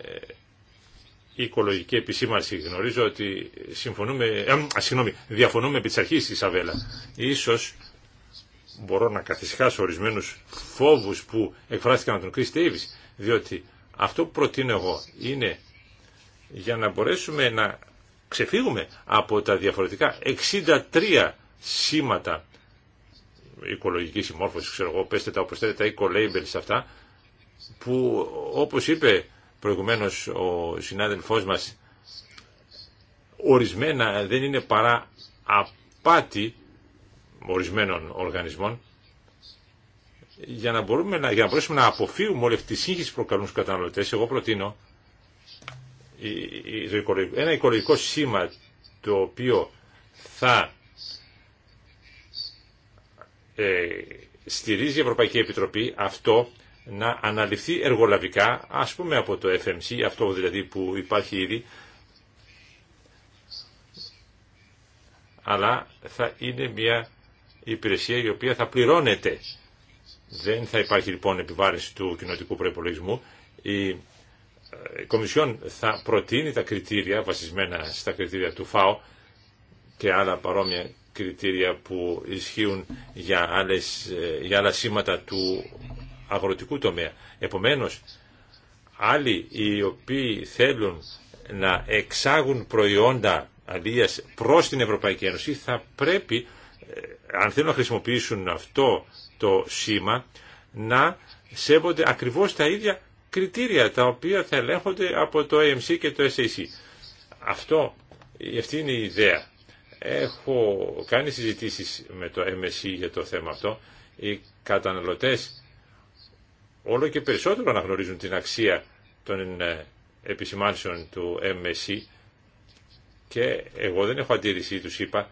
[SPEAKER 1] οικολογική επισήμανση. Γνωρίζω ότι συμφωνούμε, ε, διαφωνούμε επί της αρχής της Αβέλα. Ίσως μπορώ να καθισχάσω ορισμένους φόβους που εκφράστηκαν από τον Κρίς Τέιβης, διότι αυτό που προτείνω εγώ είναι για να μπορέσουμε να ξεφύγουμε από τα διαφορετικά 63 σήματα οικολογική συμμόρφωση, ξέρω εγώ, πέστε τα όπως θέλετε, τα eco σε αυτά, που όπως είπε προηγουμένως ο συνάδελφός μα ορισμένα δεν είναι παρά απάτη ορισμένων οργανισμών, για να, μπορούμε να, για να μπορέσουμε να αποφύγουμε όλη αυτή τη σύγχυση που προκαλούν στους καταναλωτές, εγώ προτείνω ένα οικολογικό σήμα το οποίο θα ε, στηρίζει η Ευρωπαϊκή Επιτροπή αυτό να αναλυφθεί εργολαβικά, ας πούμε από το FMC, αυτό δηλαδή που υπάρχει ήδη, αλλά θα είναι μια υπηρεσία η οποία θα πληρώνεται. Δεν θα υπάρχει λοιπόν επιβάρηση του κοινοτικού προπολογισμού. Η ε, Κομισιόν θα προτείνει τα κριτήρια βασισμένα στα κριτήρια του ΦΑΟ και άλλα παρόμοια κριτήρια που ισχύουν για, άλλες, ε, για άλλα σήματα του αγροτικού τομέα. Επομένως, άλλοι οι οποίοι θέλουν να εξάγουν προϊόντα αλίας προς την Ευρωπαϊκή Ένωση θα πρέπει, ε, αν θέλουν να χρησιμοποιήσουν αυτό το σήμα, να σέβονται ακριβώς τα ίδια κριτήρια τα οποία θα ελέγχονται από το AMC και το SAC. Αυτό, αυτή είναι η ιδέα Έχω κάνει συζητήσεις με το MSC για το θέμα αυτό. Οι καταναλωτές όλο και περισσότερο αναγνωρίζουν την αξία των ε, επισημάνσεων του MSC και εγώ δεν έχω αντίρρηση, τους είπα,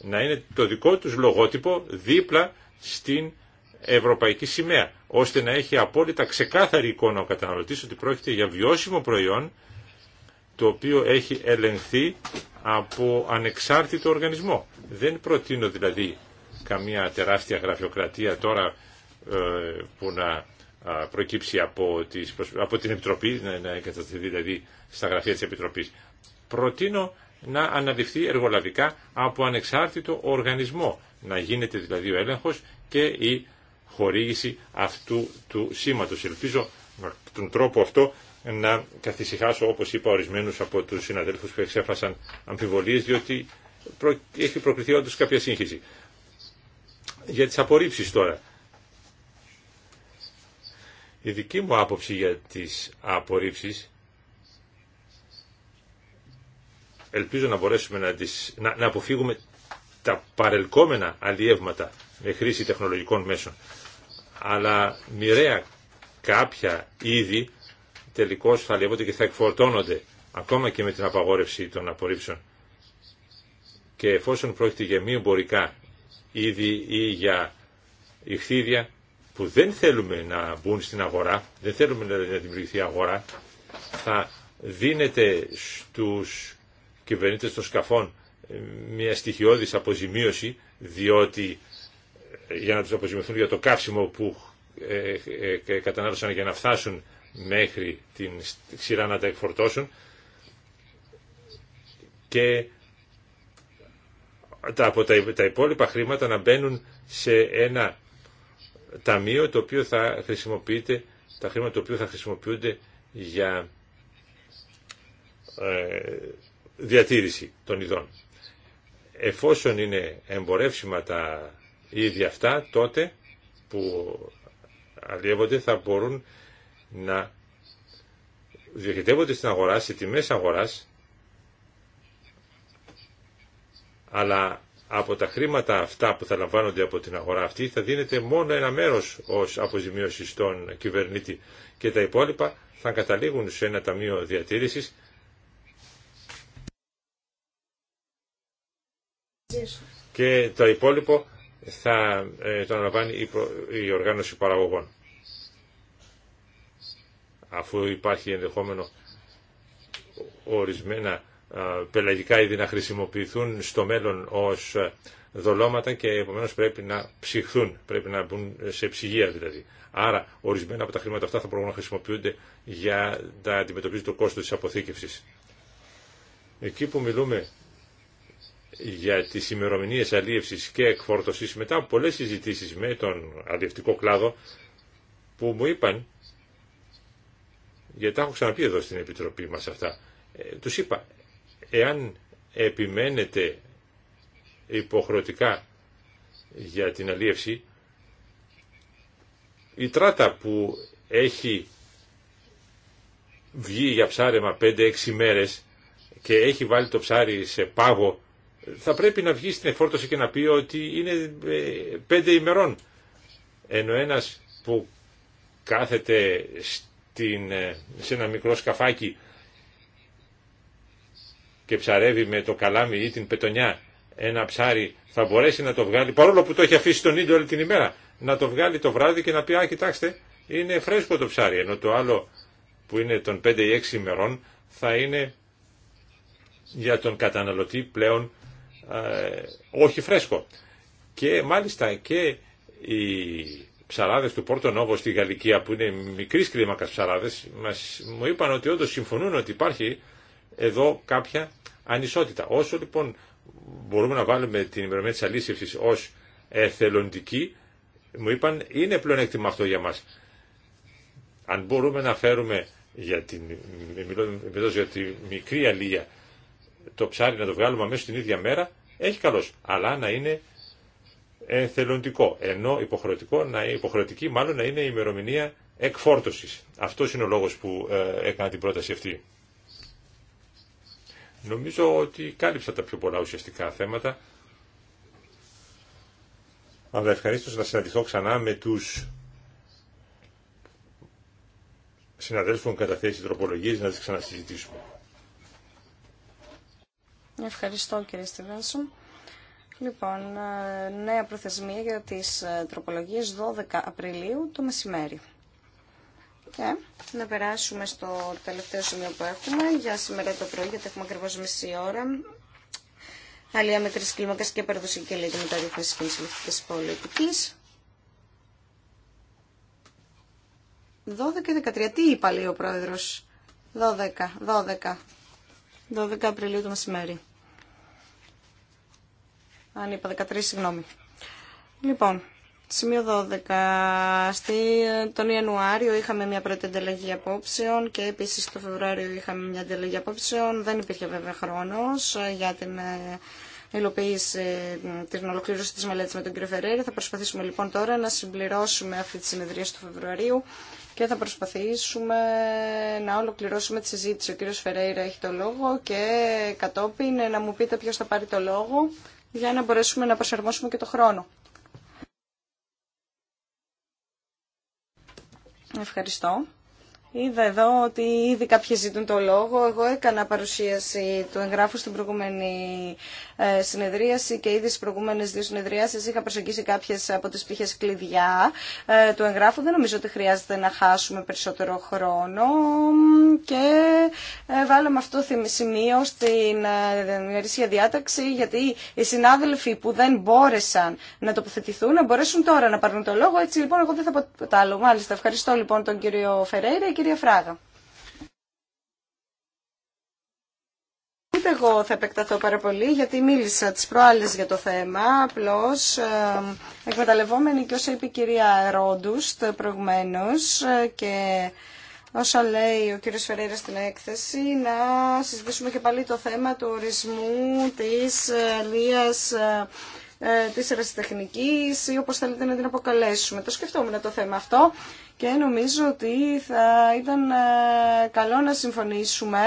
[SPEAKER 1] να είναι το δικό τους λογότυπο δίπλα στην ευρωπαϊκή σημαία, ώστε να έχει απόλυτα ξεκάθαρη εικόνα ο καταναλωτής ότι πρόκειται για βιώσιμο προϊόν το οποίο έχει ελεγχθεί από ανεξάρτητο οργανισμό. Δεν προτείνω δηλαδή καμία τεράστια γραφειοκρατία τώρα ε, που να προκύψει από, τις, την Επιτροπή, να, να δηλαδή στα γραφεία της Επιτροπής. Προτείνω να αναλυφθεί εργολαβικά από ανεξάρτητο οργανισμό, να γίνεται δηλαδή ο έλεγχος και η χορήγηση αυτού του σήματος. Ελπίζω με τον τρόπο αυτό να καθησυχάσω όπως είπα ορισμένους από τους συναδέλφους που εξέφασαν αμφιβολίες διότι έχει προκριθεί όντως κάποια σύγχυση. Για τις απορρίψεις τώρα. Η δική μου άποψη για τις απορρίψεις ελπίζω να μπορέσουμε να, τις, να, να αποφύγουμε τα παρελκόμενα αλλιεύματα με χρήση τεχνολογικών μέσων. Αλλά μοιραία κάποια είδη τελικώς θα λέγονται και θα εκφορτώνονται ακόμα και με την απαγόρευση των απορρίψεων. Και εφόσον πρόκειται για μη εμπορικά είδη ή για ηχθίδια που δεν θέλουμε να μπουν στην αγορά, δεν θέλουμε να δημιουργηθεί αγορά, θα δίνεται στους κυβερνήτες των σκαφών ε, μια στοιχειώδης αποζημίωση, διότι ε, για να τους αποζημιωθούν για το καύσιμο που ε, κατανάλωσαν για να φτάσουν μέχρι την σειρά να τα εκφορτώσουν και τα, από τα, υπόλοιπα χρήματα να μπαίνουν σε ένα ταμείο το οποίο θα χρησιμοποιείται, τα χρήματα το οποίο θα χρησιμοποιούνται για ε, διατήρηση των ειδών. Εφόσον είναι εμπορεύσιμα τα ίδια αυτά, τότε που αλλιεύονται θα μπορούν να διοχετεύονται στην αγορά, σε τιμές αγοράς, αλλά από τα χρήματα αυτά που θα λαμβάνονται από την αγορά αυτή θα δίνεται μόνο ένα μέρος ως αποζημίωση στον κυβερνήτη και τα υπόλοιπα θα καταλήγουν σε ένα ταμείο διατήρησης και το υπόλοιπο θα ε, το αναλαμβάνει η οργάνωση παραγωγών αφού υπάρχει ενδεχόμενο ορισμένα πελαγικά είδη να χρησιμοποιηθούν στο μέλλον ως δολώματα και επομένως πρέπει να ψυχθούν, πρέπει να μπουν σε ψυγεία δηλαδή. Άρα ορισμένα από τα χρήματα αυτά θα μπορούν να χρησιμοποιούνται για να αντιμετωπίζουν το κόστος της αποθήκευσης. Εκεί που μιλούμε για τις ημερομηνίες αλίευσης και εκφόρτωσης μετά από πολλές συζητήσεις με τον αλλιευτικό κλάδο που μου είπαν γιατί τα έχω ξαναπεί εδώ στην Επιτροπή μας αυτά, ε, τους είπα, εάν επιμένετε υποχρεωτικά για την αλίευση, η τράτα που έχει βγει για ψάρεμα 5-6 μέρες και έχει βάλει το ψάρι σε πάγο, θα πρέπει να βγει στην εφόρτωση και να πει ότι είναι 5 ε, ημερών. Ενώ ένας που κάθεται την, ε, σε ένα μικρό σκαφάκι και ψαρεύει με το καλάμι ή την πετονιά ένα ψάρι θα μπορέσει να το βγάλει, παρόλο που το έχει αφήσει τον ίδιο όλη την ημέρα, να το βγάλει το βράδυ και να πει «Α, κοιτάξτε, είναι φρέσκο το ψάρι», ενώ το άλλο που είναι των 5 ή 6 ημερών θα είναι για τον καταναλωτή πλέον ε, όχι φρέσκο. Και μάλιστα και η ψαράδες του Πόρτο Νόβο στη Γαλλικία που είναι μικρή κλίμακα ψαράδε, μου είπαν ότι όντω συμφωνούν ότι υπάρχει εδώ κάποια ανισότητα. Όσο λοιπόν μπορούμε να βάλουμε την ημερομηνία τη αλήσευσης ω εθελοντική μου είπαν είναι πλεονέκτημα αυτό για μας. Αν μπορούμε να φέρουμε για την, μιλώ, για τη μικρή αλία το ψάρι να το βγάλουμε αμέσως την ίδια μέρα έχει καλώς. Αλλά να είναι εθελοντικό, ενώ υποχρεωτικό να, υποχρεωτική μάλλον να είναι η ημερομηνία εκφόρτωσης. Αυτός είναι ο λόγος που ε, έκανα την πρόταση αυτή. Νομίζω ότι κάλυψα τα πιο πολλά ουσιαστικά θέματα. Αλλά ευχαρίστω να συναντηθώ ξανά με τους συναδέλφους που έχουν καταθέσει τροπολογίες να τις ξανασυζητήσουμε.
[SPEAKER 2] Ευχαριστώ κύριε Λοιπόν, ε, νέα προθεσμία για τις ε, τροπολογίες 12 Απριλίου το μεσημέρι. Και να περάσουμε στο τελευταίο σημείο που έχουμε για σήμερα το πρωί, γιατί έχουμε ακριβώ μισή ώρα. Αλία με τρεις και παραδοσιακή και τη μεταρρύθμιση και πολιτικής. 12 και 13. Τι είπα, λέει ο πρόεδρος. 12, 12. 12 Απριλίου το μεσημέρι. Αν είπα 13, συγγνώμη. Λοιπόν, σημείο 12. Στη, ε, τον Ιανουάριο είχαμε μια πρώτη ανταλλαγή απόψεων και επίσης το Φεβρουάριο είχαμε μια ανταλλαγή απόψεων. Δεν υπήρχε βέβαια χρόνος ε, για την ε, υλοποίηση την ολοκλήρωση της μελέτης με τον κύριο Φεραίρη. Θα προσπαθήσουμε λοιπόν τώρα να συμπληρώσουμε αυτή τη συνεδρία του Φεβρουαρίου και θα προσπαθήσουμε να ολοκληρώσουμε τη συζήτηση. Ο κύριος Φεραίρα έχει το λόγο και κατόπιν να μου πείτε ποιο θα πάρει το λόγο για να μπορέσουμε να προσαρμόσουμε και το χρόνο. Ευχαριστώ. Είδα εδώ ότι ήδη κάποιοι ζητούν το λόγο. Εγώ έκανα παρουσίαση του εγγράφου στην προηγούμενη ε, συνεδρίαση και ήδη στι προηγούμενε δύο συνεδριάσει είχα προσεγγίσει κάποιε από τι πτυχέ κλειδιά ε, του εγγράφου. Δεν νομίζω ότι χρειάζεται να χάσουμε περισσότερο χρόνο και ε, βάλαμε αυτό το σημείο στην ημερήσια διάταξη γιατί οι συνάδελφοι που δεν μπόρεσαν να τοποθετηθούν να μπορέσουν τώρα να πάρουν το λόγο. Έτσι λοιπόν εγώ δεν θα πω άλλο. Μάλιστα ευχαριστώ λοιπόν τον κύριο κυρία Φράγα. εγώ θα επεκταθώ πάρα πολύ γιατί μίλησα τις προάλλες για το θέμα, απλώς ε, εκμεταλλευόμενη και όσα είπε η κυρία Ρόντουστ προηγουμένως ε, και όσα λέει ο κύριος Φεραίρα στην έκθεση, να συζητήσουμε και πάλι το θέμα του ορισμού της ε, ε ε, της ή όπω θέλετε να την αποκαλέσουμε. Το σκεφτόμουν το θέμα αυτό και νομίζω ότι θα ήταν ε, καλό να συμφωνήσουμε.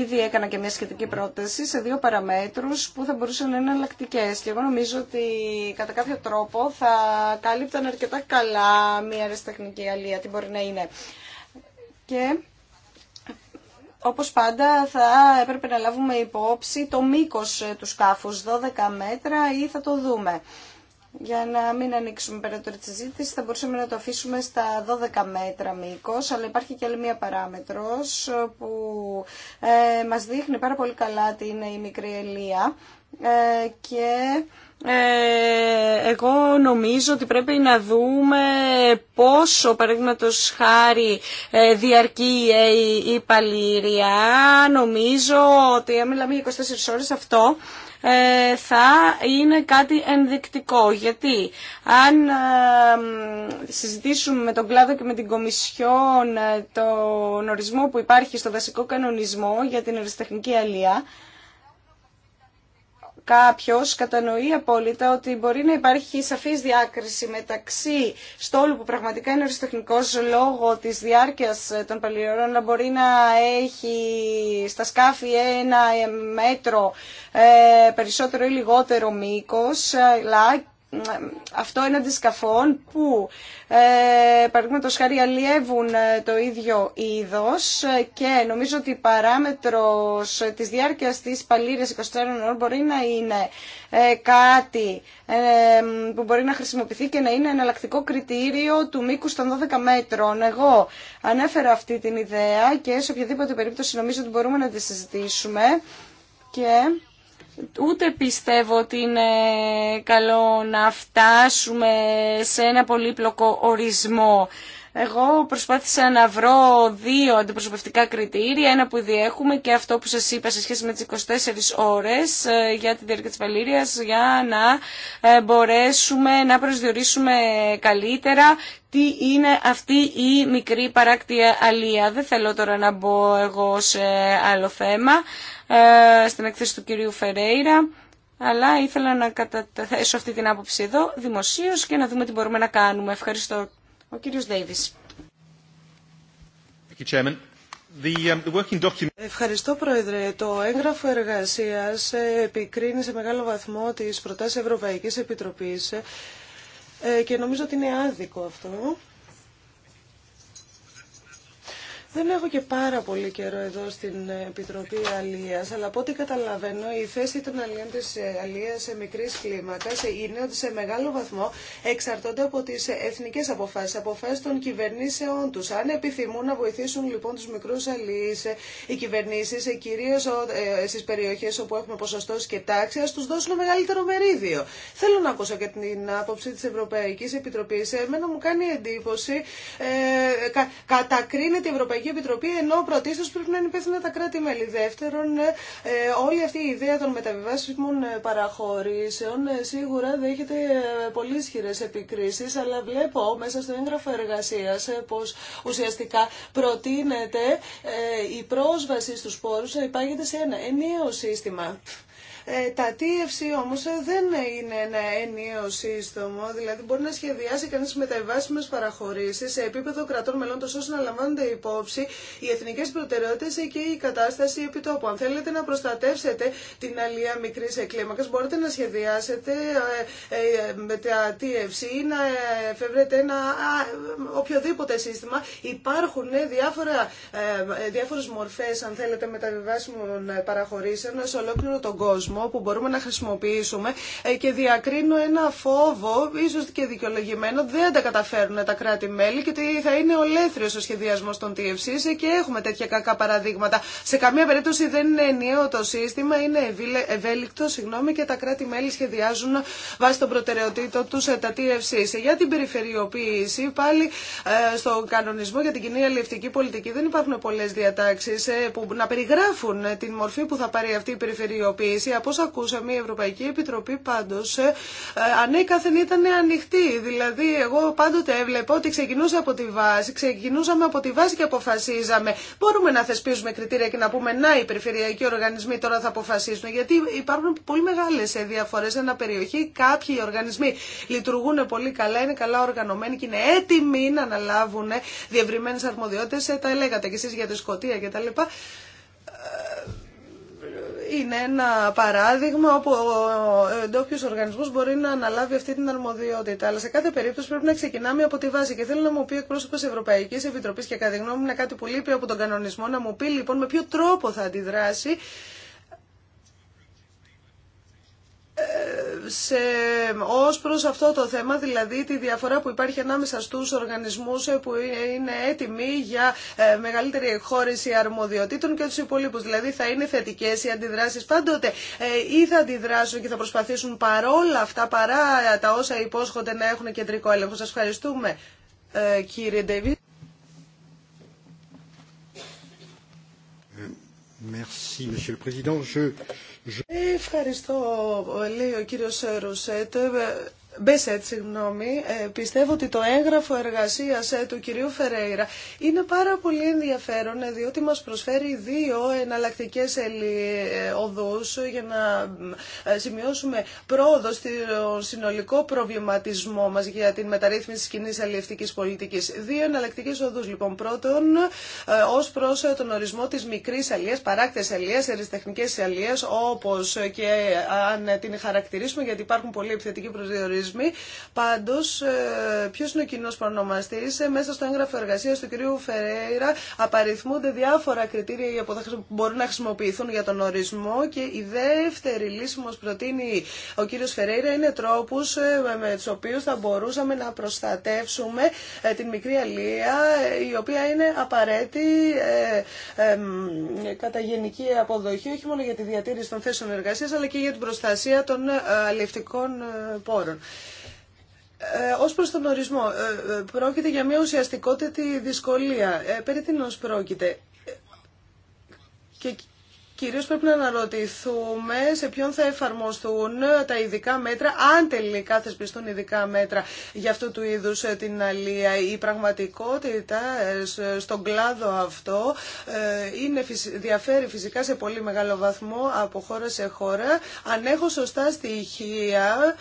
[SPEAKER 2] Ήδη έκανα και μια σχετική πρόταση σε δύο παραμέτρους που θα μπορούσαν να είναι εναλλακτικέ. Και εγώ νομίζω ότι κατά κάποιο τρόπο θα κάλυπταν αρκετά καλά μια αριστεχνική αλία, τι μπορεί να είναι. Και όπως πάντα θα έπρεπε να λάβουμε υπόψη το μήκος ε, του σκάφους, 12 μέτρα ή θα το δούμε. Για να μην ανοίξουμε περαιτέρω τη συζήτηση, θα μπορούσαμε να το αφήσουμε στα 12 μέτρα μήκος, αλλά υπάρχει και άλλη μία παράμετρος ε, που ε, μα δείχνει πάρα πολύ καλά τι είναι η μικρή ελία. Ε, και ε, εγώ νομίζω ότι πρέπει να δούμε πόσο παραδείγματος χάρη ε, διαρκεί ΕΕ, η παλήρια. Νομίζω ότι αν μιλάμε για 24 ώρες αυτό θα είναι κάτι ενδεικτικό. Γιατί αν συζητήσουμε με τον κλάδο και με την Κομισιόν τον ορισμό που υπάρχει στο δασικό κανονισμό για την αριστεχνική αλία, κάποιος κατανοεί απόλυτα ότι μπορεί να υπάρχει σαφής διάκριση μεταξύ στόλου που πραγματικά είναι αριστοτεχνικό λόγω της διάρκειας ε, των παλιωρών να μπορεί να έχει στα σκάφη ένα ε, μέτρο ε, περισσότερο ή λιγότερο μήκο. αλλά αυτό είναι αντισκαφών που ε, παραδείγματος χάρη αλλιεύουν ε, το ίδιο είδος και νομίζω ότι η παράμετρος της διάρκειας της παλήρες 24 ώρων μπορεί να είναι ε, κάτι ε, που μπορεί να χρησιμοποιηθεί και να είναι εναλλακτικό κριτήριο του μήκους των 12 μέτρων. Εγώ ανέφερα αυτή την ιδέα και σε οποιαδήποτε περίπτωση νομίζω ότι μπορούμε να τη συζητήσουμε και Ούτε πιστεύω ότι είναι καλό να φτάσουμε σε ένα πολύπλοκο ορισμό εγώ προσπάθησα να βρω δύο αντιπροσωπευτικά κριτήρια, ένα που ήδη έχουμε και αυτό που σας είπα σε σχέση με τις 24 ώρες ε, για τη διάρκεια της βαλήριας, για να ε, μπορέσουμε να προσδιορίσουμε καλύτερα τι είναι αυτή η μικρή παράκτια αλία. Δεν θέλω τώρα να μπω εγώ σε άλλο θέμα, ε, στην εκθέση του κυρίου Φερέιρα αλλά ήθελα να καταθέσω αυτή την άποψη εδώ δημοσίως και να δούμε τι μπορούμε να κάνουμε.
[SPEAKER 3] Ευχαριστώ. Ο κύριος um, Ευχαριστώ, Πρόεδρε. Το έγγραφο εργασίας επικρίνει σε μεγάλο βαθμό τις προτάσεις Ευρωπαϊκής Επιτροπής ε, και νομίζω ότι είναι άδικο αυτό. Δεν έχω και πάρα πολύ καιρό εδώ στην Επιτροπή Αλία, αλλά από ό,τι καταλαβαίνω η θέση των αλλιών τη Αλία σε μικρή κλίμακα είναι ότι σε μεγάλο βαθμό εξαρτώνται από τι εθνικέ αποφάσει, αποφάσει των κυβερνήσεών του. Αν επιθυμούν να βοηθήσουν λοιπόν του μικρού αλίες, οι κυβερνήσεις, κυρίω ε, στι περιοχέ όπου έχουμε ποσοστό και τάξη, α του δώσουν μεγαλύτερο μερίδιο. Θέλω να ακούσω και την άποψη της Ευρωπαϊκή Επιτροπή. Εμένα μου κάνει εντύπωση, ε, κα, κατακρίνεται Ευρωπαϊκή Ευρωπαϊκή Επιτροπή, ενώ πρωτίστω πρέπει να είναι υπεύθυνα τα κράτη-μέλη. Δεύτερον, ε, όλη αυτή η ιδέα των μεταβιβάσιμων ε, παραχωρήσεων ε, σίγουρα δέχεται πολύ ισχυρέ επικρίσει, αλλά βλέπω μέσα στο έγγραφο εργασία πω ουσιαστικά προτείνεται η πρόσβαση στου πόρου να υπάγεται σε ένα ενιαίο σύστημα. Ε, τα TFC όμω ε, δεν είναι ένα ενιαίο σύστομο, δηλαδή μπορεί να σχεδιάσει κανείς μεταβάσιμες παραχωρήσει σε επίπεδο κρατών μελών, τόσο να λαμβάνονται υπόψη οι εθνικέ προτεραιότητε και η κατάσταση επιτόπου. Αν θέλετε να προστατεύσετε την αλία μικρή κλίμακα, μπορείτε να σχεδιάσετε ε, με τα TFC ή να εφεύρετε ένα οποιοδήποτε σύστημα. Υπάρχουν διάφορα, διάφορες μορφές, αν θέλετε, μεταβιβάσιμων παραχωρήσεων σε ολόκληρο τον κόσμο που μπορούμε να χρησιμοποιήσουμε ε, και διακρίνω ένα φόβο, ίσω και δικαιολογημένο, δεν τα καταφέρουν τα κράτη-μέλη και ότι θα είναι ολέθριο ο σχεδιασμό των TFCs ε, και έχουμε τέτοια κακά παραδείγματα. Σε καμία περίπτωση δεν είναι ενιαίο το σύστημα, είναι ευέλικτο συγγνώμη, και τα κράτη-μέλη σχεδιάζουν βάσει των προτεραιοτήτων του ε, τα TFCs. Για την περιφερειοποίηση, πάλι στο κανονισμό για την κοινή αλληλευτική πολιτική δεν υπάρχουν πολλές διατάξεις που να περιγράφουν την μορφή που θα πάρει αυτή η περιφερειοποίηση Όπω ακούσαμε, η Ευρωπαϊκή Επιτροπή πάντως ε, ε, ανέκαθεν ήταν ανοιχτή. Δηλαδή, εγώ πάντοτε έβλεπα ότι ξεκινούσα από τη βάση, ξεκινούσαμε από τη βάση και αποφασίζαμε. Μπορούμε να θεσπίζουμε κριτήρια και να πούμε να οι περιφερειακοί οργανισμοί τώρα θα αποφασίσουν. Γιατί υπάρχουν πολύ μεγάλε διαφορέ σε ένα περιοχή. Κάποιοι οργανισμοί λειτουργούν πολύ καλά, είναι καλά οργανωμένοι και είναι έτοιμοι να αναλάβουν ε, διευρυμένε αρμοδιότητε. Τα λέγατε κι εσεί για τη Σκοτία κτλ είναι ένα παράδειγμα όπου ο ντόπιο οργανισμό μπορεί να αναλάβει αυτή την αρμοδιότητα. Αλλά σε κάθε περίπτωση πρέπει να ξεκινάμε από τη βάση. Και θέλω να μου πει ο εκπρόσωπο Ευρωπαϊκή Επιτροπή και κατά τη γνώμη μου είναι κάτι που λείπει από τον κανονισμό, να μου πει λοιπόν με ποιο τρόπο θα αντιδράσει σε, ως προς αυτό το θέμα, δηλαδή τη διαφορά που υπάρχει ανάμεσα στους οργανισμούς ε, που είναι έτοιμοι για ε, μεγαλύτερη χώριση αρμοδιοτήτων και τους υπολείπους. Δηλαδή θα είναι θετικές οι αντιδράσεις πάντοτε ε, ή θα αντιδράσουν και θα προσπαθήσουν παρόλα αυτά, παρά τα όσα υπόσχονται να έχουν κεντρικό έλεγχο. Σας ευχαριστούμε κύριε Ντεβίτ.
[SPEAKER 1] Merci, Monsieur le Président.
[SPEAKER 3] Ευχαριστώ, λέει ο κύριος Ρουσέτ. Μπέσετ, συγγνώμη, ε, πιστεύω ότι το έγγραφο εργασίας ε, του κυρίου Φερέιρα είναι πάρα πολύ ενδιαφέρον ε, διότι μας προσφέρει δύο εναλλακτικές οδούς για να σημειώσουμε πρόοδο στο συνολικό προβληματισμό μας για την μεταρρύθμιση της κοινής αλληλευτικής πολιτικής. Δύο εναλλακτικές οδούς λοιπόν. Πρώτον, ως προς τον ορισμό της μικρής αλληλεία, παράκτες αλληλεία, αεριστεχνικές αλληλεία, όπως και αν την χαρακτηρίσουμε γιατί υπάρχουν πολλοί επιθετικοί προσδιορισμοί Πάντω, ε, ποιο είναι ο κοινό προνομαστή. Ε, μέσα στο έγγραφο εργασία του κ. Φερέιρα απαριθμούνται διάφορα κριτήρια που μπορούν να χρησιμοποιηθούν για τον ορισμό και η δεύτερη λύση που μα προτείνει ο κ. Φερέιρα είναι τρόπου ε, με του οποίου θα μπορούσαμε να προστατεύσουμε την μικρή αλία η οποία είναι απαραίτητη κατά γενική αποδοχή όχι μόνο για τη διατήρηση των θέσεων εργασία αλλά και για την προστασία των αλληλευτικών πόρων. Ε, ως προς τον ορισμό, ε, ε, πρόκειται για μια ουσιαστικότερη δυσκολία. Ε, περί τίνο πρόκειται. Ε, Κυρίως πρέπει να αναρωτηθούμε σε ποιον θα εφαρμοστούν τα ειδικά μέτρα, αν τελικά θεσπιστούν ειδικά μέτρα για αυτού του είδους ε, την αλία. Η πραγματικότητα ε, στον κλάδο αυτό ε, είναι, διαφέρει φυσικά σε πολύ μεγάλο βαθμό από χώρα σε χώρα. Αν έχω σωστά στοιχεία,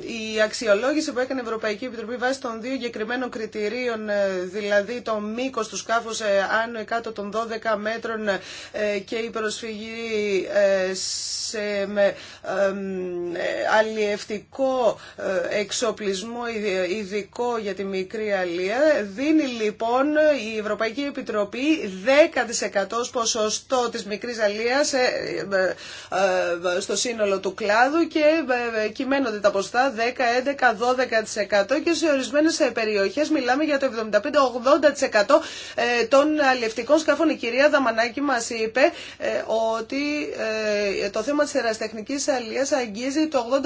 [SPEAKER 3] η αξιολόγηση που έκανε η Ευρωπαϊκή Επιτροπή βάσει των δύο εγκεκριμένων κριτηρίων, δηλαδή το μήκος του σκάφους άνω ή κάτω των 12 μέτρων και η προσφυγή ε, σε με ε, αλλιευτικό ε, εξοπλισμό ειδικό για τη μικρή αλία. Δίνει λοιπόν η Ευρωπαϊκή Επιτροπή 10% ποσοστό της μικρής αλίας στο σύνολο του κλάδου και κυμαίνονται τα ποστα 10, 11, 12% και σε ορισμένες περιοχές μιλάμε για το 75-80% των αλλιευτικών σκαφών. Η κυρία Δαμανάκη μας είπε ε, ότι ε, το θέμα της εραστεχνικής αλλίας αγγίζει το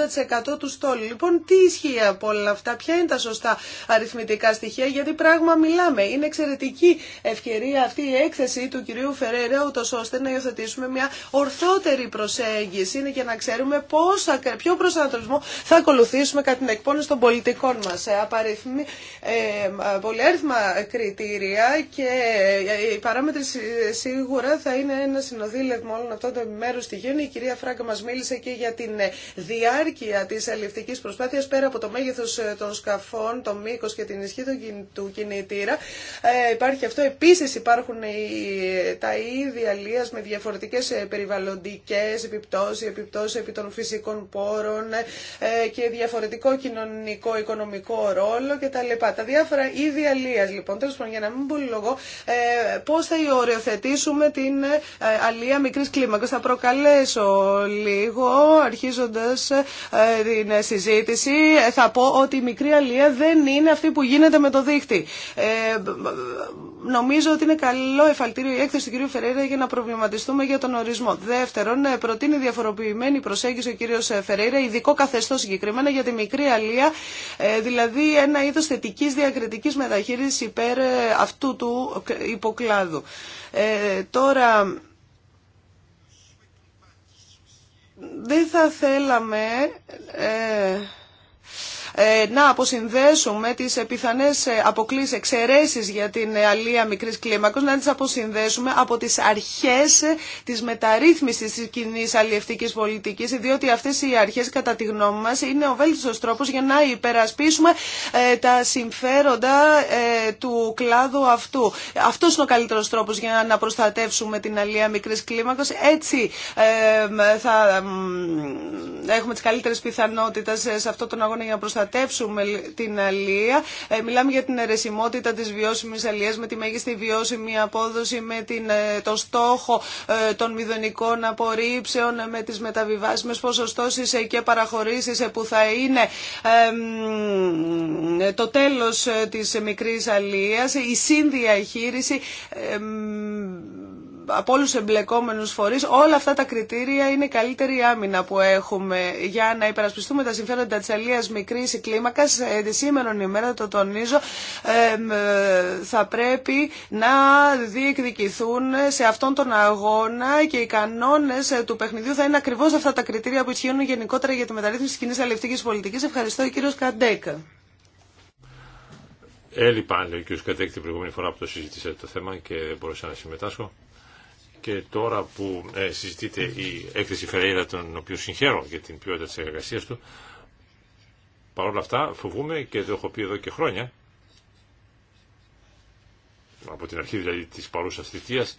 [SPEAKER 3] 80% του στόλου. Λοιπόν, τι ισχύει από όλα αυτά, ποια είναι τα σωστά αριθμητικά στοιχεία, γιατί πράγμα μιλάμε. Είναι εξαιρετική ευκαιρία αυτή η έκθεση του κυρίου Φερέρα ούτως ώστε να υιοθετήσουμε μια ορθότερη προσέγγιση, είναι και να ξέρουμε πώς, ποιο προσανατολισμό θα ακολουθήσουμε κατά την εκπόνηση των πολιτικών μας. Απαριθμη, ε, ε κριτήρια και οι παράμετροι σίγουρα θα είναι ένα συνοδήλευμα όλων αυτών των στη γέννη. Η κυρία Φράγκα μα μίλησε και για την ε, διάρκεια τη αλληλευτική προσπάθεια πέρα από το μέγεθο ε, των σκαφών, το μήκο και την ισχύ του κινητήρα. Ε, υπάρχει αυτό. Επίση υπάρχουν τα ίδια αλλία με διαφορετικέ ε, περιβαλλοντικέ επιπτώσει, επιπτώσει επί των φυσικών πόρων και διαφορετικό κοινωνικό, οικονομικό ρόλο κτλ. Τα, τα διάφορα ίδια αλλία λοιπόν. Τέλο πάντων, για να μην πολυλογώ, ε, πώ θα οριοθετήσουμε την ε, αλία μικρή κλίμακας. Θα προκαλέσω λίγο, αρχίζοντας ε, την συζήτηση, ε, θα πω ότι η μικρή αλία δεν είναι αυτή που γίνεται με το δίχτυ. Νομίζω ότι είναι καλό εφαλτήριο η έκθεση του κ. Φεραίρα για να προβληματιστούμε για τον ορισμό. Δεύτερον, προτείνει διαφοροποιημένη προσέγγιση ο κ. Φεραίρα, ειδικό καθεστώ συγκεκριμένα για τη μικρή αλία, δηλαδή ένα είδο θετική διακριτική μεταχείριση υπέρ αυτού του υποκλάδου. Ε, τώρα, δεν θα θέλαμε... Ε, ε, να αποσυνδέσουμε τι πιθανέ ε, αποκλείς εξαιρέσει για την ε, αλία μικρή κλίμακος, να τι αποσυνδέσουμε από τι αρχέ της μεταρρύθμισης τη κοινή αλλιευτική πολιτική, διότι αυτέ οι αρχέ κατά τη γνώμη μα είναι ο βέλτιστος τρόπο για να υπερασπίσουμε τα συμφέροντα του κλάδου αυτού. Αυτό είναι ο καλύτερο τρόπο για να προστατεύσουμε την αλία μικρή κλίμακος. Έτσι θα έχουμε τι καλύτερε πιθανότητε σε αυτόν τον αγώνα για να προστατεύσουμε προστατεύσουμε την αλία. Ε, μιλάμε για την αιρεσιμότητα της βιώσιμης αλίας με τη μέγιστη βιώσιμη απόδοση, με την, ε, το στόχο ε, των μηδονικών απορρίψεων, με τις μεταβιβάσιμες ποσοστώσεις και παραχωρήσεις που θα είναι το τέλος της μικρής αλίας, η συνδιαχείριση από όλου του εμπλεκόμενου φορεί, όλα αυτά τα κριτήρια είναι η καλύτερη άμυνα που έχουμε για να υπερασπιστούμε τα συμφέροντα τη αλληλεία μικρή κλίμακα. Ε, τη σήμερον ημέρα, το τονίζω, ε, θα πρέπει να διεκδικηθούν σε αυτόν τον αγώνα και οι κανόνε ε, του παιχνιδιού θα είναι ακριβώ αυτά τα κριτήρια που ισχύουν γενικότερα για τη μεταρρύθμιση τη κοινή αλληλευτική πολιτική. Ευχαριστώ, κύριο Καντέκ.
[SPEAKER 1] Έλειπα, λέει ο κ. Κατέκτη, την προηγούμενη φορά που το συζήτησα το θέμα και μπορούσα να συμμετάσχω και τώρα που ε, συζητείται η έκθεση Φεραίδα τον οποίο συγχαίρω για την ποιότητα της εργασία του, παρόλα αυτά φοβούμε και το έχω πει εδώ και χρόνια, από την αρχή δηλαδή της παρούσας θητείας,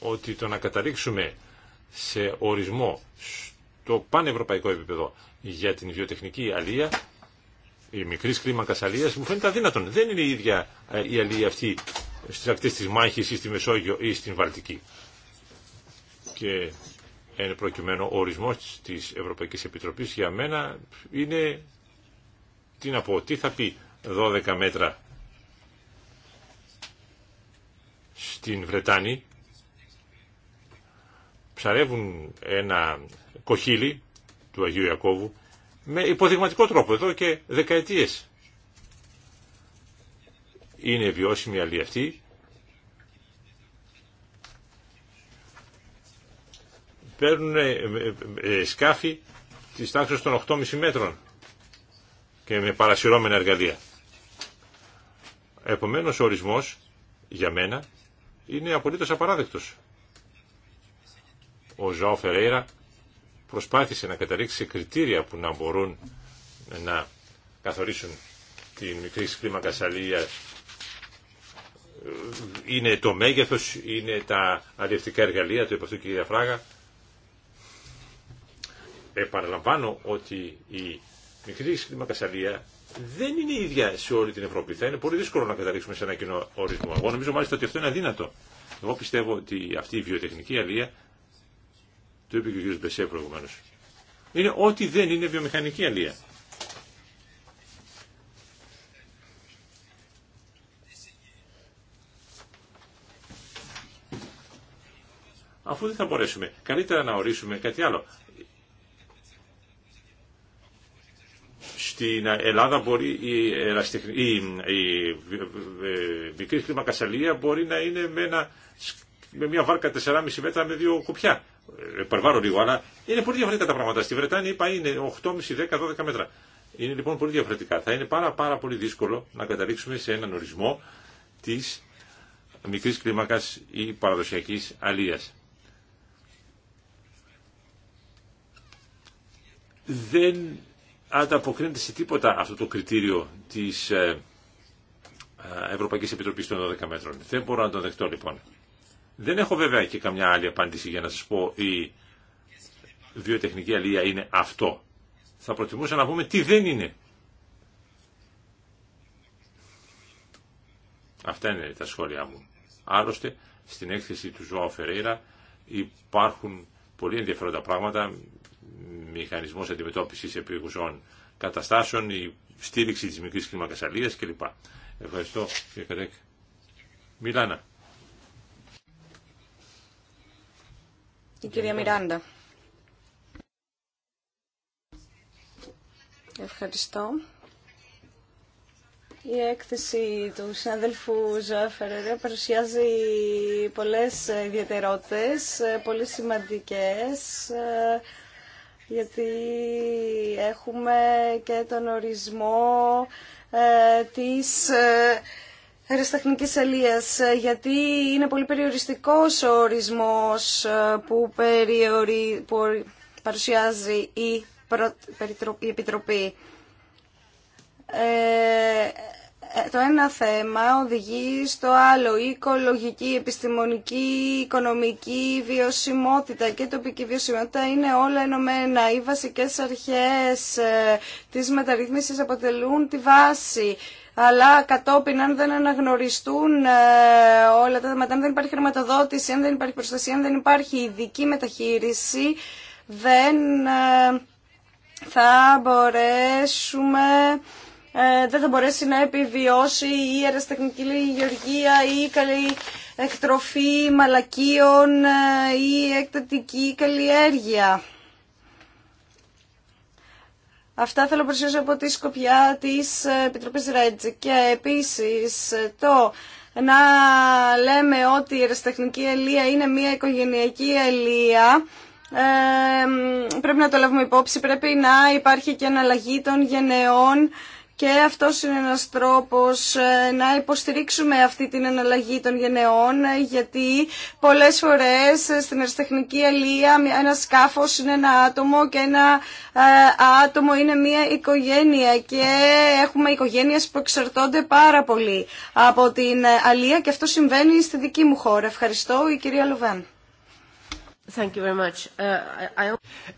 [SPEAKER 1] ότι το να καταλήξουμε σε ορισμό στο πανευρωπαϊκό επίπεδο για την βιοτεχνική αλία, η μικρή κλίμακα αλία, μου φαίνεται αδύνατον. Δεν είναι η ίδια ε, η αλία αυτή στις ακτές της Μάχης ή στη Μεσόγειο ή στην Βαλτική. Και εν προκειμένου ο ορισμός της Ευρωπαϊκής Επιτροπής για μένα είναι, τι να πω, τι θα πει 12 μέτρα στην Βρετάνη ψαρεύουν ένα κοχύλι του Αγίου Ιακώβου με υποδειγματικό τρόπο εδώ και δεκαετίες είναι βιώσιμη αλλή αυτή παίρνουν ε, ε, ε, σκάφη της τάξης των 8,5 μέτρων και με παρασυρώμενα εργαλεία. Επομένως ο ορισμός για μένα είναι απολύτως απαράδεκτος. Ο Ζαό Φερέιρα προσπάθησε να καταλήξει σε κριτήρια που να μπορούν να καθορίσουν τη μικρή κλίμακα αλληλεία είναι το μέγεθος, είναι τα αλληλευτικά εργαλεία, το είπε αυτό η κυρία Φράγα. Επαναλαμβάνω ότι η μικρή κλίμακα δεν είναι η ίδια σε όλη την Ευρώπη. Θα είναι πολύ δύσκολο να καταλήξουμε σε ένα κοινό ορισμό. Εγώ νομίζω μάλιστα ότι αυτό είναι αδύνατο. Εγώ πιστεύω ότι αυτή η βιοτεχνική αλία, το είπε και ο κ. Μπεσέ προηγουμένω, είναι ό,τι δεν είναι βιομηχανική αλία. αφού δεν θα μπορέσουμε. Καλύτερα να ορίσουμε κάτι άλλο. Στην Ελλάδα μπορεί η, η, η ε, ε, μικρή κλίμακα μπορεί να είναι με, ένα, με μια βάρκα 4,5 μέτρα με δύο κουπιά. Ε, παρβάρω λίγο, αλλά είναι πολύ διαφορετικά τα πράγματα. Στη βρετανη είπα είναι 8,5, 10, 12 μέτρα. Είναι λοιπόν πολύ διαφορετικά. Θα είναι πάρα, πάρα πολύ δύσκολο να καταλήξουμε σε έναν ορισμό της μικρής κλίμακας ή παραδοσιακής αλίας. δεν ανταποκρίνεται σε τίποτα αυτό το κριτήριο της ε, ε, Ευρωπαϊκής Επιτροπής των 12 μέτρων. Δεν μπορώ να το δεχτώ λοιπόν. Δεν έχω βέβαια και καμιά άλλη απάντηση για να σας πω η βιοτεχνική αλληλεία είναι αυτό. Θα προτιμούσα να πούμε τι δεν είναι. Αυτά είναι τα σχόλιά μου. Άλλωστε, στην έκθεση του Ζωάου Φερέιρα υπάρχουν πολύ ενδιαφέροντα πράγματα μηχανισμός αντιμετώπισης επίγουσων καταστάσεων, η στήριξη της μικρής κλίμακας αλίας κλπ. Ευχαριστώ κύριε Καρέκ. Μιλάνα.
[SPEAKER 2] Η κυρία Μιράντα. Ευχαριστώ. Η έκθεση του συνάδελφου Ζωά παρουσιάζει πολλές ιδιαιτερότητες, πολύ σημαντικές ε, γιατί έχουμε και τον ορισμό ε, της ε, αεροστεχνικής αλίας, ε, γιατί είναι πολύ περιοριστικός ο ορισμός που, περιορι... που παρουσιάζει η, Επιτροπή. Ε, το ένα θέμα οδηγεί στο άλλο. Η οικολογική, επιστημονική, η οικονομική βιωσιμότητα και η τοπική βιωσιμότητα είναι όλα ενωμένα. Οι βασικές αρχές ε, της μεταρρύθμισης αποτελούν τη βάση. Αλλά κατόπιν, αν δεν αναγνωριστούν ε, όλα τα θέματα, αν δεν υπάρχει χρηματοδότηση, αν δεν υπάρχει προστασία, αν δεν υπάρχει ειδική μεταχείριση, δεν θα μπορέσουμε ε, δεν θα μπορέσει να επιβιώσει η αεραστεχνική γεωργία ή η καλή εκτροφή μαλακίων ή ε, εκτατική καλλιέργεια. Αυτά θέλω προσθέσω από τη σκοπιά της Επιτροπής Ρέτζη και επίσης ε, το να λέμε ότι η αεραστεχνική ελία είναι μια οικογενειακή ελία πρέπει να το λάβουμε υπόψη, πρέπει να υπάρχει και αναλλαγή των γενεών και αυτό είναι ένας τρόπος ε, να υποστηρίξουμε αυτή την εναλλαγή των γενεών, ε, γιατί πολλές φορές ε, στην αριστεχνική αλία ένα σκάφος είναι ένα άτομο και ένα άτομο είναι μια οικογένεια και έχουμε οικογένειες που εξαρτώνται πάρα πολύ από την αλία και αυτό συμβαίνει στη δική μου χώρα. Ευχαριστώ, η κυρία Λουβέν.
[SPEAKER 3] Thank you very much.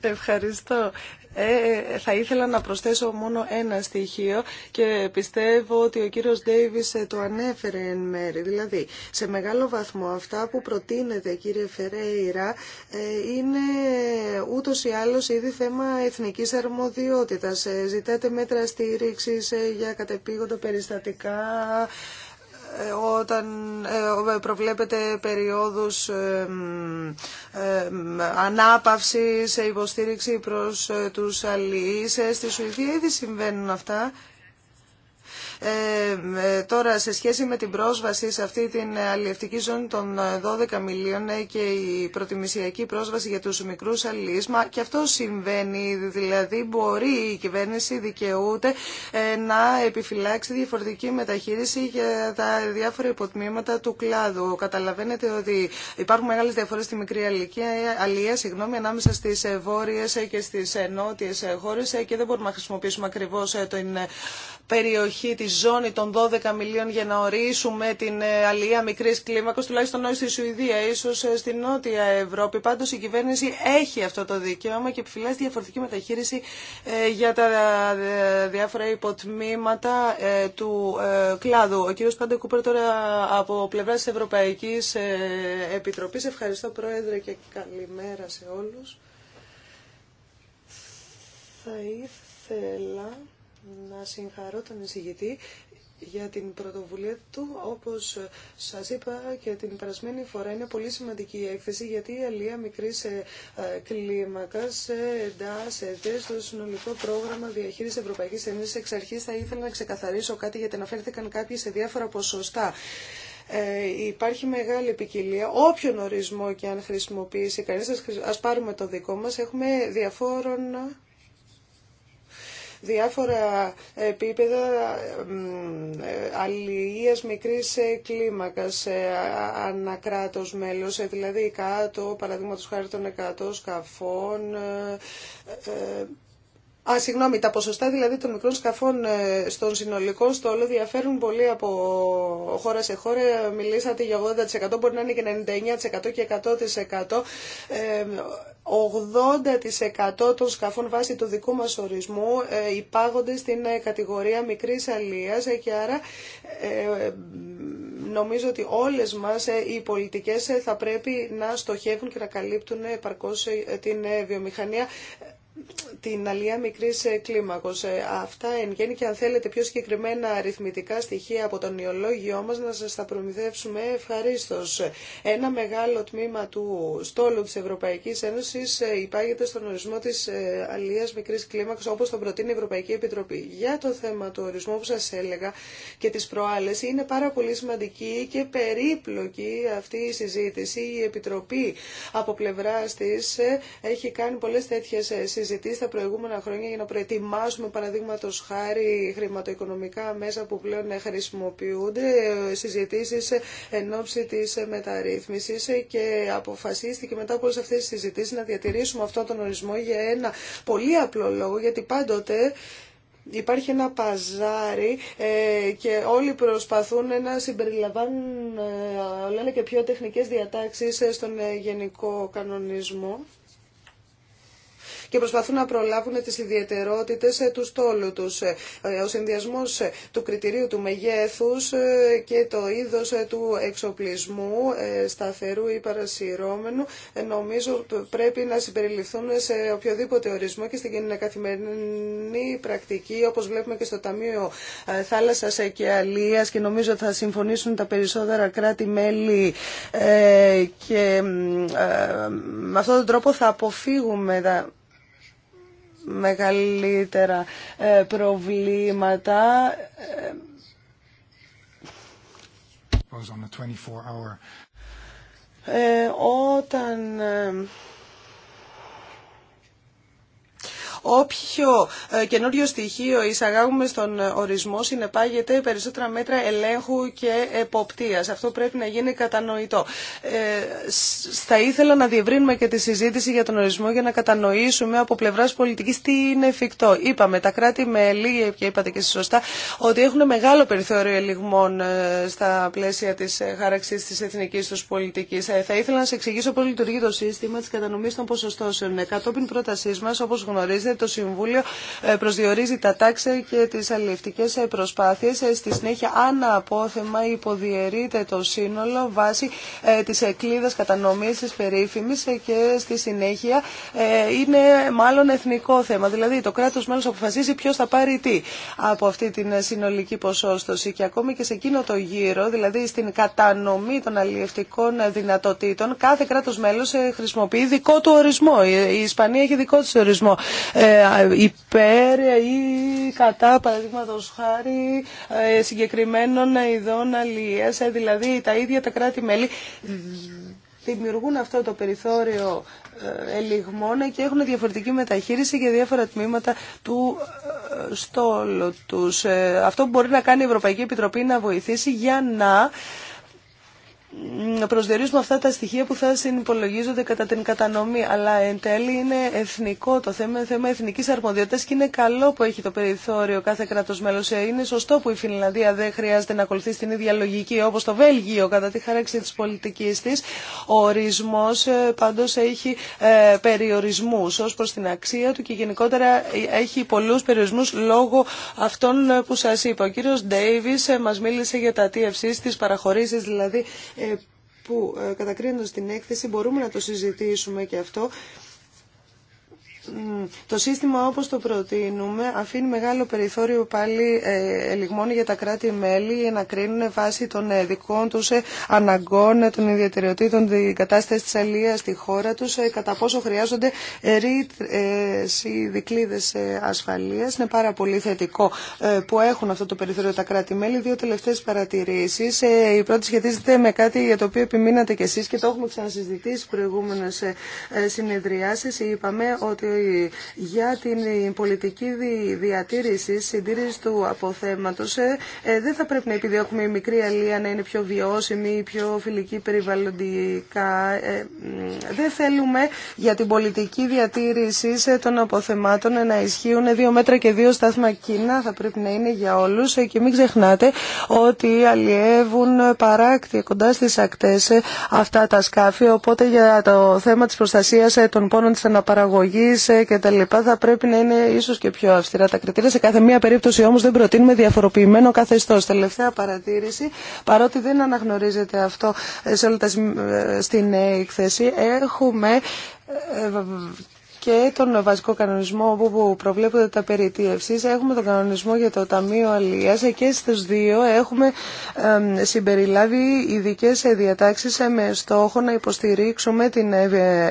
[SPEAKER 3] Ευχαριστώ. Ε, θα ήθελα να προσθέσω μόνο ένα στοιχείο και πιστεύω ότι ο κύριος Ντέιβις ε, το ανέφερε εν μέρη. Δηλαδή, σε μεγάλο βαθμό αυτά που προτείνεται κύριε Φερέιρα ε, είναι ούτως ή άλλως ήδη θέμα εθνικής αρμοδιότητας. Ζητάτε μέτρα στήριξης για κατεπήγοντα περιστατικά, όταν ε, ε, προβλέπετε περιόδους ε, ανάπαυσης, υποστήριξη προς τους αλληλείς. Στη Σουηδία ήδη συμβαίνουν αυτά. Ε, ε, τώρα σε σχέση με την πρόσβαση σε αυτή την αλληλευτική ζώνη των 12 ε, μιλίων και η προτιμησιακή πρόσβαση για τους μικρούς αλληλείς, και αυτό συμβαίνει, δηλαδή μπορεί η κυβέρνηση δικαιούται να επιφυλάξει διαφορετική μεταχείριση για τα διάφορα υποτμήματα του κλάδου. Καταλαβαίνετε ότι υπάρχουν μεγάλες διαφορές στη μικρή αλληλεία, συγγνώμη, ανάμεσα στις βόρειες και στις νότιες χώρες και δεν μπορούμε να χρησιμοποιήσουμε ακριβώς την περιοχή ζώνη των 12 μιλίων για να ορίσουμε την ε, αλληλεία μικρή κλίμακος, τουλάχιστον όχι στη Σουηδία, ίσως ε, στη Νότια Ευρώπη. Πάντω η κυβέρνηση έχει αυτό το δικαίωμα και επιφυλάσσει διαφορετική μεταχείριση ε, για τα διάφορα υποτμήματα του κλάδου. Ο κ. Πάντο Κούπερ τώρα από πλευρά τη Ευρωπαϊκή Επιτροπή. Ευχαριστώ Πρόεδρε και καλημέρα σε όλου. Θα ήθελα να συγχαρώ τον εισηγητή για την πρωτοβουλία του. Όπως σας είπα και την περασμένη φορά είναι πολύ σημαντική η έκθεση γιατί η αλία μικρής ε, ε, κλίμακας ε, εντάσσεται στο συνολικό πρόγραμμα διαχείρισης Ευρωπαϊκής Ένωσης. Εξ αρχής θα ήθελα να ξεκαθαρίσω κάτι γιατί αναφέρθηκαν κάποιοι σε διάφορα ποσοστά. Ε, υπάρχει μεγάλη ποικιλία. Όποιον ορισμό και αν χρησιμοποιήσει κανείς, ας πάρουμε το δικό μας, έχουμε διαφόρων διάφορα επίπεδα ε, αλληλείας μικρής ε, κλίμακας ε, ανακράτος μέλος, δηλαδή κάτω, παραδείγματος χάρη των 100 σκαφών, Α, συγγνώμη, τα ποσοστά δηλαδή των μικρών σκαφών ε, στον συνολικό στόλο διαφέρουν πολύ από χώρα σε χώρα. Μιλήσατε για 80%, μπορεί να είναι και 99% και 100%. 80% ε, των σκαφών βάσει του δικού μας ορισμού ε, υπάγονται στην κατηγορία μικρής αλίας και άρα νομίζω ότι όλες μας οι πολιτικές θα πρέπει να στοχεύουν και να καλύπτουν επαρκώς την βιομηχανία την αλία μικρής ε, κλίμακος. Ε, αυτά εν γέννη και αν θέλετε πιο συγκεκριμένα αριθμητικά στοιχεία από τον ιολόγιό μας να σας τα προμηθεύσουμε ευχαρίστως. Ένα μεγάλο τμήμα του στόλου της Ευρωπαϊκής Ένωσης ε, υπάγεται στον ορισμό της αλίας μικρής κλίμακος όπως τον προτείνει η Ευρωπαϊκή Επιτροπή. Για το θέμα του ορισμού που σας έλεγα και τις προάλλε, είναι πάρα πολύ σημαντική και περίπλοκη αυτή η συζήτηση. Η Επιτροπή από πλευρά τη έχει κάνει πολλές τέτοιες συζητήσεις συζητήσει τα προηγούμενα χρόνια για να προετοιμάσουμε παραδείγματο χάρη χρηματοοικονομικά μέσα που πλέον χρησιμοποιούνται, ε, συζητήσει εν ώψη τη μεταρρύθμιση και αποφασίστηκε μετά από όλε αυτέ τι συζητήσει να διατηρήσουμε αυτόν τον ορισμό για ένα πολύ απλό λόγο, γιατί πάντοτε Υπάρχει ένα παζάρι ε, και όλοι προσπαθούν να συμπεριλαμβάνουν όλα ε, και πιο τεχνικές διατάξεις στον γενικό κανονισμό και προσπαθούν να προλάβουν τις ιδιαιτερότητες του ε, στόλου τους. Ε, ο συνδυασμός ε, του κριτηρίου του μεγέθους και το είδος του εξοπλισμού σταθερού ή παρασυρώμενου νομίζω πρέπει να συμπεριληφθούν σε οποιοδήποτε ορισμό και στην καθημερινή πρακτική όπως βλέπουμε και στο Ταμείο Θάλασσας και Αλίας και νομίζω θα συμφωνήσουν τα περισσότερα κράτη-μέλη και με αυτόν τον τρόπο θα αποφύγουμε μεγαλύτερα ε, προβλήματα. Ε, on 24 hour. Ε, όταν ε, Όποιο ε, καινούριο στοιχείο εισαγάγουμε στον ορισμό συνεπάγεται περισσότερα μέτρα ελέγχου και εποπτείας. Αυτό πρέπει να γίνει κατανοητό. Ε, θα ήθελα να διευρύνουμε και τη συζήτηση για τον ορισμό για να κατανοήσουμε από πλευράς πολιτικής τι είναι εφικτό. Είπαμε τα κρατη λίγη και είπατε και σωστά, ότι έχουν μεγάλο περιθώριο ελιγμών ε, στα πλαίσια της χάραξης της εθνικής τους πολιτικής. Θα ήθελα να σε εξηγήσω πώς λειτουργεί το σύστημα της κατανομής των ποσοστώσεων. Κατόπιν πρότασή μα, όπως γνωρίζετε, το Συμβούλιο ε, προσδιορίζει τα τάξη και τις αλληλευτικές ε, προσπάθειες. Ε, στη συνέχεια, αναπόθεμα υποδιαιρείται το σύνολο βάσει της κλίδας κατανομής της περίφημης και στη συνέχεια είναι μάλλον εθνικό θέμα. Δηλαδή, το κράτος μέλος αποφασίζει ποιος θα πάρει τι από αυτή την συνολική ποσόστοση και ακόμη και σε εκείνο το γύρο, δηλαδή στην κατανομή των αλληλευτικών δυνατοτήτων, κάθε κράτος μέλος χρησιμοποιεί δικό του ορισμό. Η Ισπανία έχει δικό της ορισμό ε, υπέρ ή κατά παραδείγματο χάρη ε, συγκεκριμένων ειδών αλληλείας, ε, δηλαδή τα ίδια τα κράτη-μέλη δημιουργούν αυτό το περιθώριο ελιγμών και έχουν διαφορετική μεταχείριση για διάφορα τμήματα του στόλου τους. Αυτό που μπορεί να κάνει η Ευρωπαϊκή Επιτροπή να βοηθήσει για να να αυτά τα στοιχεία που θα συνυπολογίζονται κατά την κατανομή. Αλλά εν τέλει είναι εθνικό το θέμα, θέμα εθνική αρμοδιότητα και είναι καλό που έχει το περιθώριο κάθε κράτο μέλο. Ε, είναι σωστό που η Φινλανδία δεν χρειάζεται να ακολουθεί την ίδια λογική όπω το Βέλγιο κατά τη χάραξη τη πολιτική τη. Ο ορισμό ε, πάντω έχει ε, περιορισμού ω προ την αξία του και γενικότερα έχει πολλού περιορισμού λόγω αυτών που σα είπα. Ο κύριο Ντέιβι μα μίλησε για τα TFC, τι παραχωρήσει δηλαδή ε, που ε, κατακρίνονται στην έκθεση μπορούμε να το συζητήσουμε και αυτό το σύστημα όπως το προτείνουμε αφήνει μεγάλο περιθώριο πάλι ε, ελιγμών για τα κράτη-μέλη για να κρίνουν βάσει των ε, δικών τους ε, αναγκών, των ιδιαιτεριοτήτων, την κατάσταση της αλληλεία στη χώρα τους, κατά πόσο χρειάζονται ρήτρες ή δικλείδες ασφαλείας. Είναι πάρα πολύ θετικό που έχουν αυτό το περιθώριο τα κράτη-μέλη. Δύο τελευταίες παρατηρήσεις. Η πρώτη σχετίζεται με κάτι για το οποίο επιμείνατε κι εσείς και το έχουμε ξανασυζητήσει προηγούμενες συνεδριάσεις. Είπαμε ότι λέει για την πολιτική διατήρηση, συντήρηση του αποθέματος, ε, ε, δεν θα πρέπει να επιδιώκουμε η μικρή αλία να είναι πιο βιώσιμη ή πιο φιλική περιβαλλοντικά. Ε, δεν θέλουμε για την πολιτική διατήρηση των αποθεμάτων να ισχύουν δύο μέτρα και δύο στάθμα κοινά. Θα πρέπει να είναι για όλους και μην ξεχνάτε ότι αλλιεύουν παράκτη κοντά στις ακτές αυτά τα σκάφη. Οπότε για το θέμα της προστασίας των πόνων τη αναπαραγωγή. Ε, και τα λοιπά θα πρέπει να είναι ίσως και πιο αυστηρά τα κριτήρια. Σε κάθε μία περίπτωση όμως δεν προτείνουμε διαφοροποιημένο καθεστώς. Τελευταία παρατήρηση, παρότι δεν αναγνωρίζεται αυτό ε, σε όλα τα, ε, στην έκθεση, έχουμε και τον βασικό κανονισμό όπου προβλέπονται τα περιτύευσης. Έχουμε τον κανονισμό για το Ταμείο Αλίας και στους δύο έχουμε συμπεριλάβει ειδικέ διατάξει ε, με στόχο να υποστηρίξουμε την ε,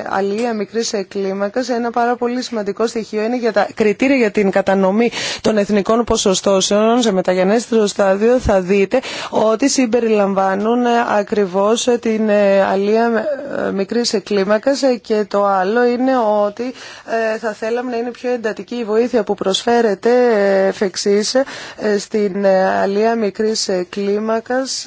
[SPEAKER 3] αλία μικρή ε, κλίμακα. Ένα πάρα πολύ σημαντικό στοιχείο είναι για τα κριτήρια για την κατανομή των εθνικών ποσοστώσεων σε μεταγενέστερο στάδιο θα δείτε ότι συμπεριλαμβάνουν ακριβώ την αλία μικρή κλίμακας και το άλλο είναι ότι ε, θα θέλαμε να είναι πιο εντατική η βοήθεια που προσφέρεται ε, εφ' εξής, ε, στην αλία μικρής κλίμακας.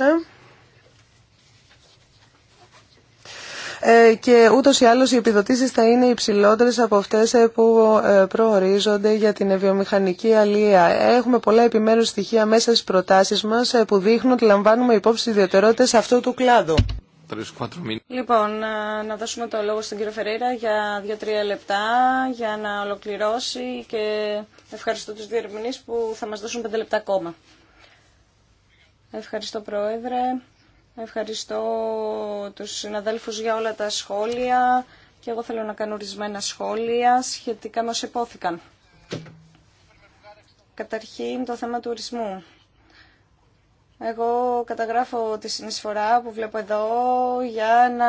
[SPEAKER 3] και ούτω ή άλλω οι επιδοτήσει θα είναι υψηλότερε από αυτέ που προορίζονται για την βιομηχανική αλία. Έχουμε πολλά επιμέρου στοιχεία μέσα στι προτάσει μα που δείχνουν ότι λαμβάνουμε υπόψη ιδιαιτερότητε αυτού του κλάδου.
[SPEAKER 2] Λοιπόν, να δώσουμε το λόγο στον κύριο Φερέιρα για δύο-τρία λεπτά για να ολοκληρώσει και ευχαριστώ τους διερμηνείς που θα μας δώσουν πέντε λεπτά ακόμα. Ευχαριστώ Πρόεδρε, ευχαριστώ τους συναδέλφους για όλα τα σχόλια και εγώ θέλω να κάνω ορισμένα σχόλια σχετικά με όσοι υπόθηκαν. Καταρχήν το θέμα του ορισμού. Εγώ καταγράφω τη συνεισφορά που βλέπω εδώ για να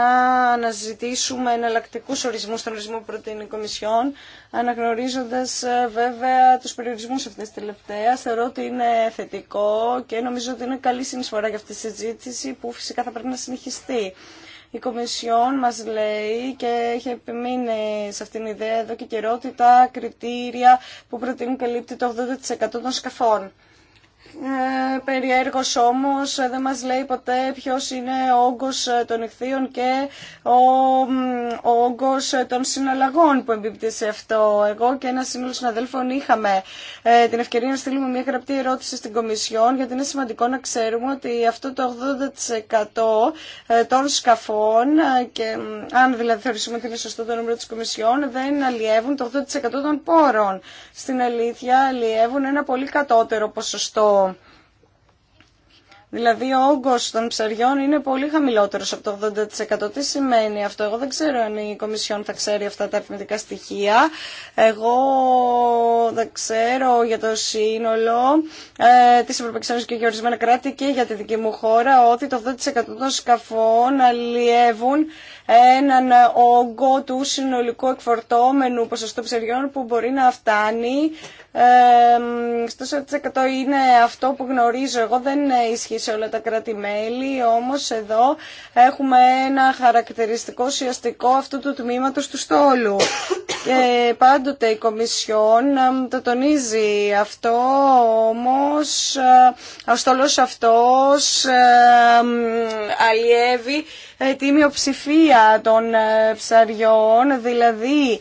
[SPEAKER 2] αναζητήσουμε εναλλακτικού ορισμού στον ορισμό που προτείνει η Κομισιόν, αναγνωρίζοντα ε, βέβαια του περιορισμού αυτή τη τελευταία. Θεωρώ ότι είναι θετικό και νομίζω ότι είναι καλή συνεισφορά για αυτή τη συζήτηση που φυσικά θα πρέπει να συνεχιστεί. Η Κομισιόν μας λέει και έχει επιμείνει σε αυτήν την ιδέα εδώ και καιρό ότι τα κριτήρια που προτείνουν καλύπτει το 80% των σκαφών. Ε, περίεργος όμως δεν μας λέει ποτέ ποιος είναι ο όγκος των ηχθείων και ο, ο όγκος των συναλλαγών που εμπίπτει σε αυτό. Εγώ και ένα σύνολο συναδέλφων είχαμε ε, την ευκαιρία να στείλουμε μια γραπτή ερώτηση στην Κομισιόν γιατί είναι σημαντικό να ξέρουμε ότι αυτό το 80% ε, των σκαφών ε, και αν δηλαδή θεωρήσουμε ότι είναι σωστό το νούμερο της Κομισιόν δεν αλλιεύουν το 80% των πόρων. Στην αλήθεια αλλιεύουν ένα πολύ κατώτερο ποσοστό Δηλαδή ο όγκος των ψαριών είναι πολύ χαμηλότερος από το 80%. Τι σημαίνει αυτό, εγώ δεν ξέρω αν η Κομισιόν θα ξέρει αυτά τα αριθμητικά στοιχεία. Εγώ δεν ξέρω για το σύνολο ε, της Ευρωπαϊκής και για ορισμένα κράτη και για τη δική μου χώρα ότι το 80% των σκαφών αλλιεύουν έναν όγκο του συνολικού εκφορτώμενου ποσοστού ψεριών που μπορεί να φτάνει στο 100% είναι αυτό που γνωρίζω. Εγώ δεν ισχύει σε όλα τα κράτη-μέλη, όμως εδώ έχουμε ένα χαρακτηριστικό ουσιαστικό αυτού του τμήματος του στόλου. Και πάντοτε η Κομισιόν το τονίζει αυτό, όμως ε, ο στόλος αυτός αλλιεύει ε, τη μειοψηφία των ε, ψαριών, δηλαδή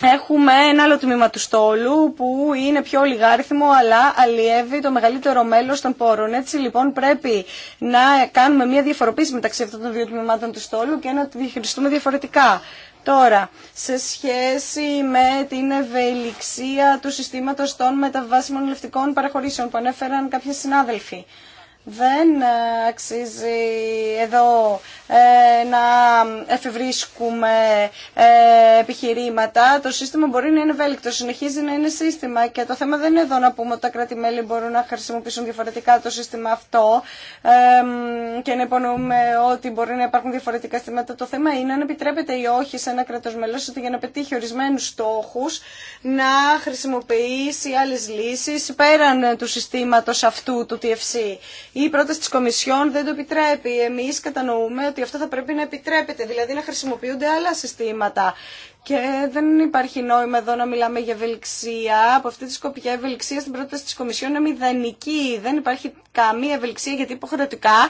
[SPEAKER 2] Έχουμε ένα άλλο τμήμα του στόλου που είναι πιο λιγάριθμο αλλά αλλιεύει το μεγαλύτερο μέλος των πόρων. Έτσι λοιπόν πρέπει να κάνουμε μια διαφοροποίηση μεταξύ αυτών των δύο τμήματων του στόλου και να τη διαχειριστούμε διαφορετικά. Τώρα, σε σχέση με την ευελιξία του συστήματος των μεταβάσιμων λευτικών παραχωρήσεων που ανέφεραν κάποιοι συνάδελφοι. Δεν αξίζει εδώ ε, να εφευρίσκουμε ε, επιχειρήματα. Το σύστημα μπορεί να είναι ευέλικτο, συνεχίζει να είναι σύστημα και το θέμα δεν είναι εδώ να πούμε ότι τα κράτη-μέλη μπορούν να χρησιμοποιήσουν διαφορετικά το σύστημα αυτό και να υπονοούμε ότι μπορεί να υπάρχουν διαφορετικά συστήματα. Το θέμα είναι αν επιτρέπεται ή όχι σε ένα κράτο-μέλο ότι για να πετύχει ορισμένου στόχου να χρησιμοποιήσει άλλε λύσει πέραν του συστήματο αυτού του TFC. Η πρόταση τη Κομισιόν δεν το επιτρέπει. Εμεί κατανοούμε ότι αυτό θα πρέπει να επιτρέπεται, δηλαδή να χρησιμοποιούνται άλλα συστήματα. Και δεν υπάρχει νόημα εδώ να μιλάμε για ευελιξία. Από αυτή τη σκοπιά ευελιξία στην πρόταση τη Κομισιόν είναι μηδενική. Δεν υπάρχει καμία ευελιξία γιατί υποχρεωτικά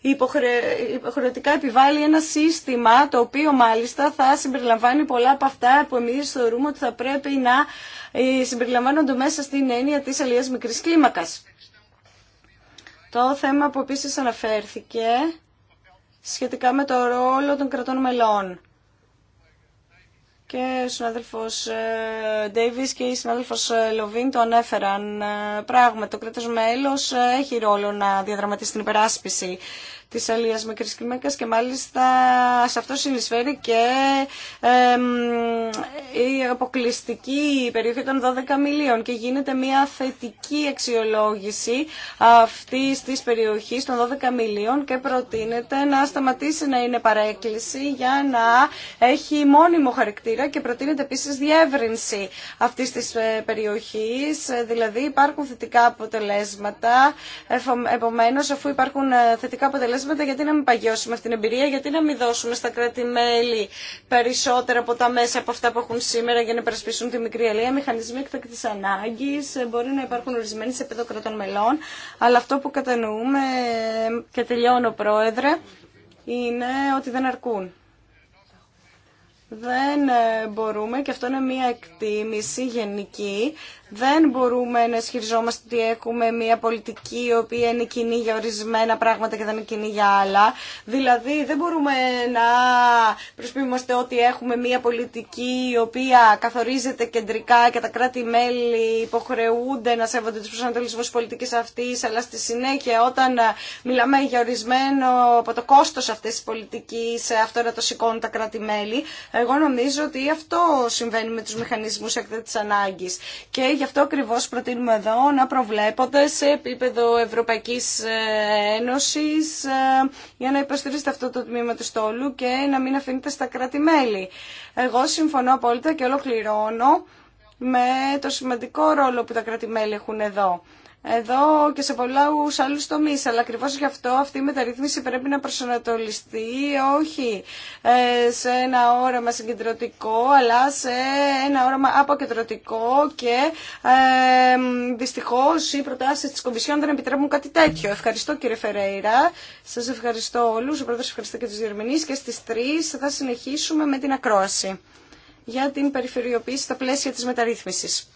[SPEAKER 2] υποχρεωτικά επιβάλλει ένα σύστημα το οποίο μάλιστα θα συμπεριλαμβάνει πολλά από αυτά που εμείς θεωρούμε ότι θα πρέπει να ε, συμπεριλαμβάνονται μέσα στην έννοια της αλληλίας μικρής κλίμακας. Το θέμα που επίσης αναφέρθηκε σχετικά με το ρόλο των κρατών μελών. Και ο συνάδελφος Ντέιβις ε, και η συνάδελφος ε, Λοβίν το ανέφεραν. Ε, πράγματι, το κράτος μέλος έχει ρόλο να διαδραματίσει την υπεράσπιση τη Αλία Μικρή κλίμακα και μάλιστα σε αυτό συνεισφέρει και η αποκλειστική περιοχή των 12 μιλίων και γίνεται μια θετική αξιολόγηση αυτή τη περιοχή των 12 μιλίων και προτείνεται να σταματήσει να είναι παρέκκληση για να έχει μόνιμο χαρακτήρα και προτείνεται επίση διεύρυνση αυτή τη ε, περιοχή. δηλαδή υπάρχουν θετικά αποτελέσματα, επομένως αφού υπάρχουν ε, θετικά αποτελέσματα αποτελέσματα, γιατί να μην παγιώσουμε αυτή την εμπειρία, γιατί να μην δώσουμε στα κράτη-μέλη περισσότερα από τα μέσα από αυτά που έχουν σήμερα για να υπερασπιστούν τη μικρή αλληλεία. Μηχανισμοί εκτακτή ανάγκη, ε, μπορεί να υπάρχουν ορισμένοι σε επίπεδο κρατών μελών, αλλά αυτό που κατανοούμε ε, και τελειώνω, Πρόεδρε, είναι ότι δεν αρκούν. Δεν ε, μπορούμε, και αυτό είναι μια εκτίμηση γενική, δεν μπορούμε να ισχυριζόμαστε ότι έχουμε μια πολιτική η οποία είναι κοινή για ορισμένα πράγματα και δεν είναι κοινή για άλλα. Δηλαδή δεν μπορούμε να προσποιούμαστε ότι έχουμε μια πολιτική η οποία καθορίζεται κεντρικά και τα κράτη-μέλη υποχρεούνται να σέβονται τους προσανατολισμούς πολιτικής αυτής, αλλά στη συνέχεια όταν μιλάμε για ορισμένο από το κόστος αυτής της πολιτικής, αυτό να το σηκώνουν τα κράτη-μέλη. Εγώ νομίζω ότι αυτό συμβαίνει με τους μηχανισμούς έκτακτης ανάγκης. Και γι' αυτό ακριβώς προτείνουμε εδώ να προβλέπονται σε επίπεδο Ευρωπαϊκής ε, Ένωσης ε, για να υποστηρίζετε αυτό το τμήμα του στόλου και να μην αφήνεται στα κράτη-μέλη. Εγώ συμφωνώ απόλυτα και ολοκληρώνω με το σημαντικό ρόλο που τα κράτη-μέλη έχουν εδώ εδώ και σε πολλούς άλλους τομείς. Αλλά ακριβώς γι' αυτό αυτή η μεταρρύθμιση πρέπει να προσανατολιστεί όχι ε, σε ένα όραμα συγκεντρωτικό, αλλά σε ένα όραμα αποκεντρωτικό και ε, δυστυχώς οι προτάσεις της Κομισιόν δεν επιτρέπουν κάτι τέτοιο. Ευχαριστώ κύριε Φερέιρα, σας ευχαριστώ όλους, ο ευχαριστώ και τους Γερμανείς και στις 3 θα συνεχίσουμε με την ακρόαση για την περιφερειοποίηση στα πλαίσια της μεταρρύθμισης.